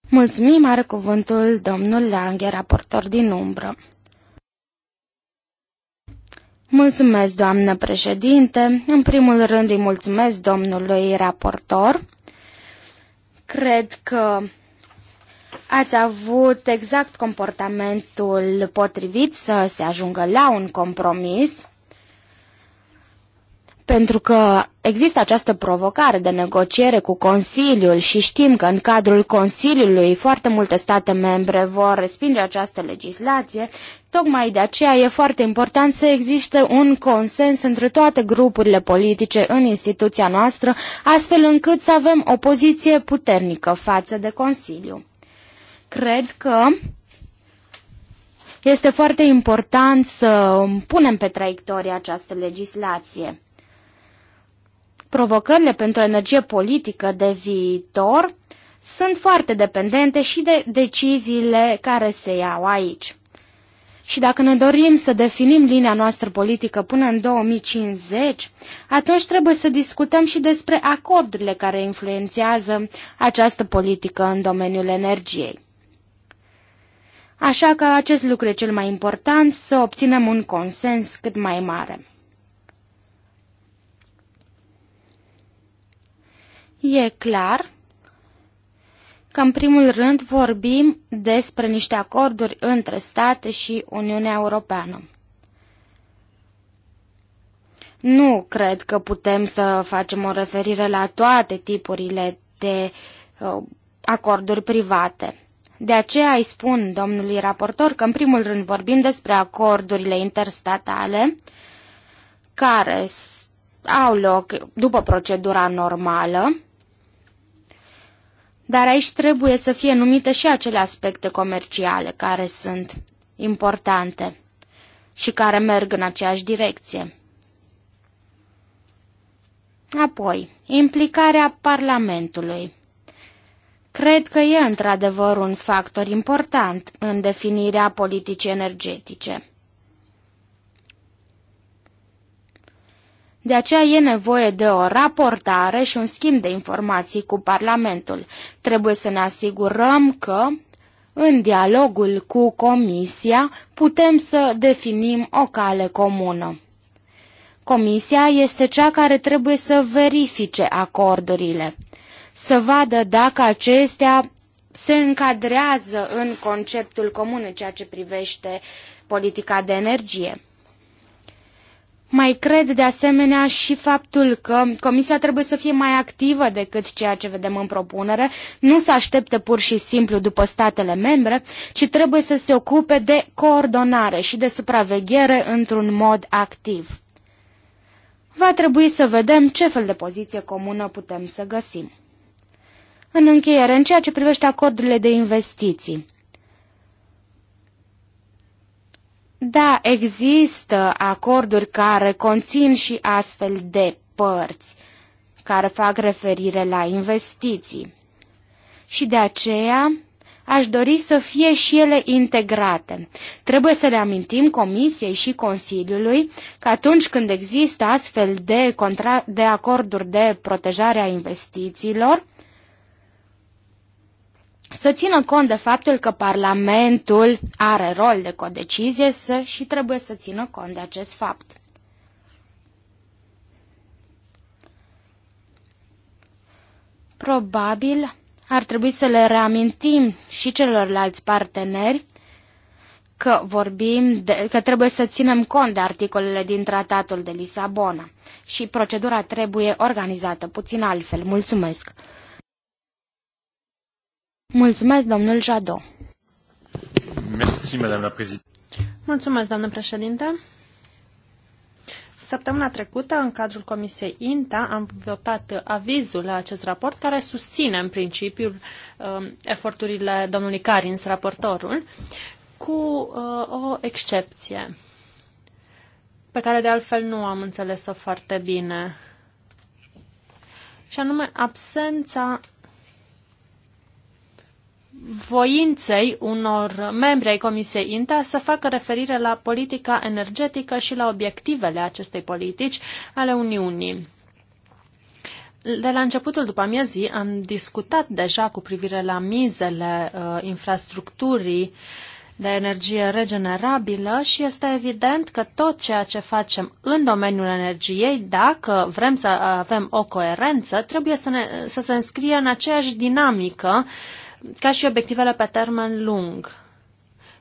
Mulțumim, are cuvântul domnul Lange, raportor din umbră. Mulțumesc, doamnă președinte. În primul rând îi mulțumesc domnului raportor. Cred că ați avut exact comportamentul potrivit să se ajungă la un compromis. Pentru că există această provocare de negociere cu Consiliul și știm că în cadrul Consiliului foarte multe state membre vor respinge această legislație, tocmai de aceea e foarte important să existe un consens între toate grupurile politice în instituția noastră, astfel încât să avem o poziție puternică față de Consiliu. Cred că este foarte important să punem pe traiectorie această legislație. Provocările pentru energie politică de viitor sunt foarte dependente și de deciziile care se iau aici. Și dacă ne dorim să definim linia noastră politică până în 2050, atunci trebuie să discutăm și despre acordurile care influențează această politică în domeniul energiei. Așa că acest lucru e cel mai important, să obținem un consens cât mai mare. E clar că în primul rând vorbim despre niște acorduri între state și Uniunea Europeană. Nu cred că putem să facem o referire la toate tipurile de uh, acorduri private. De aceea îi spun domnului raportor că în primul rând vorbim despre acordurile interstatale care au loc după procedura normală, dar aici trebuie să fie numite și acele aspecte comerciale care sunt importante și care merg în aceeași direcție. Apoi, implicarea Parlamentului. Cred că e într-adevăr un factor important în definirea politicii energetice. De aceea e nevoie de o raportare și un schimb de informații cu Parlamentul. Trebuie să ne asigurăm că, în dialogul cu Comisia, putem să definim o cale comună. Comisia este cea care trebuie să verifice acordurile, să vadă dacă acestea se încadrează în conceptul comun în ceea ce privește politica de energie. Mai cred de asemenea și faptul că Comisia trebuie să fie mai activă decât ceea ce vedem în propunere, nu să aștepte pur și simplu după statele membre, ci trebuie să se ocupe de coordonare și de supraveghere într-un mod activ. Va trebui să vedem ce fel de poziție comună putem să găsim. În încheiere, în ceea ce privește acordurile de investiții, Da, există acorduri care conțin și astfel de părți care fac referire la investiții. Și de aceea aș dori să fie și ele integrate. Trebuie să le amintim Comisiei și Consiliului că atunci când există astfel de, contra- de acorduri de protejare a investițiilor, să țină cont de faptul că Parlamentul are rol de codecizie să, și trebuie să țină cont de acest fapt. Probabil ar trebui să le reamintim și celorlalți parteneri că vorbim de, că trebuie să ținem cont de articolele din Tratatul de Lisabona și procedura trebuie organizată puțin altfel. Mulțumesc! Mulțumesc, domnul Jadot. Merci, madame la Mulțumesc, doamnă președinte. Săptămâna trecută, în cadrul Comisiei INTA, am votat avizul la acest raport, care susține în principiu um, eforturile domnului Carins, raportorul, cu uh, o excepție, pe care de altfel nu am înțeles-o foarte bine, și anume absența voinței unor membri ai Comisiei INTA să facă referire la politica energetică și la obiectivele acestei politici ale Uniunii. De la începutul după amiezii am discutat deja cu privire la mizele uh, infrastructurii de energie regenerabilă și este evident că tot ceea ce facem în domeniul energiei, dacă vrem să avem o coerență, trebuie să, ne, să se înscrie în aceeași dinamică uh, ca și obiectivele pe termen lung.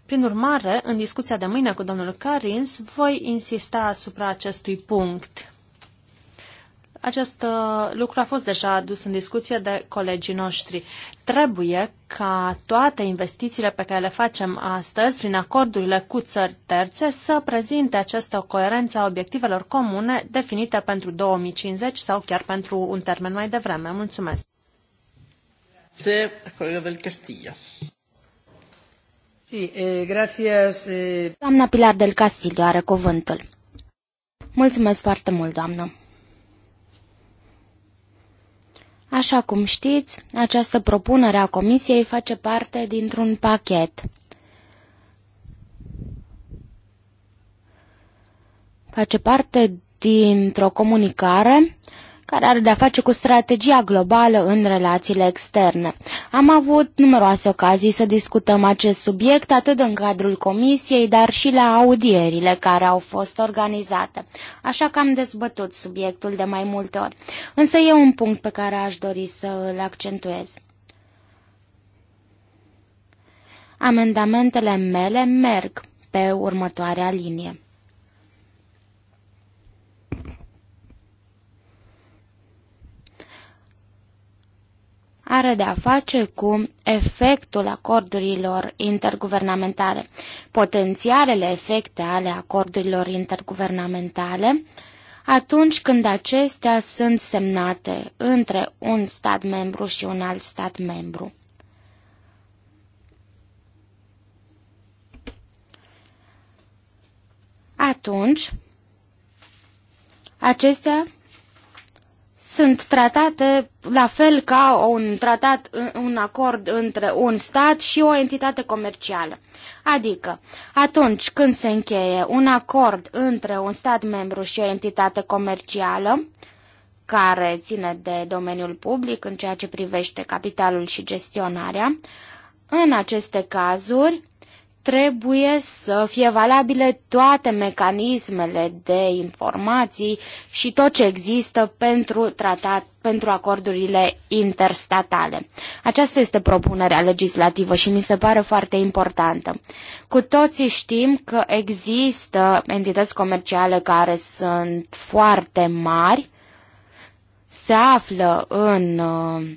Prin urmare, în discuția de mâine cu domnul Carins, voi insista asupra acestui punct. Acest uh, lucru a fost deja adus în discuție de colegii noștri. Trebuie ca toate investițiile pe care le facem astăzi, prin acordurile cu țări terțe, să prezinte această coerență a obiectivelor comune definite pentru 2050 sau chiar pentru un termen mai devreme. Mulțumesc! Grazie, colega del Castillo. eh, eh... Doamna Pilar del Castillo are cuvântul. Mulțumesc foarte mult, doamnă. Așa cum știți, această propunere a Comisiei face parte dintr-un pachet. Face parte dintr-o comunicare care are de-a face cu strategia globală în relațiile externe. Am avut numeroase ocazii să discutăm acest subiect atât în cadrul comisiei, dar și la audierile care au fost organizate. Așa că am dezbătut subiectul de mai multe ori. Însă e un punct pe care aș dori să îl accentuez. Amendamentele mele merg pe următoarea linie. are de a face cu efectul acordurilor interguvernamentale, potențialele efecte ale acordurilor interguvernamentale, atunci când acestea sunt semnate între un stat membru și un alt stat membru. Atunci, acestea sunt tratate la fel ca un tratat, un acord între un stat și o entitate comercială. Adică, atunci când se încheie un acord între un stat membru și o entitate comercială, care ține de domeniul public în ceea ce privește capitalul și gestionarea, în aceste cazuri, trebuie să fie valabile toate mecanismele de informații și tot ce există pentru, tratat, pentru acordurile interstatale. Aceasta este propunerea legislativă și mi se pare foarte importantă. Cu toții știm că există entități comerciale care sunt foarte mari, se află în uh,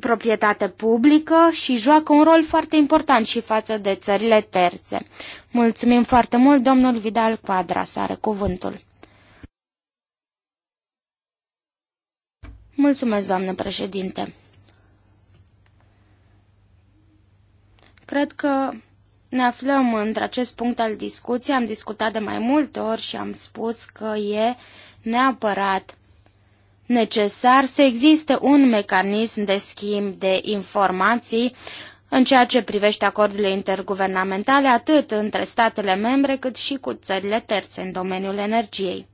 proprietate publică și joacă un rol foarte important și față de țările terțe. Mulțumim foarte mult, domnul Vidal Quadras are cuvântul. Mulțumesc, doamnă președinte. Cred că ne aflăm între acest punct al discuției. Am discutat de mai multe ori și am spus că e neapărat necesar să existe un mecanism de schimb de informații în ceea ce privește acordurile interguvernamentale atât între statele membre cât și cu țările terțe în domeniul energiei.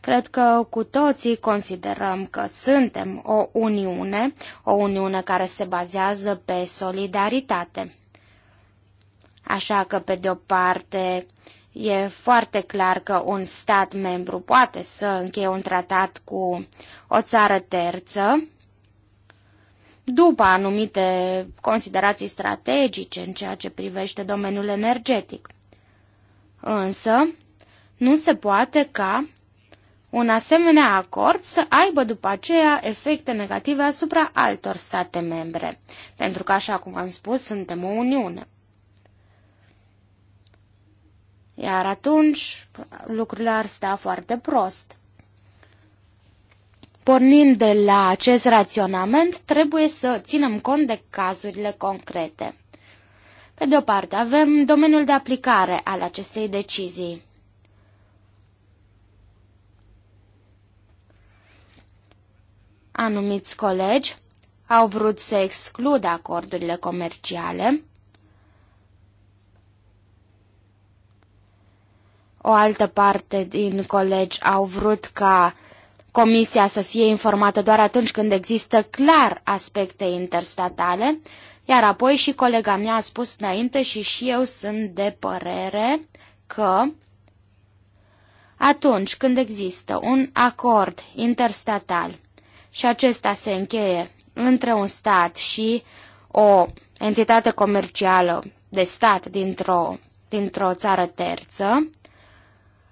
Cred că cu toții considerăm că suntem o uniune, o uniune care se bazează pe solidaritate. Așa că, pe de o parte, E foarte clar că un stat membru poate să încheie un tratat cu o țară terță după anumite considerații strategice în ceea ce privește domeniul energetic. Însă, nu se poate ca un asemenea acord să aibă după aceea efecte negative asupra altor state membre, pentru că, așa cum am spus, suntem o Uniune. Iar atunci lucrurile ar sta foarte prost. Pornind de la acest raționament, trebuie să ținem cont de cazurile concrete. Pe de o parte, avem domeniul de aplicare al acestei decizii. Anumiți colegi au vrut să excludă acordurile comerciale, O altă parte din colegi au vrut ca Comisia să fie informată doar atunci când există clar aspecte interstatale, iar apoi și colega mea a spus înainte și și eu sunt de părere că atunci când există un acord interstatal și acesta se încheie între un stat și o entitate comercială de stat dintr-o dintr, -o, țară terță,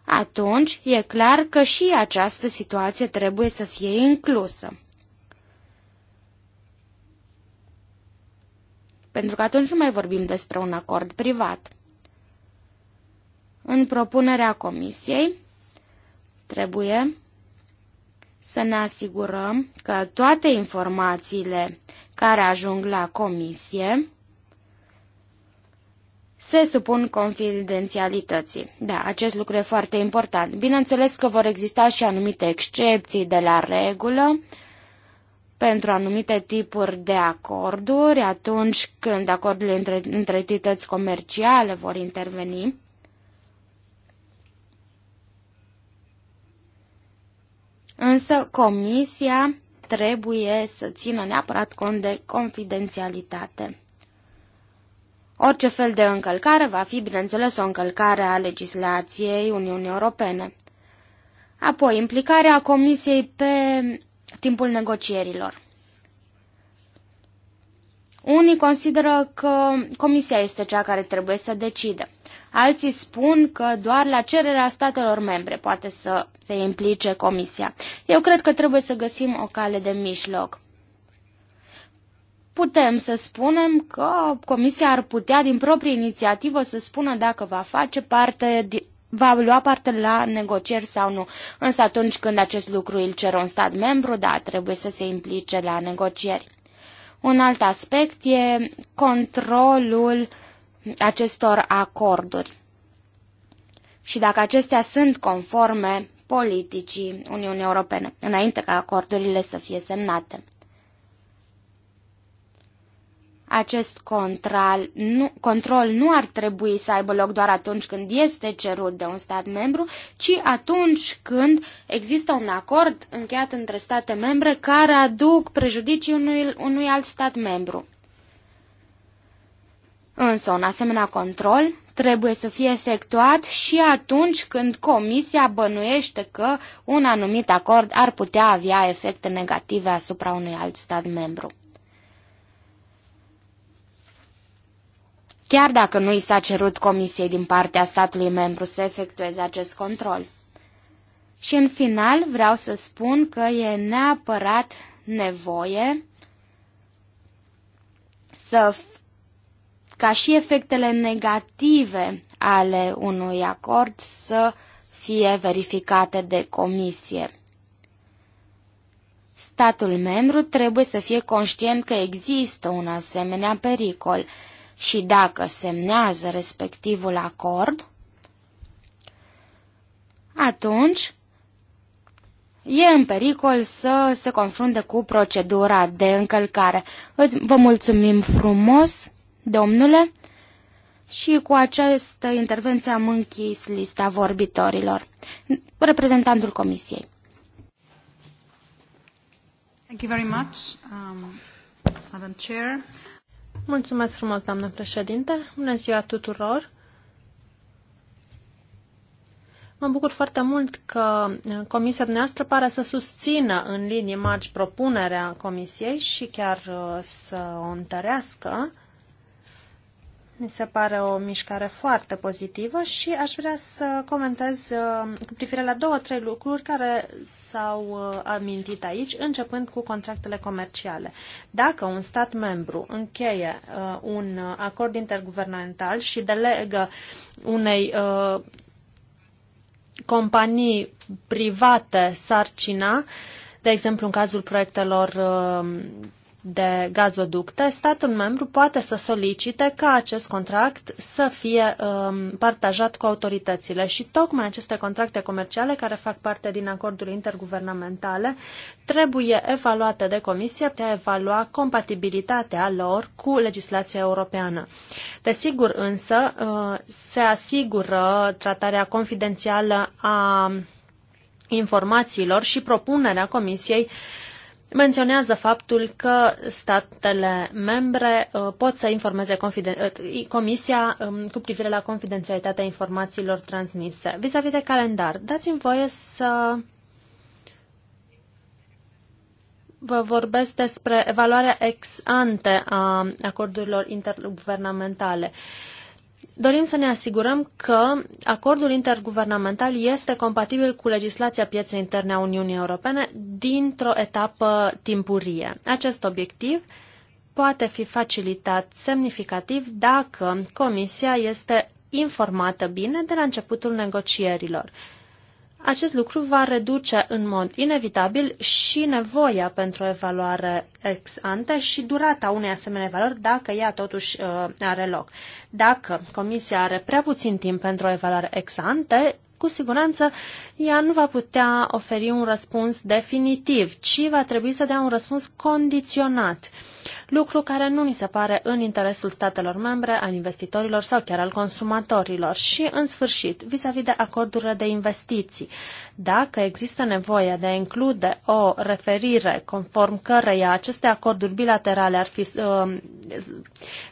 atunci e clar că și această situație trebuie să fie inclusă. Pentru că atunci nu mai vorbim despre un acord privat. În propunerea comisiei trebuie să ne asigurăm că toate informațiile care ajung la comisie se supun confidențialității. Da, acest lucru e foarte important. Bineînțeles că vor exista și anumite excepții de la regulă pentru anumite tipuri de acorduri, atunci când acordurile între, între entități comerciale vor interveni. Însă comisia trebuie să țină neapărat cont de confidențialitate. Orice fel de încălcare va fi, bineînțeles, o încălcare a legislației Uniunii Europene. Apoi, implicarea Comisiei pe timpul negocierilor. Unii consideră că Comisia este cea care trebuie să decide. Alții spun că doar la cererea statelor membre poate să se implice Comisia. Eu cred că trebuie să găsim o cale de mijloc putem să spunem că Comisia ar putea din proprie inițiativă să spună dacă va face parte, va lua parte la negocieri sau nu. Însă atunci când acest lucru îl cer un stat membru, da, trebuie să se implice la negocieri. Un alt aspect e controlul acestor acorduri și dacă acestea sunt conforme politicii Uniunii Europene, înainte ca acordurile să fie semnate. Acest control nu, control nu ar trebui să aibă loc doar atunci când este cerut de un stat membru, ci atunci când există un acord încheiat între state membre care aduc prejudicii unui, unui alt stat membru. Însă un asemenea control trebuie să fie efectuat și atunci când Comisia bănuiește că un anumit acord ar putea avea efecte negative asupra unui alt stat membru. chiar dacă nu i s-a cerut comisiei din partea statului membru să efectueze acest control. Și în final vreau să spun că e neapărat nevoie să ca și efectele negative ale unui acord să fie verificate de comisie. Statul membru trebuie să fie conștient că există un asemenea pericol și dacă semnează respectivul acord, atunci e în pericol să se confrunte cu procedura de încălcare. Îți vă mulțumim frumos, domnule, și cu această intervenție am închis lista vorbitorilor. Reprezentantul Comisiei. Thank you very much, um, Madam Chair. Mulțumesc frumos, doamnă președinte. Bună ziua tuturor. Mă bucur foarte mult că comisia noastră pare să susțină în linii mari propunerea comisiei și chiar uh, să o întărească. Mi se pare o mișcare foarte pozitivă și aș vrea să comentez uh, cu privire la două, trei lucruri care s-au uh, amintit aici, începând cu contractele comerciale. Dacă un stat membru încheie uh, un acord interguvernamental și delegă unei companii private sarcina, de exemplu în cazul proiectelor de gazoducte, statul membru poate să solicite ca acest contract să fie um, partajat cu autoritățile și tocmai aceste contracte comerciale care fac parte din acorduri interguvernamentale trebuie evaluate de comisie pentru a evalua compatibilitatea lor cu legislația europeană. Desigur însă uh, se asigură tratarea confidențială a informațiilor și propunerea comisiei uh, menționează faptul că statele membre uh, pot să informeze uh, Comisia um, cu privire la confidențialitatea informațiilor transmise. Vis-a-vis -vis de calendar, dați-mi voie să vă vorbesc despre evaluarea ex ante a acordurilor interguvernamentale. Uh, Dorim să ne asigurăm că acordul interguvernamental este compatibil cu legislația pieței interne a Uniunii Europene dintr-o etapă timpurie. Acest obiectiv poate fi facilitat semnificativ dacă Comisia este informată bine de la începutul negocierilor acest lucru va reduce în mod inevitabil și nevoia pentru evaluare ex ante și durata unei asemenea evaluări dacă ea totuși uh, are loc. Dacă comisia are prea puțin timp pentru o evaluare ex ante, cu siguranță ea nu va putea oferi un răspuns definitiv, ci va trebui să dea un răspuns condiționat. Uh, lucru care nu mi se pare în interesul statelor membre, al investitorilor sau chiar al consumatorilor. Și, în sfârșit, vis-a-vis -vis de acordurile de investiții, dacă există nevoie de a include o referire conform căreia aceste acorduri bilaterale ar fi uh,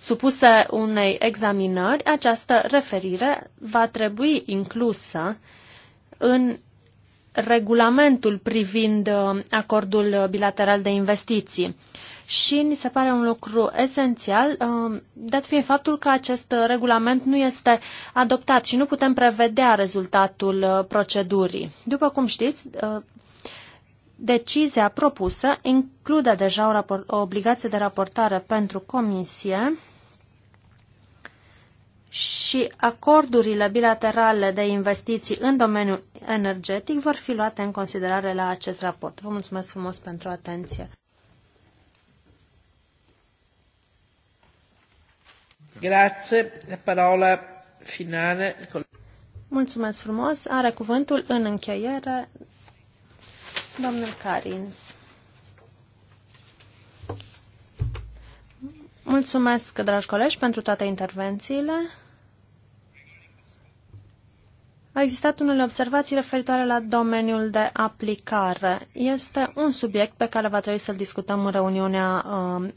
supuse unei examinări, această referire va trebui inclusă în regulamentul privind um, acordul bilateral de investiții și ni se pare un lucru esențial, um, dat fiind faptul că acest uh, regulament nu este adoptat și nu putem prevedea rezultatul uh, procedurii. După cum știți, uh, decizia propusă include deja o, o obligație de raportare pentru comisie și acordurile bilaterale de investiții în domeniul energetic vor fi luate în considerare la acest raport. Vă mulțumesc frumos pentru atenție. Grazie. La parola finale. Mulțumesc frumos. Are cuvântul în încheiere domnul Carins. Mulțumesc, dragi colegi, pentru toate intervențiile. Au existat unele observații referitoare la domeniul de aplicare. Este un subiect pe care va trebui să-l discutăm în reuniunea uh,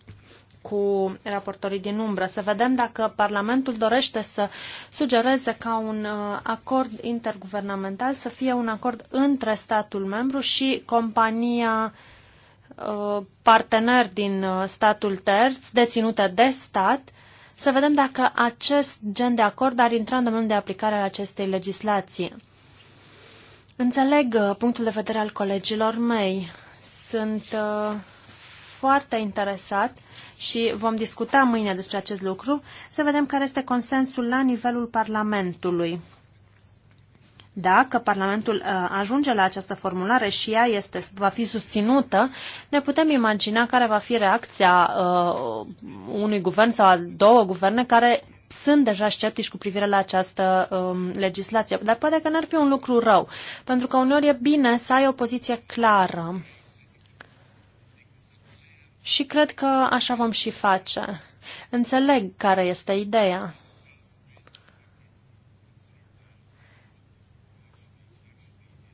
cu raportorii din umbră, să vedem dacă Parlamentul dorește să sugereze ca un uh, acord interguvernamental să fie un acord între statul membru și compania uh, partener din uh, statul terț, deținută de stat, să vedem dacă acest gen de acord ar intra în domeniul de aplicare al acestei legislații. Înțeleg punctul de vedere al colegilor mei. Sunt uh, foarte interesat și vom discuta mâine despre acest lucru, să vedem care este consensul la nivelul Parlamentului. Dacă Parlamentul uh, ajunge la această formulare și ea este, va fi susținută, ne putem imagina care va fi reacția uh, unui guvern sau a două guverne care sunt deja sceptici cu privire la această um, legislație. Dar poate că n-ar fi un lucru rău, pentru că uneori e bine să ai o poziție clară. Și cred că așa vom și face. Înțeleg care este ideea.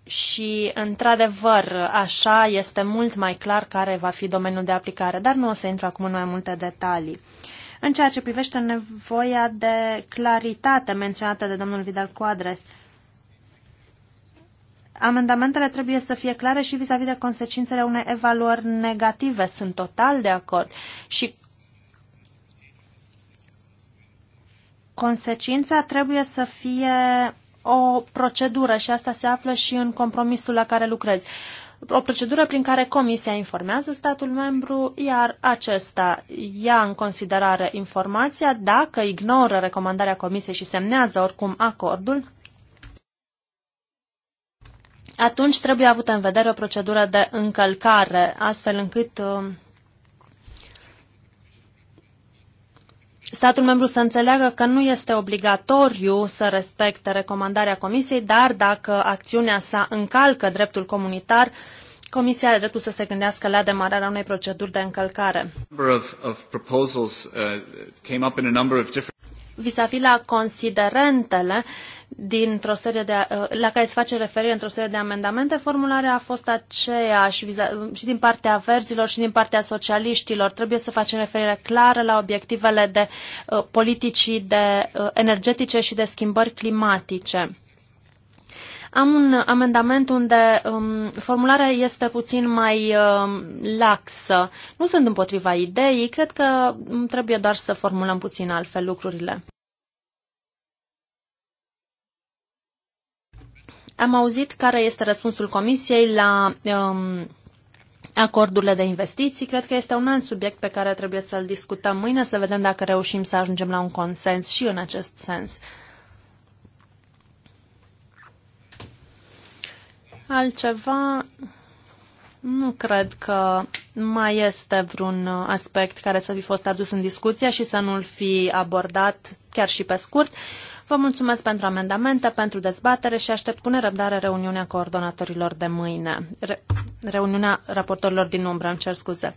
Și, într-adevăr, așa este mult mai clar care va fi domeniul de aplicare, dar nu o să intru acum în mai multe detalii. În ceea ce privește nevoia de claritate menționată de domnul Vidal Coadres, uh, amendamentele trebuie să fie clare și vis-a-vis -vis de consecințele unei evaluări negative. Sunt total de acord. Și consecința trebuie să fie o procedură și asta se află și în compromisul la care lucrez. O procedură prin care Comisia informează statul membru, iar acesta ia în considerare informația dacă ignoră recomandarea Comisiei și semnează oricum acordul, atunci trebuie avută în vedere o procedură de încălcare, astfel încât uh, statul membru să înțeleagă că nu este obligatoriu să respecte recomandarea Comisiei, dar dacă acțiunea sa încalcă dreptul comunitar, Comisia are dreptul să se gândească la demararea unei proceduri de încălcare. Uh, Vis-a-vis -vis la considerentele, dintr-o serie de, uh, la care se face referire într-o serie de amendamente, formularea a fost aceeași uh, și din partea verzilor și din partea socialiștilor. Trebuie să facem referire clară la obiectivele de uh, politicii de energetice și de schimbări climatice. Am un amendament unde um, formularea este puțin mai um, laxă. Nu sunt împotriva ideii, cred că um, trebuie doar să formulăm puțin altfel lucrurile. Am auzit care este răspunsul Comisiei la um, acordurile de investiții. Cred că este un alt subiect pe care trebuie să-l discutăm mâine, să vedem dacă reușim să ajungem la un consens și în acest sens. Altceva? Nu cred că mai este vreun aspect care să fi fost adus în discuție și să nu-l fi abordat chiar și pe scurt. Uh, Vă mulțumesc pentru amendamente, pentru dezbatere și aștept cu nerăbdare reuniunea coordonatorilor de mâine. Re- reuniunea raportorilor din umbră, îmi cer scuze.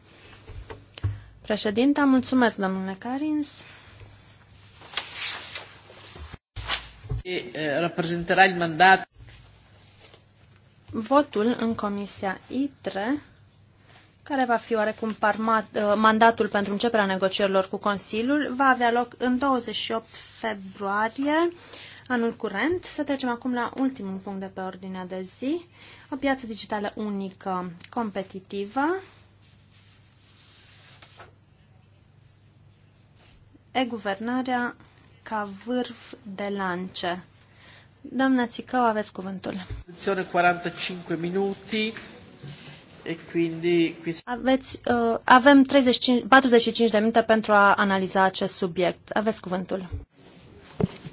Președinte, mulțumesc, domnule Carins. Reprezentará mandat. Votul în Comisia ITRE care va fi oarecum parmat, uh, mandatul pentru începerea negocierilor cu Consiliul, va avea loc în 28 februarie anul curent. Să trecem acum la ultimul punct de pe ordinea de zi, o piață digitală unică competitivă. E-guvernarea ca vârf de lance. Doamna Țicău, aveți cuvântul. 45 minute. E quindi... Aveți, uh, avem 35, 45 de minute pentru a analiza acest subiect. Aveți cuvântul.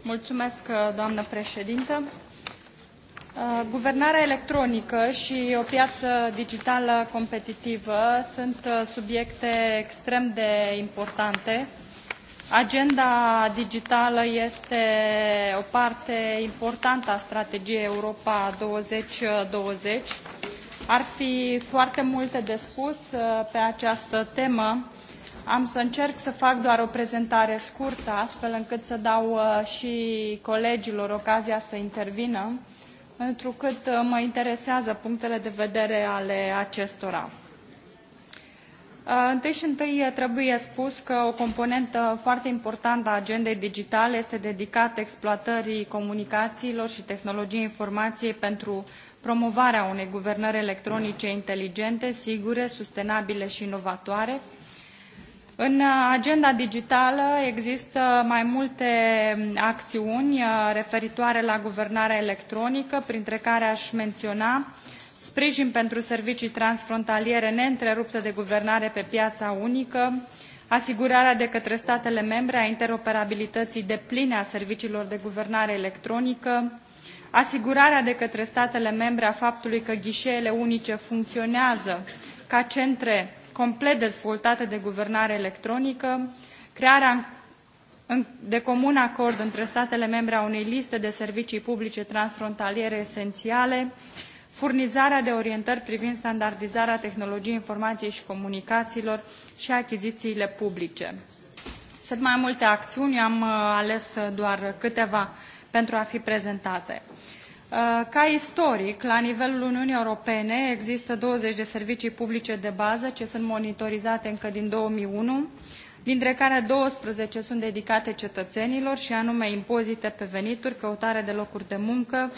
Mulțumesc, uh, doamnă președintă. Uh, guvernarea electronică și o piață digitală competitivă sunt uh, subiecte extrem de importante. Agenda digitală este o parte importantă a strategiei Europa 2020 ar fi foarte multe de spus uh, pe această temă. Am să încerc să fac doar o prezentare scurtă, astfel încât să dau uh, și colegilor ocazia să intervină, întrucât uh, mă interesează punctele de vedere ale acestora. Întâi și întâi trebuie spus că o componentă foarte importantă a agendei digitale este dedicată exploatării comunicațiilor și tehnologiei informației pentru promovarea unei guvernări electronice inteligente, sigure, sustenabile și inovatoare. În uh, agenda digitală există mai multe um, acțiuni uh, referitoare la guvernarea electronică, printre care aș menționa sprijin pentru servicii transfrontaliere neîntreruptă de guvernare pe piața unică, asigurarea de către statele membre a interoperabilității depline a serviciilor de guvernare electronică, asigurarea de către statele membre a faptului că ghișeele unice funcționează ca centre complet dezvoltate de guvernare electronică, crearea de comun acord între statele membre a unei liste de servicii publice transfrontaliere esențiale, furnizarea de orientări privind standardizarea tehnologiei informației și comunicațiilor și achizițiile publice. Sunt mai multe acțiuni, am uh, ales uh, doar câteva pentru a fi prezentate. Uh, ca istoric, la nivelul Uniunii Europene există 20 de servicii publice de bază ce sunt monitorizate încă din 2001, dintre care 12 sunt dedicate cetățenilor și anume impozite pe venituri, căutare de locuri de muncă,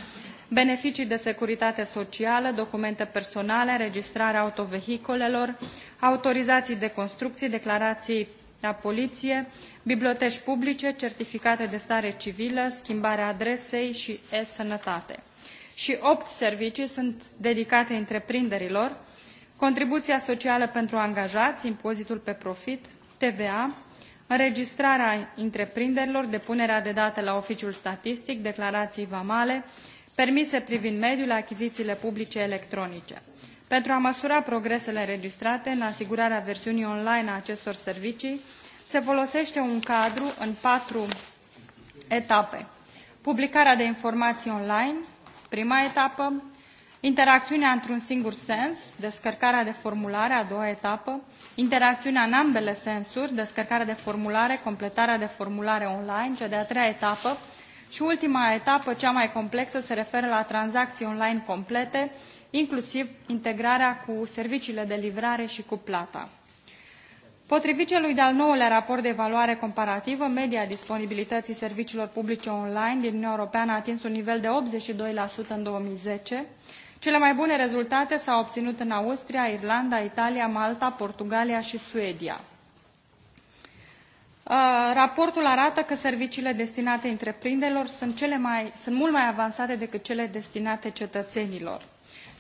beneficii de securitate socială, documente personale, registrarea autovehiculelor, autorizații de construcție, declarații la poliție, biblioteci publice, certificate de stare civilă, schimbarea adresei și e-sănătate. Și opt servicii sunt dedicate întreprinderilor, contribuția socială pentru angajați, impozitul pe profit, TVA, înregistrarea întreprinderilor, depunerea de date la oficiul statistic, declarații vamale, permise privind mediul, achizițiile publice electronice. Pentru a măsura progresele înregistrate în asigurarea versiunii online a acestor servicii, se folosește un cadru în patru etape. Publicarea de informații online, prima etapă, interacțiunea într-un singur sens, descărcarea de formulare, a doua etapă, interacțiunea în ambele sensuri, descărcarea de formulare, completarea de formulare online, cea de-a treia etapă, și ultima etapă, cea mai complexă, se referă la tranzacții online complete, inclusiv integrarea cu serviciile de livrare și cu plata. Potrivit celui de-al nouălea raport de evaluare comparativă, media disponibilității serviciilor publice online din Uniunea Europeană a atins un nivel de 82% în 2010. Cele mai bune rezultate s-au obținut în Austria, Irlanda, Italia, Malta, Portugalia și Suedia. Uh, raportul arată că serviciile destinate întreprinderilor sunt, cele mai, sunt mult mai avansate decât cele destinate cetățenilor.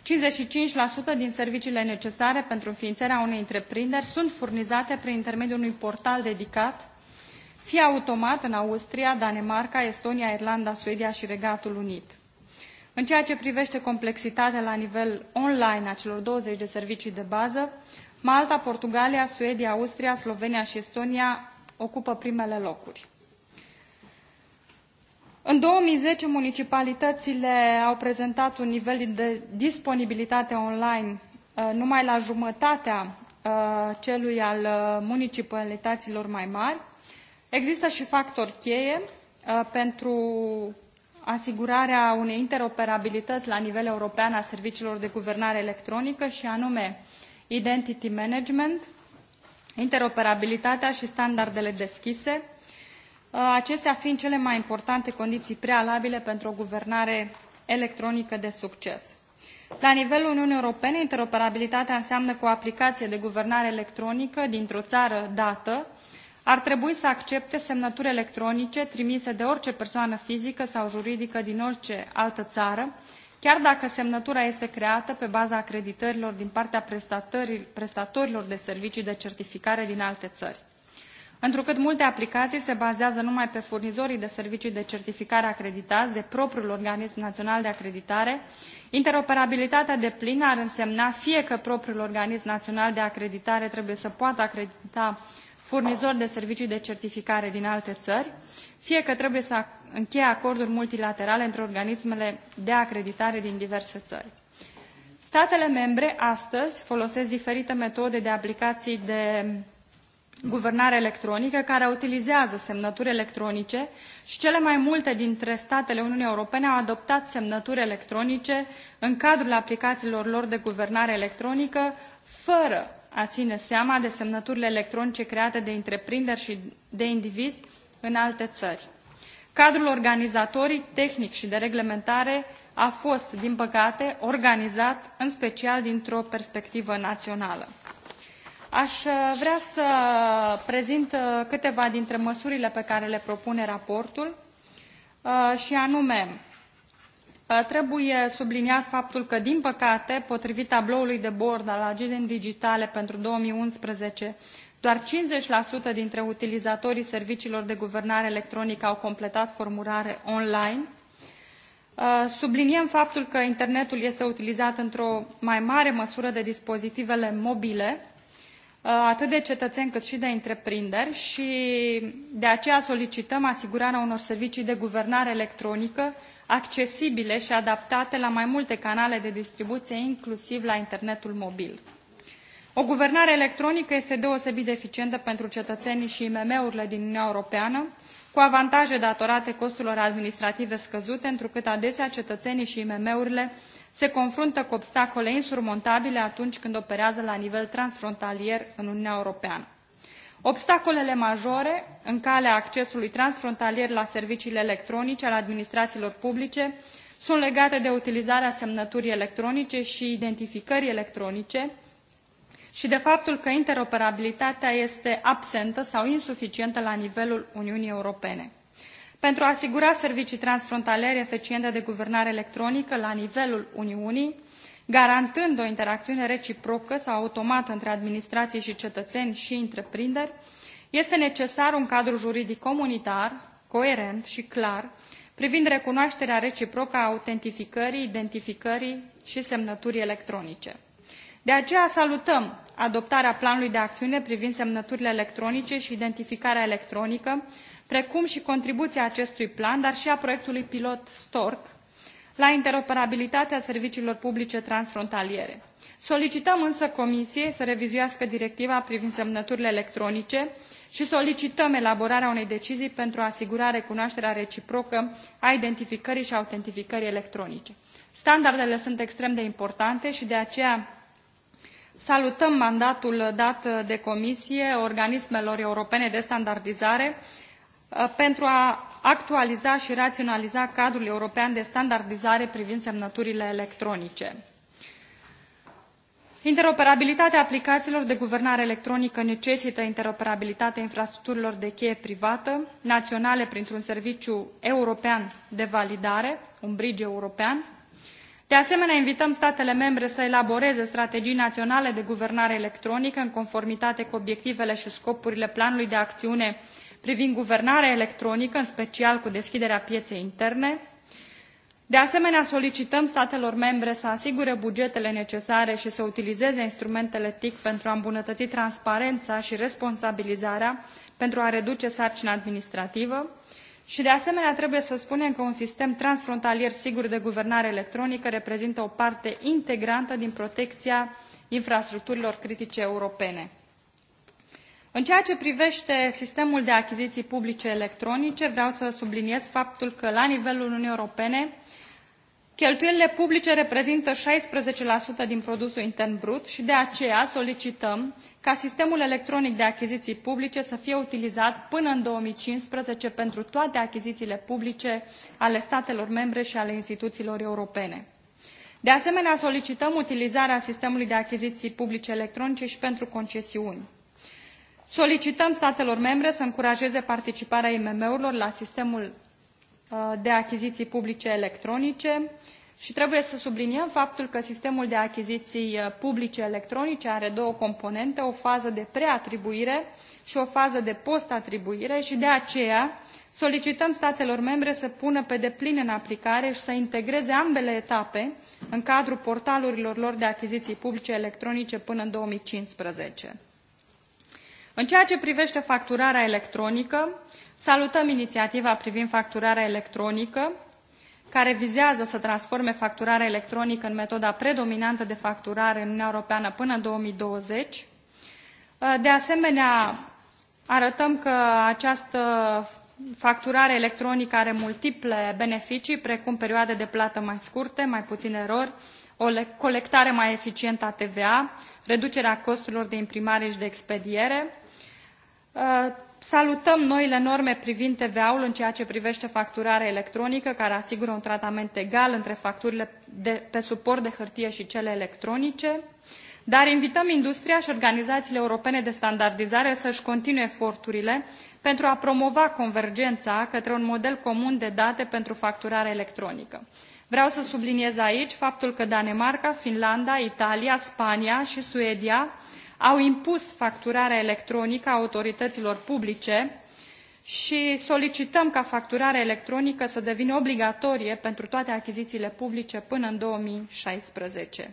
55% din serviciile necesare pentru înființarea unei întreprinderi sunt furnizate prin intermediul unui portal dedicat, fie automat în Austria, Danemarca, Estonia, Irlanda, Suedia și Regatul Unit. În ceea ce privește complexitatea la nivel online a celor 20 de servicii de bază, Malta, Portugalia, Suedia, Austria, Slovenia și Estonia ocupă primele locuri. În 2010, municipalitățile au prezentat un nivel de disponibilitate online uh, numai la jumătatea uh, celui al uh, municipalităților mai mari. Există și factori cheie pentru asigurarea unei interoperabilități la nivel european a serviciilor de guvernare electronică și anume Identity Management, interoperabilitatea și standardele deschise, ă, acestea fiind cele mai importante condiții prealabile pentru o guvernare electronică de succes. La nivelul Uniunii Europene, interoperabilitatea înseamnă că o aplicație de guvernare electronică dintr-o țară dată ar trebui să accepte semnături electronice trimise de orice persoană fizică sau juridică din orice altă țară, Chiar dacă semnătura este creată pe baza acreditărilor din partea prestatorilor de servicii de certificare din alte țări. Întrucât multe aplicații se bazează numai pe furnizorii de servicii de certificare acreditați de propriul organism național de acreditare, interoperabilitatea deplină ar însemna fie că propriul organism național de acreditare trebuie să poată acredita furnizori de servicii de certificare din alte țări, fie că trebuie să încheie acorduri multilaterale între organismele de acreditare din diverse țări. Statele membre astăzi folosesc diferite metode de aplicații de guvernare electronică care utilizează semnături electronice și cele mai multe dintre statele Uniunii Europene au adoptat semnături electronice în cadrul aplicațiilor lor de guvernare electronică, fără a ține seama de semnăturile electronice create de întreprinderi și de indivizi în alte țări cadrul organizatoric tehnic și de reglementare a fost din păcate organizat în special dintr o perspectivă națională. Aș uh, vrea să prezint uh, câteva dintre măsurile pe care le propune raportul uh, și anume trebuie subliniat faptul că din păcate potrivit tabloului de bord al agendei digitale pentru două mii unsprezece doar 50% dintre utilizatorii serviciilor de guvernare electronică au completat formulare online. Uh, subliniem faptul că internetul este utilizat într-o mai mare măsură de dispozitivele mobile, uh, atât de cetățeni cât și de întreprinderi și de aceea solicităm asigurarea unor servicii de guvernare electronică accesibile și adaptate la mai multe canale de distribuție, inclusiv la internetul mobil o guvernare electronică este deosebit de eficientă pentru cetățenii și imm urile din uniunea europeană cu avantaje datorate costurilor administrative scăzute întrucât adesea cetățenii și imm urile se confruntă cu obstacole insurmontabile atunci când operează la nivel transfrontalier în uniunea europeană. obstacolele majore în calea accesului transfrontalier la serviciile electronice ale administrațiilor publice sunt legate de utilizarea semnăturii electronice și identificării electronice și de faptul că interoperabilitatea este absentă sau insuficientă la nivelul Uniunii Europene. Pentru a asigura servicii transfrontaliere eficiente de guvernare electronică la nivelul Uniunii, garantând o interacțiune reciprocă sau automată între administrații și cetățeni și întreprinderi, este necesar un cadru juridic comunitar, coerent și clar, privind recunoașterea reciprocă a autentificării, identificării și semnăturii electronice de aceea salutăm adoptarea planului de acțiune privind semnăturile electronice și identificarea electronică precum și contribuția acestui plan dar și a proiectului pilot storc la interoperabilitatea serviciilor publice transfrontaliere. solicităm însă comisiei să revizuiască directiva privind semnăturile electronice și solicităm elaborarea unei decizii pentru a asigura recunoașterea reciprocă a identificării și autentificării electronice. standardele sunt extrem de importante și de aceea Salutăm mandatul dat de Comisie organismelor europene de standardizare uh, pentru a actualiza și raționaliza cadrul european de standardizare privind semnăturile electronice. Interoperabilitatea aplicațiilor de guvernare electronică necesită interoperabilitatea infrastructurilor de cheie privată, naționale printr-un serviciu european de validare, un bridge european, de asemenea, invităm statele membre să elaboreze strategii naționale de guvernare electronică în conformitate cu obiectivele și scopurile planului de acțiune privind guvernarea electronică, în special cu deschiderea pieței interne. De asemenea, solicităm statelor membre să asigure bugetele necesare și să utilizeze instrumentele TIC pentru a îmbunătăți transparența și responsabilizarea pentru a reduce sarcina administrativă. Și de asemenea trebuie să spunem că un sistem transfrontalier sigur de guvernare electronică reprezintă o parte integrantă din protecția infrastructurilor critice europene. În ceea ce privește sistemul de achiziții publice electronice, vreau să subliniez faptul că la nivelul Uniunii Europene cheltuielile publice reprezintă șaisprezece din produsul intern brut i de aceea solicităm ca sistemul electronic de achiziii publice să fie utilizat până în două mii cincisprezece pentru toate achiziiile publice ale statelor membre i ale instituiilor europene. de asemenea solicităm utilizarea sistemului de achiziii publice electronice i pentru concesiuni. solicităm statelor membre să încurajeze participarea imm urilor la sistemul Uh, de achiziții publice electronice și trebuie să subliniem faptul că sistemul de achiziții uh, publice electronice are două componente, o fază de preatribuire și o fază de postatribuire și de aceea solicităm statelor membre să pună pe deplin în aplicare și să integreze ambele etape în cadrul portalurilor lor de achiziții publice electronice până în 2015. În ceea ce privește facturarea electronică, salutăm inițiativa privind facturarea electronică, care vizează să transforme facturarea electronică în metoda predominantă de facturare în Uniunea Europeană până în 2020. De asemenea, arătăm că această facturare electronică are multiple beneficii, precum perioade de plată mai scurte, mai puține erori, o colectare mai eficientă a TVA, reducerea costurilor de imprimare și de expediere, Uh, salutăm noile norme privind TVA-ul în ceea ce privește facturarea electronică, care asigură un tratament egal între facturile de, pe suport de hârtie și cele electronice, dar invităm industria și organizațiile europene de standardizare să-și continue eforturile pentru a promova convergența către un model comun de date pentru facturarea electronică. Vreau să subliniez aici faptul că Danemarca, Finlanda, Italia, Spania și Suedia au impus facturarea electronică a autorităților publice și solicităm ca facturarea electronică să devină obligatorie pentru toate achizițiile publice până în. două mii șaisprezece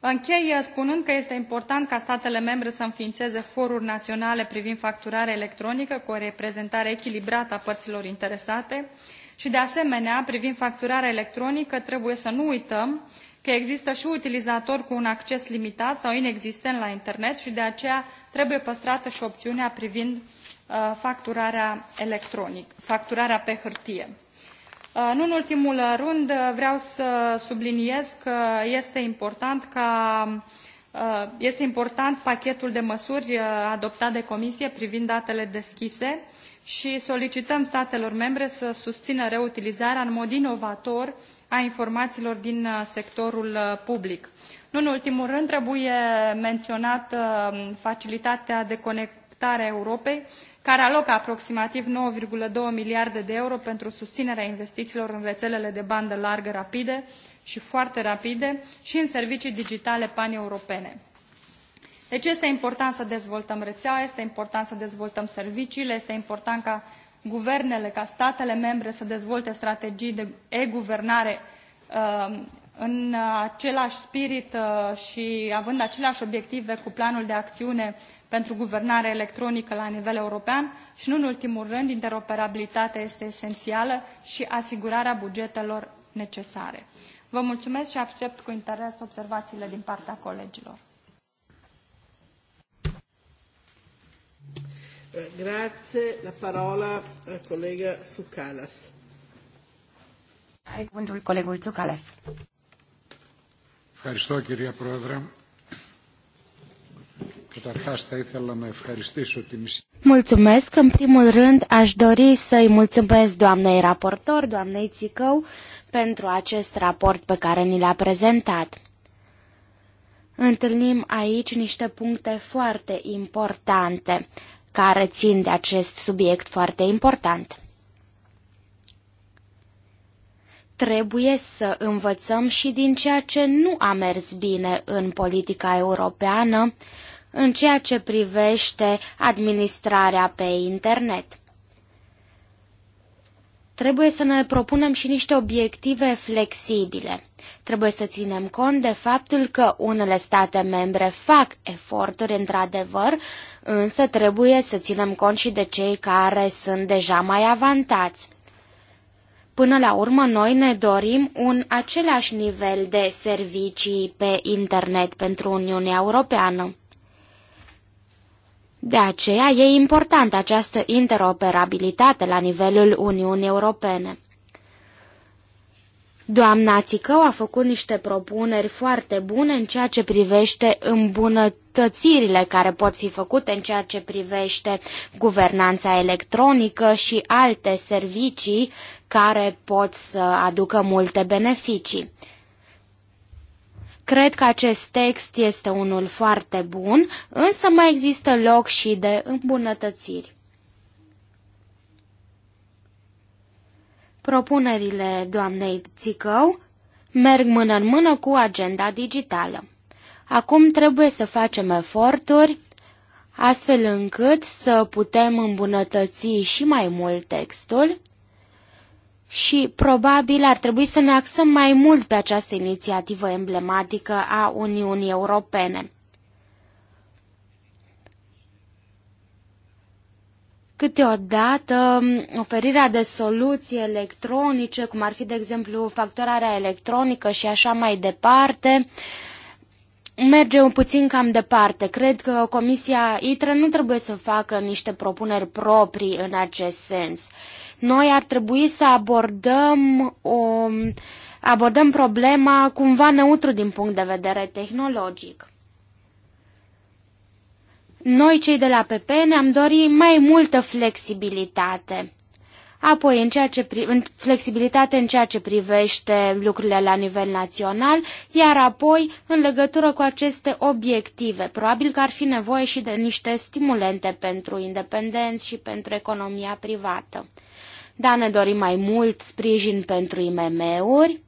închei spunând că este important ca statele membre să înființeze foruri naționale privind facturarea electronică cu o reprezentare echilibrată a părților interesate și de asemenea privind facturarea electronică trebuie să nu uităm că există și utilizatori cu un acces limitat sau inexistent la internet și de aceea trebuie păstrată și opțiunea privind uh, facturarea electronic, facturarea pe hârtie. Uh, nu în ultimul rând, uh, vreau să subliniez că este important ca este important pachetul de măsuri adoptat de Comisie privind datele deschise și solicităm statelor membre să susțină reutilizarea în mod inovator a informațiilor din uh, sectorul uh, public. Nu în ultimul rând, trebuie menționat uh, facilitatea de conectare a Europei, care alocă aproximativ 9,2 miliarde de euro pentru susținerea investițiilor în rețelele de bandă largă rapide și foarte rapide și în servicii digitale paneuropene. Deci este important să dezvoltăm rețeaua, este important să dezvoltăm serviciile, este important ca guvernele, ca statele membre să dezvolte strategii de e-guvernare um, în același spirit uh, și având aceleași obiective cu planul de acțiune pentru guvernare electronică la nivel european și, nu în ultimul rând, interoperabilitatea este esențială și asigurarea bugetelor necesare. Vă mulțumesc și accept cu interes observațiile din partea colegilor. Eh, grazie. La parola al eh, collega cuvântul colegul Ευχαριστώ κυρία Πρόεδρε. Καταρχάς θα ήθελα να ευχαριστήσω την Mulțumesc. În primul rând, aș dori să-i mulțumesc doamnei raportor, doamnei Țicău, pentru acest raport pe care ni l-a prezentat. Întâlnim aici niște puncte foarte importante care țin de acest subiect foarte important. Trebuie să învățăm și din ceea ce nu a mers bine în politica europeană în ceea ce privește administrarea pe internet. Trebuie să ne propunem și niște obiective flexibile. Trebuie să ținem cont de faptul că unele state membre fac eforturi într-adevăr, însă trebuie să ținem cont și de cei care sunt deja mai avantați. Până la urmă, noi ne dorim un același nivel de servicii pe internet pentru Uniunea Europeană. De aceea e importantă această interoperabilitate la nivelul Uniunii Europene. Doamna Țicău a făcut niște propuneri foarte bune în ceea ce privește îmbunătățirile care pot fi făcute în ceea ce privește guvernanța electronică și alte servicii care pot să aducă multe beneficii. Cred că acest text este unul foarte bun, însă mai există loc și de îmbunătățiri. Propunerile doamnei Țicău merg mână în mână cu agenda digitală. Acum trebuie să facem eforturi astfel încât să putem îmbunătăți și mai mult textul și probabil ar trebui să ne axăm mai mult pe această inițiativă emblematică a Uniunii Europene. Câteodată, oferirea de soluții electronice, cum ar fi, de exemplu, factorarea electronică și așa mai departe, merge un puțin cam departe. Cred că Comisia ITRE nu trebuie să facă niște propuneri proprii în acest sens. Uh, noi ar trebui să abordăm, o, abordăm problema cumva neutru din punct de vedere tehnologic. Noi, cei de la PP, ne-am dorit mai multă flexibilitate. Apoi, în ceea ce pri- în flexibilitate în ceea ce privește lucrurile la nivel național, iar apoi, în legătură cu aceste obiective, probabil că ar fi nevoie și de niște stimulente pentru independenți și pentru economia privată. Da, ne dorim mai mult sprijin pentru IMM-uri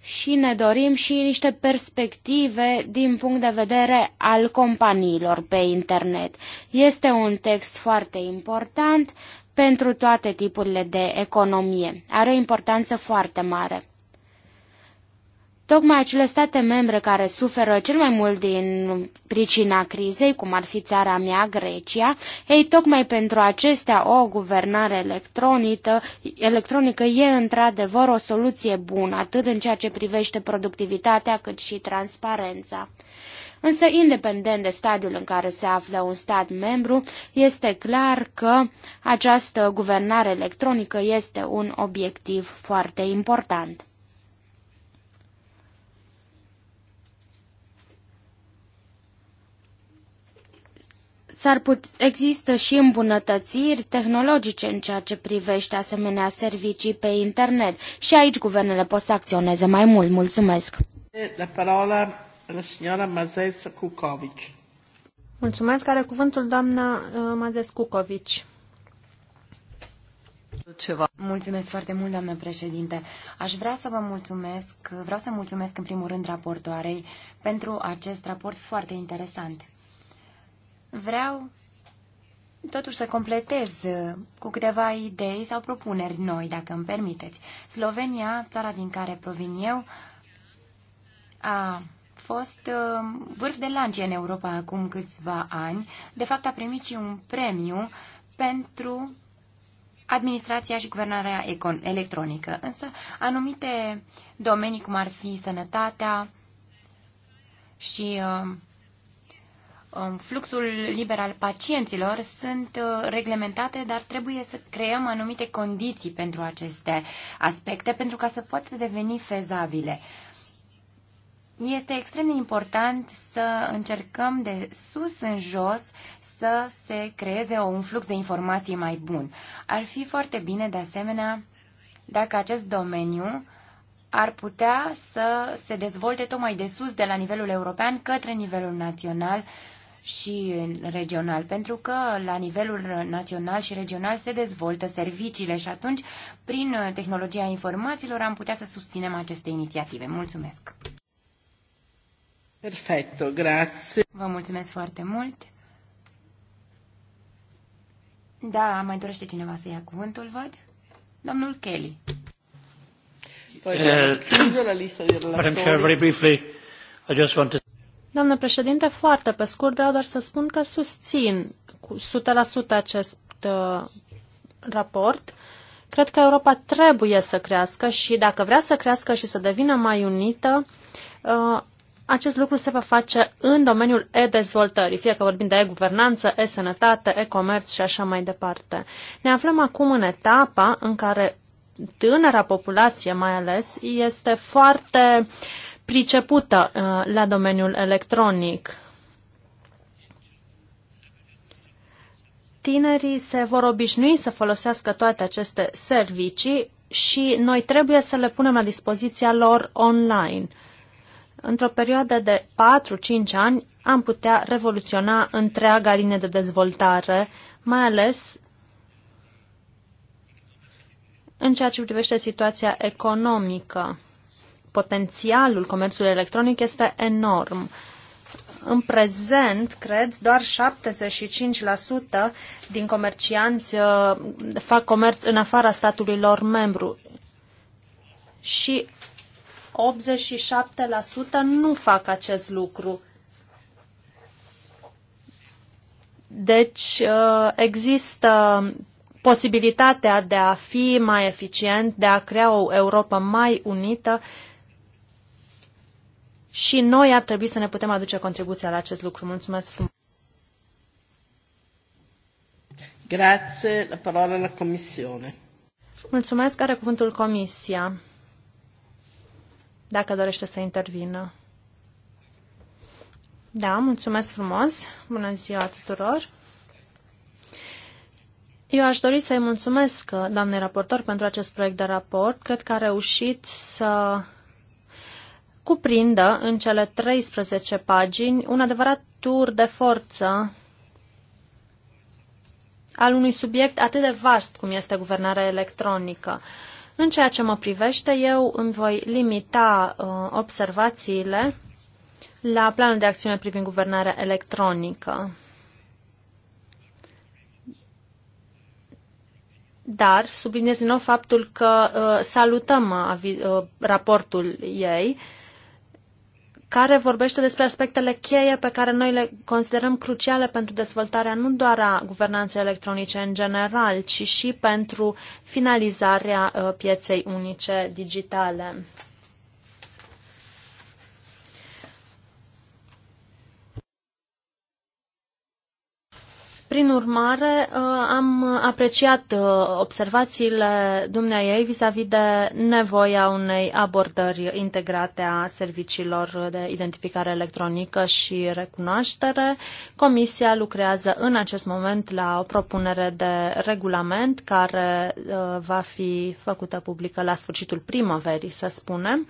și ne dorim și niște perspective din punct de vedere al companiilor pe internet. Este un text foarte important pentru toate tipurile de economie. Are o importanță foarte mare. Tocmai acele state membre care suferă cel mai mult din pricina crizei, cum ar fi țara mea, Grecia, ei, tocmai pentru acestea o guvernare electronică, electronică e într-adevăr o soluție bună, atât în ceea ce privește productivitatea cât și transparența. Însă, independent de stadiul în care se află un stat membru, este clar că această guvernare electronică este un obiectiv foarte important. S-ar put, există și îmbunătățiri tehnologice în ceea ce privește asemenea servicii pe internet și aici guvernele pot să acționeze mai mult. Mulțumesc! La parola la signora Mazes Kukovic. Mulțumesc, are cuvântul doamna uh, Mazes Kukovic. Ceva. Mulțumesc foarte mult, doamnă președinte. Aș vrea să vă mulțumesc, vreau să mulțumesc în primul rând raportoarei pentru acest raport foarte interesant. Vreau totuși să completez uh, cu câteva idei sau propuneri noi, dacă îmi permiteți. Slovenia, țara din care provin eu, a fost uh, vârf de lance în Europa acum câțiva ani. De fapt, a primit și un premiu pentru administrația și guvernarea electronică. Însă, anumite domenii, cum ar fi sănătatea și uh, Um, fluxul liber al pacienților sunt uh, reglementate, dar trebuie să creăm anumite condiții pentru aceste aspecte, pentru ca să poată deveni fezabile. Este extrem de important să încercăm de sus în jos să se creeze un flux de informații mai bun. Ar fi foarte bine, de asemenea, dacă acest domeniu ar putea să se dezvolte tocmai de sus, de la nivelul european, către nivelul național, și regional, pentru că la nivelul național și regional se dezvoltă serviciile și atunci, prin tehnologia informațiilor, am putea să susținem aceste inițiative. Mulțumesc! Perfect, grazie. Vă mulțumesc foarte mult. Da, mai dorește cineva să ia cuvântul, văd? Domnul Kelly. uh, la lista de relatori. Madam Chair, very briefly, I just to... Doamnă președinte, foarte pe scurt vreau doar să spun că susțin cu 100% acest uh, raport. Cred că Europa trebuie să crească și dacă vrea să crească și să devină mai unită, uh, acest lucru se va face în domeniul e-dezvoltării, fie că vorbim de e-guvernanță, e-sănătate, e-comerț și așa mai departe. Ne aflăm acum în etapa în care tânăra populație mai ales este foarte pricepută uh, la domeniul electronic. Tinerii se vor obișnui să folosească toate aceste servicii și noi trebuie să le punem la dispoziția lor online. Într-o perioadă de 4-5 ani am putea revoluționa întreaga linie de dezvoltare, mai ales în ceea ce privește situația economică potențialul comerțului electronic este enorm. În prezent, cred, doar 75% din comercianți uh, fac comerț în afara statului lor membru și 87% nu fac acest lucru. Deci uh, există posibilitatea de a fi mai eficient, de a crea o Europa mai unită și noi ar trebui să ne putem aduce contribuția la acest lucru. Mulțumesc frumos! Grazie, la parola la Commissione. Mulțumesc, are cuvântul Comisia, dacă dorește să intervină. Da, mulțumesc frumos. Bună ziua tuturor. Eu aș dori să-i mulțumesc, doamne raportor, pentru acest proiect de raport. Cred că a reușit să cuprindă în cele 13 pagini un adevărat tur de forță al unui subiect atât de vast cum este guvernarea electronică. În ceea ce mă privește, eu îmi voi limita uh, observațiile la planul de acțiune privind guvernarea electronică. Dar subliniez din nou faptul că uh, salutăm uh, uh raportul ei care vorbește despre aspectele cheie pe care noi le considerăm cruciale pentru dezvoltarea nu doar a guvernanței electronice în general, ci și pentru finalizarea uh, pieței unice digitale. Prin urmare, uh, am apreciat uh, observațiile dumneai vis-a-vis de nevoia unei abordări integrate a serviciilor de identificare electronică și recunoaștere. Comisia lucrează în acest moment la o propunere de regulament care uh, va fi făcută publică la sfârșitul primăverii, să spunem.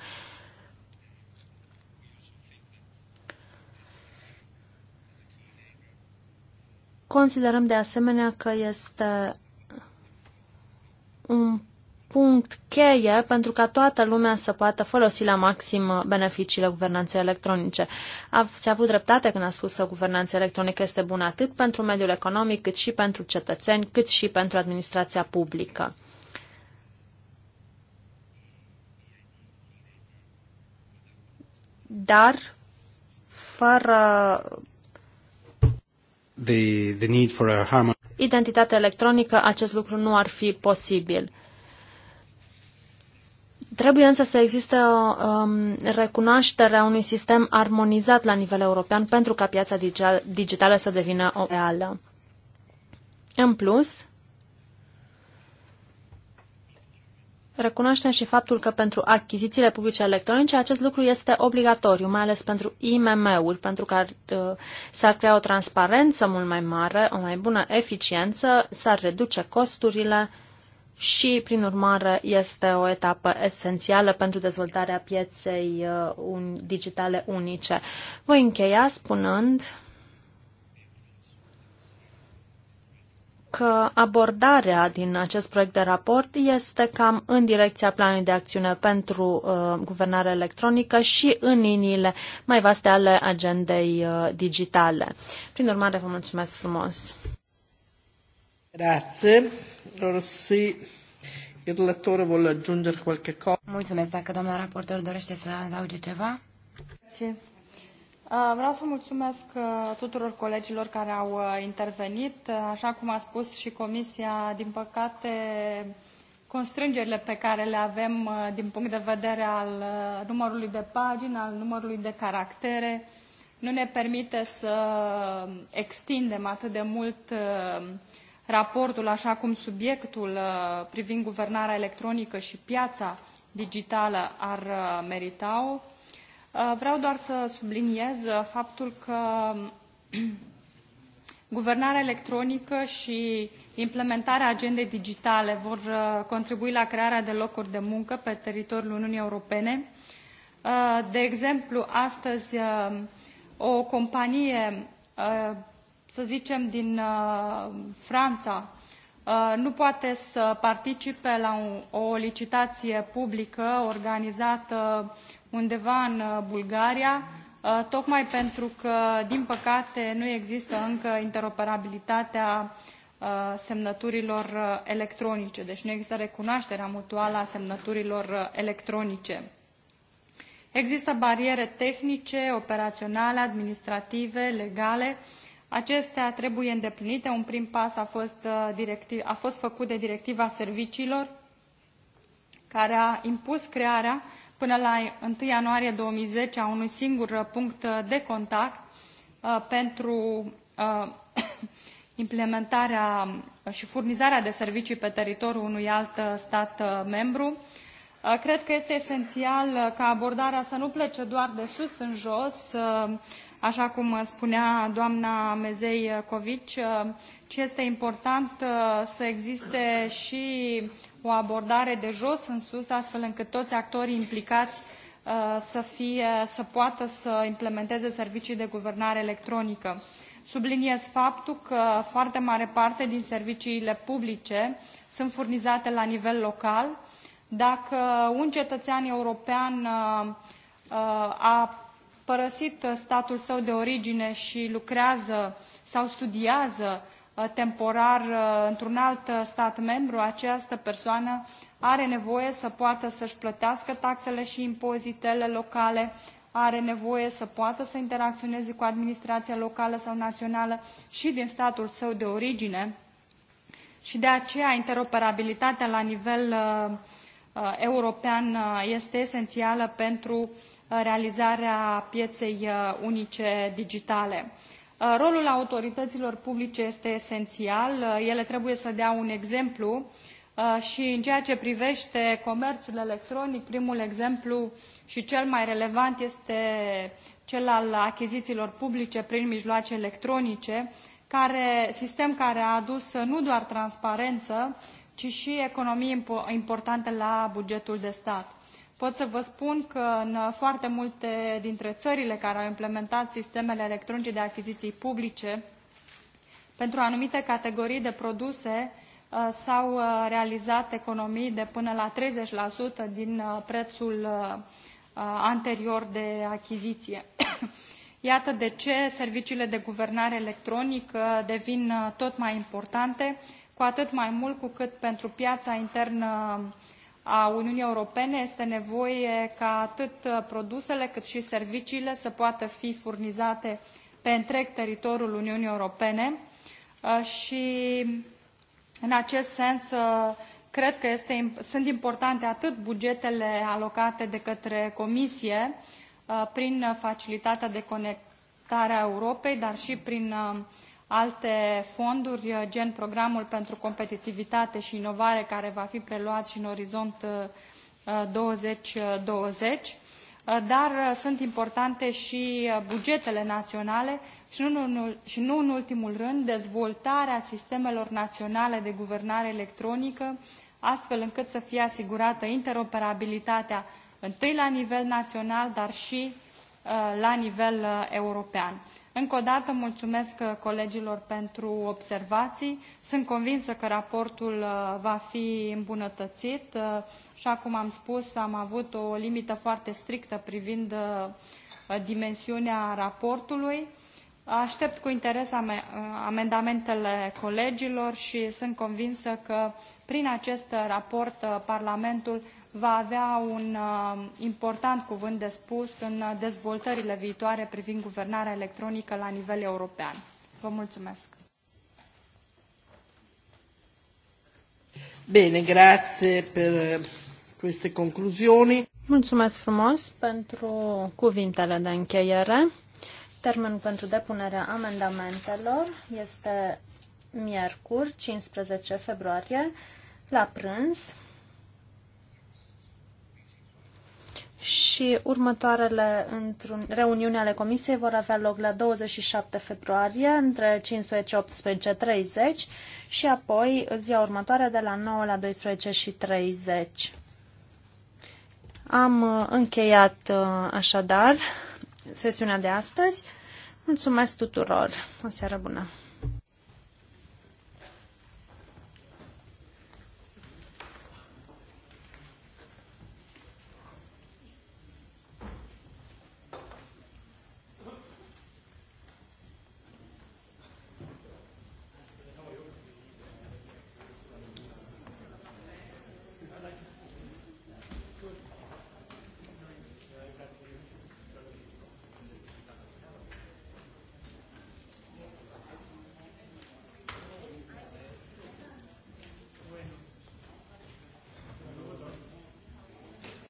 Considerăm de asemenea că este un punct cheie pentru ca toată lumea să poată folosi la maxim beneficiile guvernanței electronice. Ați avut dreptate când a spus că guvernanța electronică este bună atât pentru mediul economic, cât și pentru cetățeni, cât și pentru administrația publică. Dar fără the, the need for a harmon- Identitate electronică, acest lucru nu ar fi posibil. Trebuie însă să existe o um, recunoaștere a unui sistem armonizat la nivel european pentru ca piața digitală să devină o reală. În plus, recunoaștem și faptul că pentru achizițiile publice electronice acest lucru este obligatoriu, mai ales pentru IMM-uri, pentru că uh, s-ar crea o transparență mult mai mare, o mai bună eficiență, s-ar reduce costurile și, prin urmare, este o etapă esențială pentru dezvoltarea pieței uh, digitale unice. Voi încheia spunând că abordarea din acest proiect de raport este cam în direcția planului de acțiune pentru uh, guvernare electronică și în liniile mai vaste ale agendei uh, digitale. Prin urmare, vă mulțumesc frumos! Grazie. Rossi. il vuole aggiungere qualche cosa. Mulțumesc. Dacă doamna raportor dorește să adauge ceva. Grazie. Uh, vreau să mulțumesc uh, tuturor colegilor care au uh, intervenit. Așa cum a spus și Comisia, din păcate, constrângerile pe care le avem din punct de vedere al numărului de pagini, al numărului de caractere, nu ne permite să extindem atât de mult raportul, așa cum subiectul privind guvernarea electronică și piața digitală ar merita-o. Uh, vreau doar să subliniez uh, faptul că um, [clears throat] guvernarea electronică și implementarea agendei digitale vor uh, contribui la crearea de locuri de muncă pe teritoriul Uniunii Europene. De exemplu, astăzi um, o companie, să zicem, din Franța, nu poate să participe la o licitație publică organizată undeva în uh, Bulgaria, uh, tocmai pentru că, din păcate, nu există încă interoperabilitatea uh, semnăturilor electronice, deci nu există recunoașterea mutuală a semnăturilor electronice. Există bariere tehnice, operaționale, administrative, legale. Acestea trebuie îndeplinite. Un prim pas a fost, directiv, a fost făcut de Directiva Serviciilor, care a impus crearea până la 1 ianuarie 2010 a unui singur punct de contact uh, pentru uh, [coughs] implementarea uh, și furnizarea de servicii pe teritoriul unui alt stat membru. Cred că este esențial ca abordarea să nu plece doar de sus în jos, așa cum uh, spunea doamna Mezei uh, Covici, uh, ce este important să existe și o abordare de jos în sus, astfel încât toți actorii implicați să, fie, să poată să implementeze servicii de guvernare electronică. Subliniez faptul că foarte mare parte din serviciile publice sunt furnizate la nivel local. Dacă un cetățean european a părăsit uh, statul său de origine și lucrează sau studiază uh, temporar uh, într-un alt stat membru, această persoană are nevoie să poată să-și plătească taxele și impozitele locale, are nevoie să poată să interacționeze cu administrația locală sau națională și din statul său de origine. Și de aceea interoperabilitatea la nivel uh, european este esențială pentru realizarea pieței uh, unice digitale. Uh, rolul autorităților publice este esențial. Uh, ele trebuie să dea un exemplu și în ceea ce privește comerțul electronic, primul exemplu și cel mai relevant este cel al achizițiilor publice prin mijloace electronice, care, sistem care a adus nu doar transparență, ci și economii importante la bugetul de stat. Pot să vă spun că în foarte multe dintre țările care au implementat sistemele electronice de achiziții publice, pentru anumite categorii de produse uh, s-au uh, realizat economii de până la 30% din uh, prețul anterior de achiziție. [coughs] Iată de ce serviciile de guvernare electronică devin tot mai importante, cu atât mai mult cu cât pentru piața internă a Uniunii Europene este nevoie ca atât uh, produsele cât și serviciile să poată fi furnizate pe întreg teritoriul Uniunii Europene uh, și în acest sens uh, cred că este, sunt importante atât bugetele alocate de către Comisie prin facilitatea de conectare a Europei, dar și prin alte fonduri, uh, gen programul pentru competitivitate și inovare, care va fi preluat și în orizont 2020, uh, uh, dar sunt importante și bugetele naționale și nu, în, și nu în ultimul rând dezvoltarea sistemelor naționale de guvernare electronică, astfel încât să fie asigurată interoperabilitatea întâi la nivel național, dar și la nivel european. Încă o dată mulțumesc uh, colegilor pentru observații. Sunt convinsă că raportul uh, va fi îmbunătățit. Uh, Așa cum am spus, am avut o limită foarte strictă privind dimensiunea raportului. Aștept cu interes amendamentele colegilor și sunt convinsă că prin acest raport Parlamentul va avea un uh, important cuvânt de spus în uh, dezvoltările viitoare privind guvernarea electronică la nivel european. Vă mulțumesc! Bine, grazie per uh, queste concluzioni. Mulțumesc frumos pentru cuvintele de încheiere. Termenul pentru depunerea amendamentelor este miercuri, 15 februarie, la prânz. și următoarele reuniuni ale comisiei vor avea loc la 27 februarie între 15-18.30 și apoi ziua următoare de la 9 la 12.30. Am uh, încheiat uh, așadar sesiunea de astăzi. Mulțumesc tuturor! O seară bună!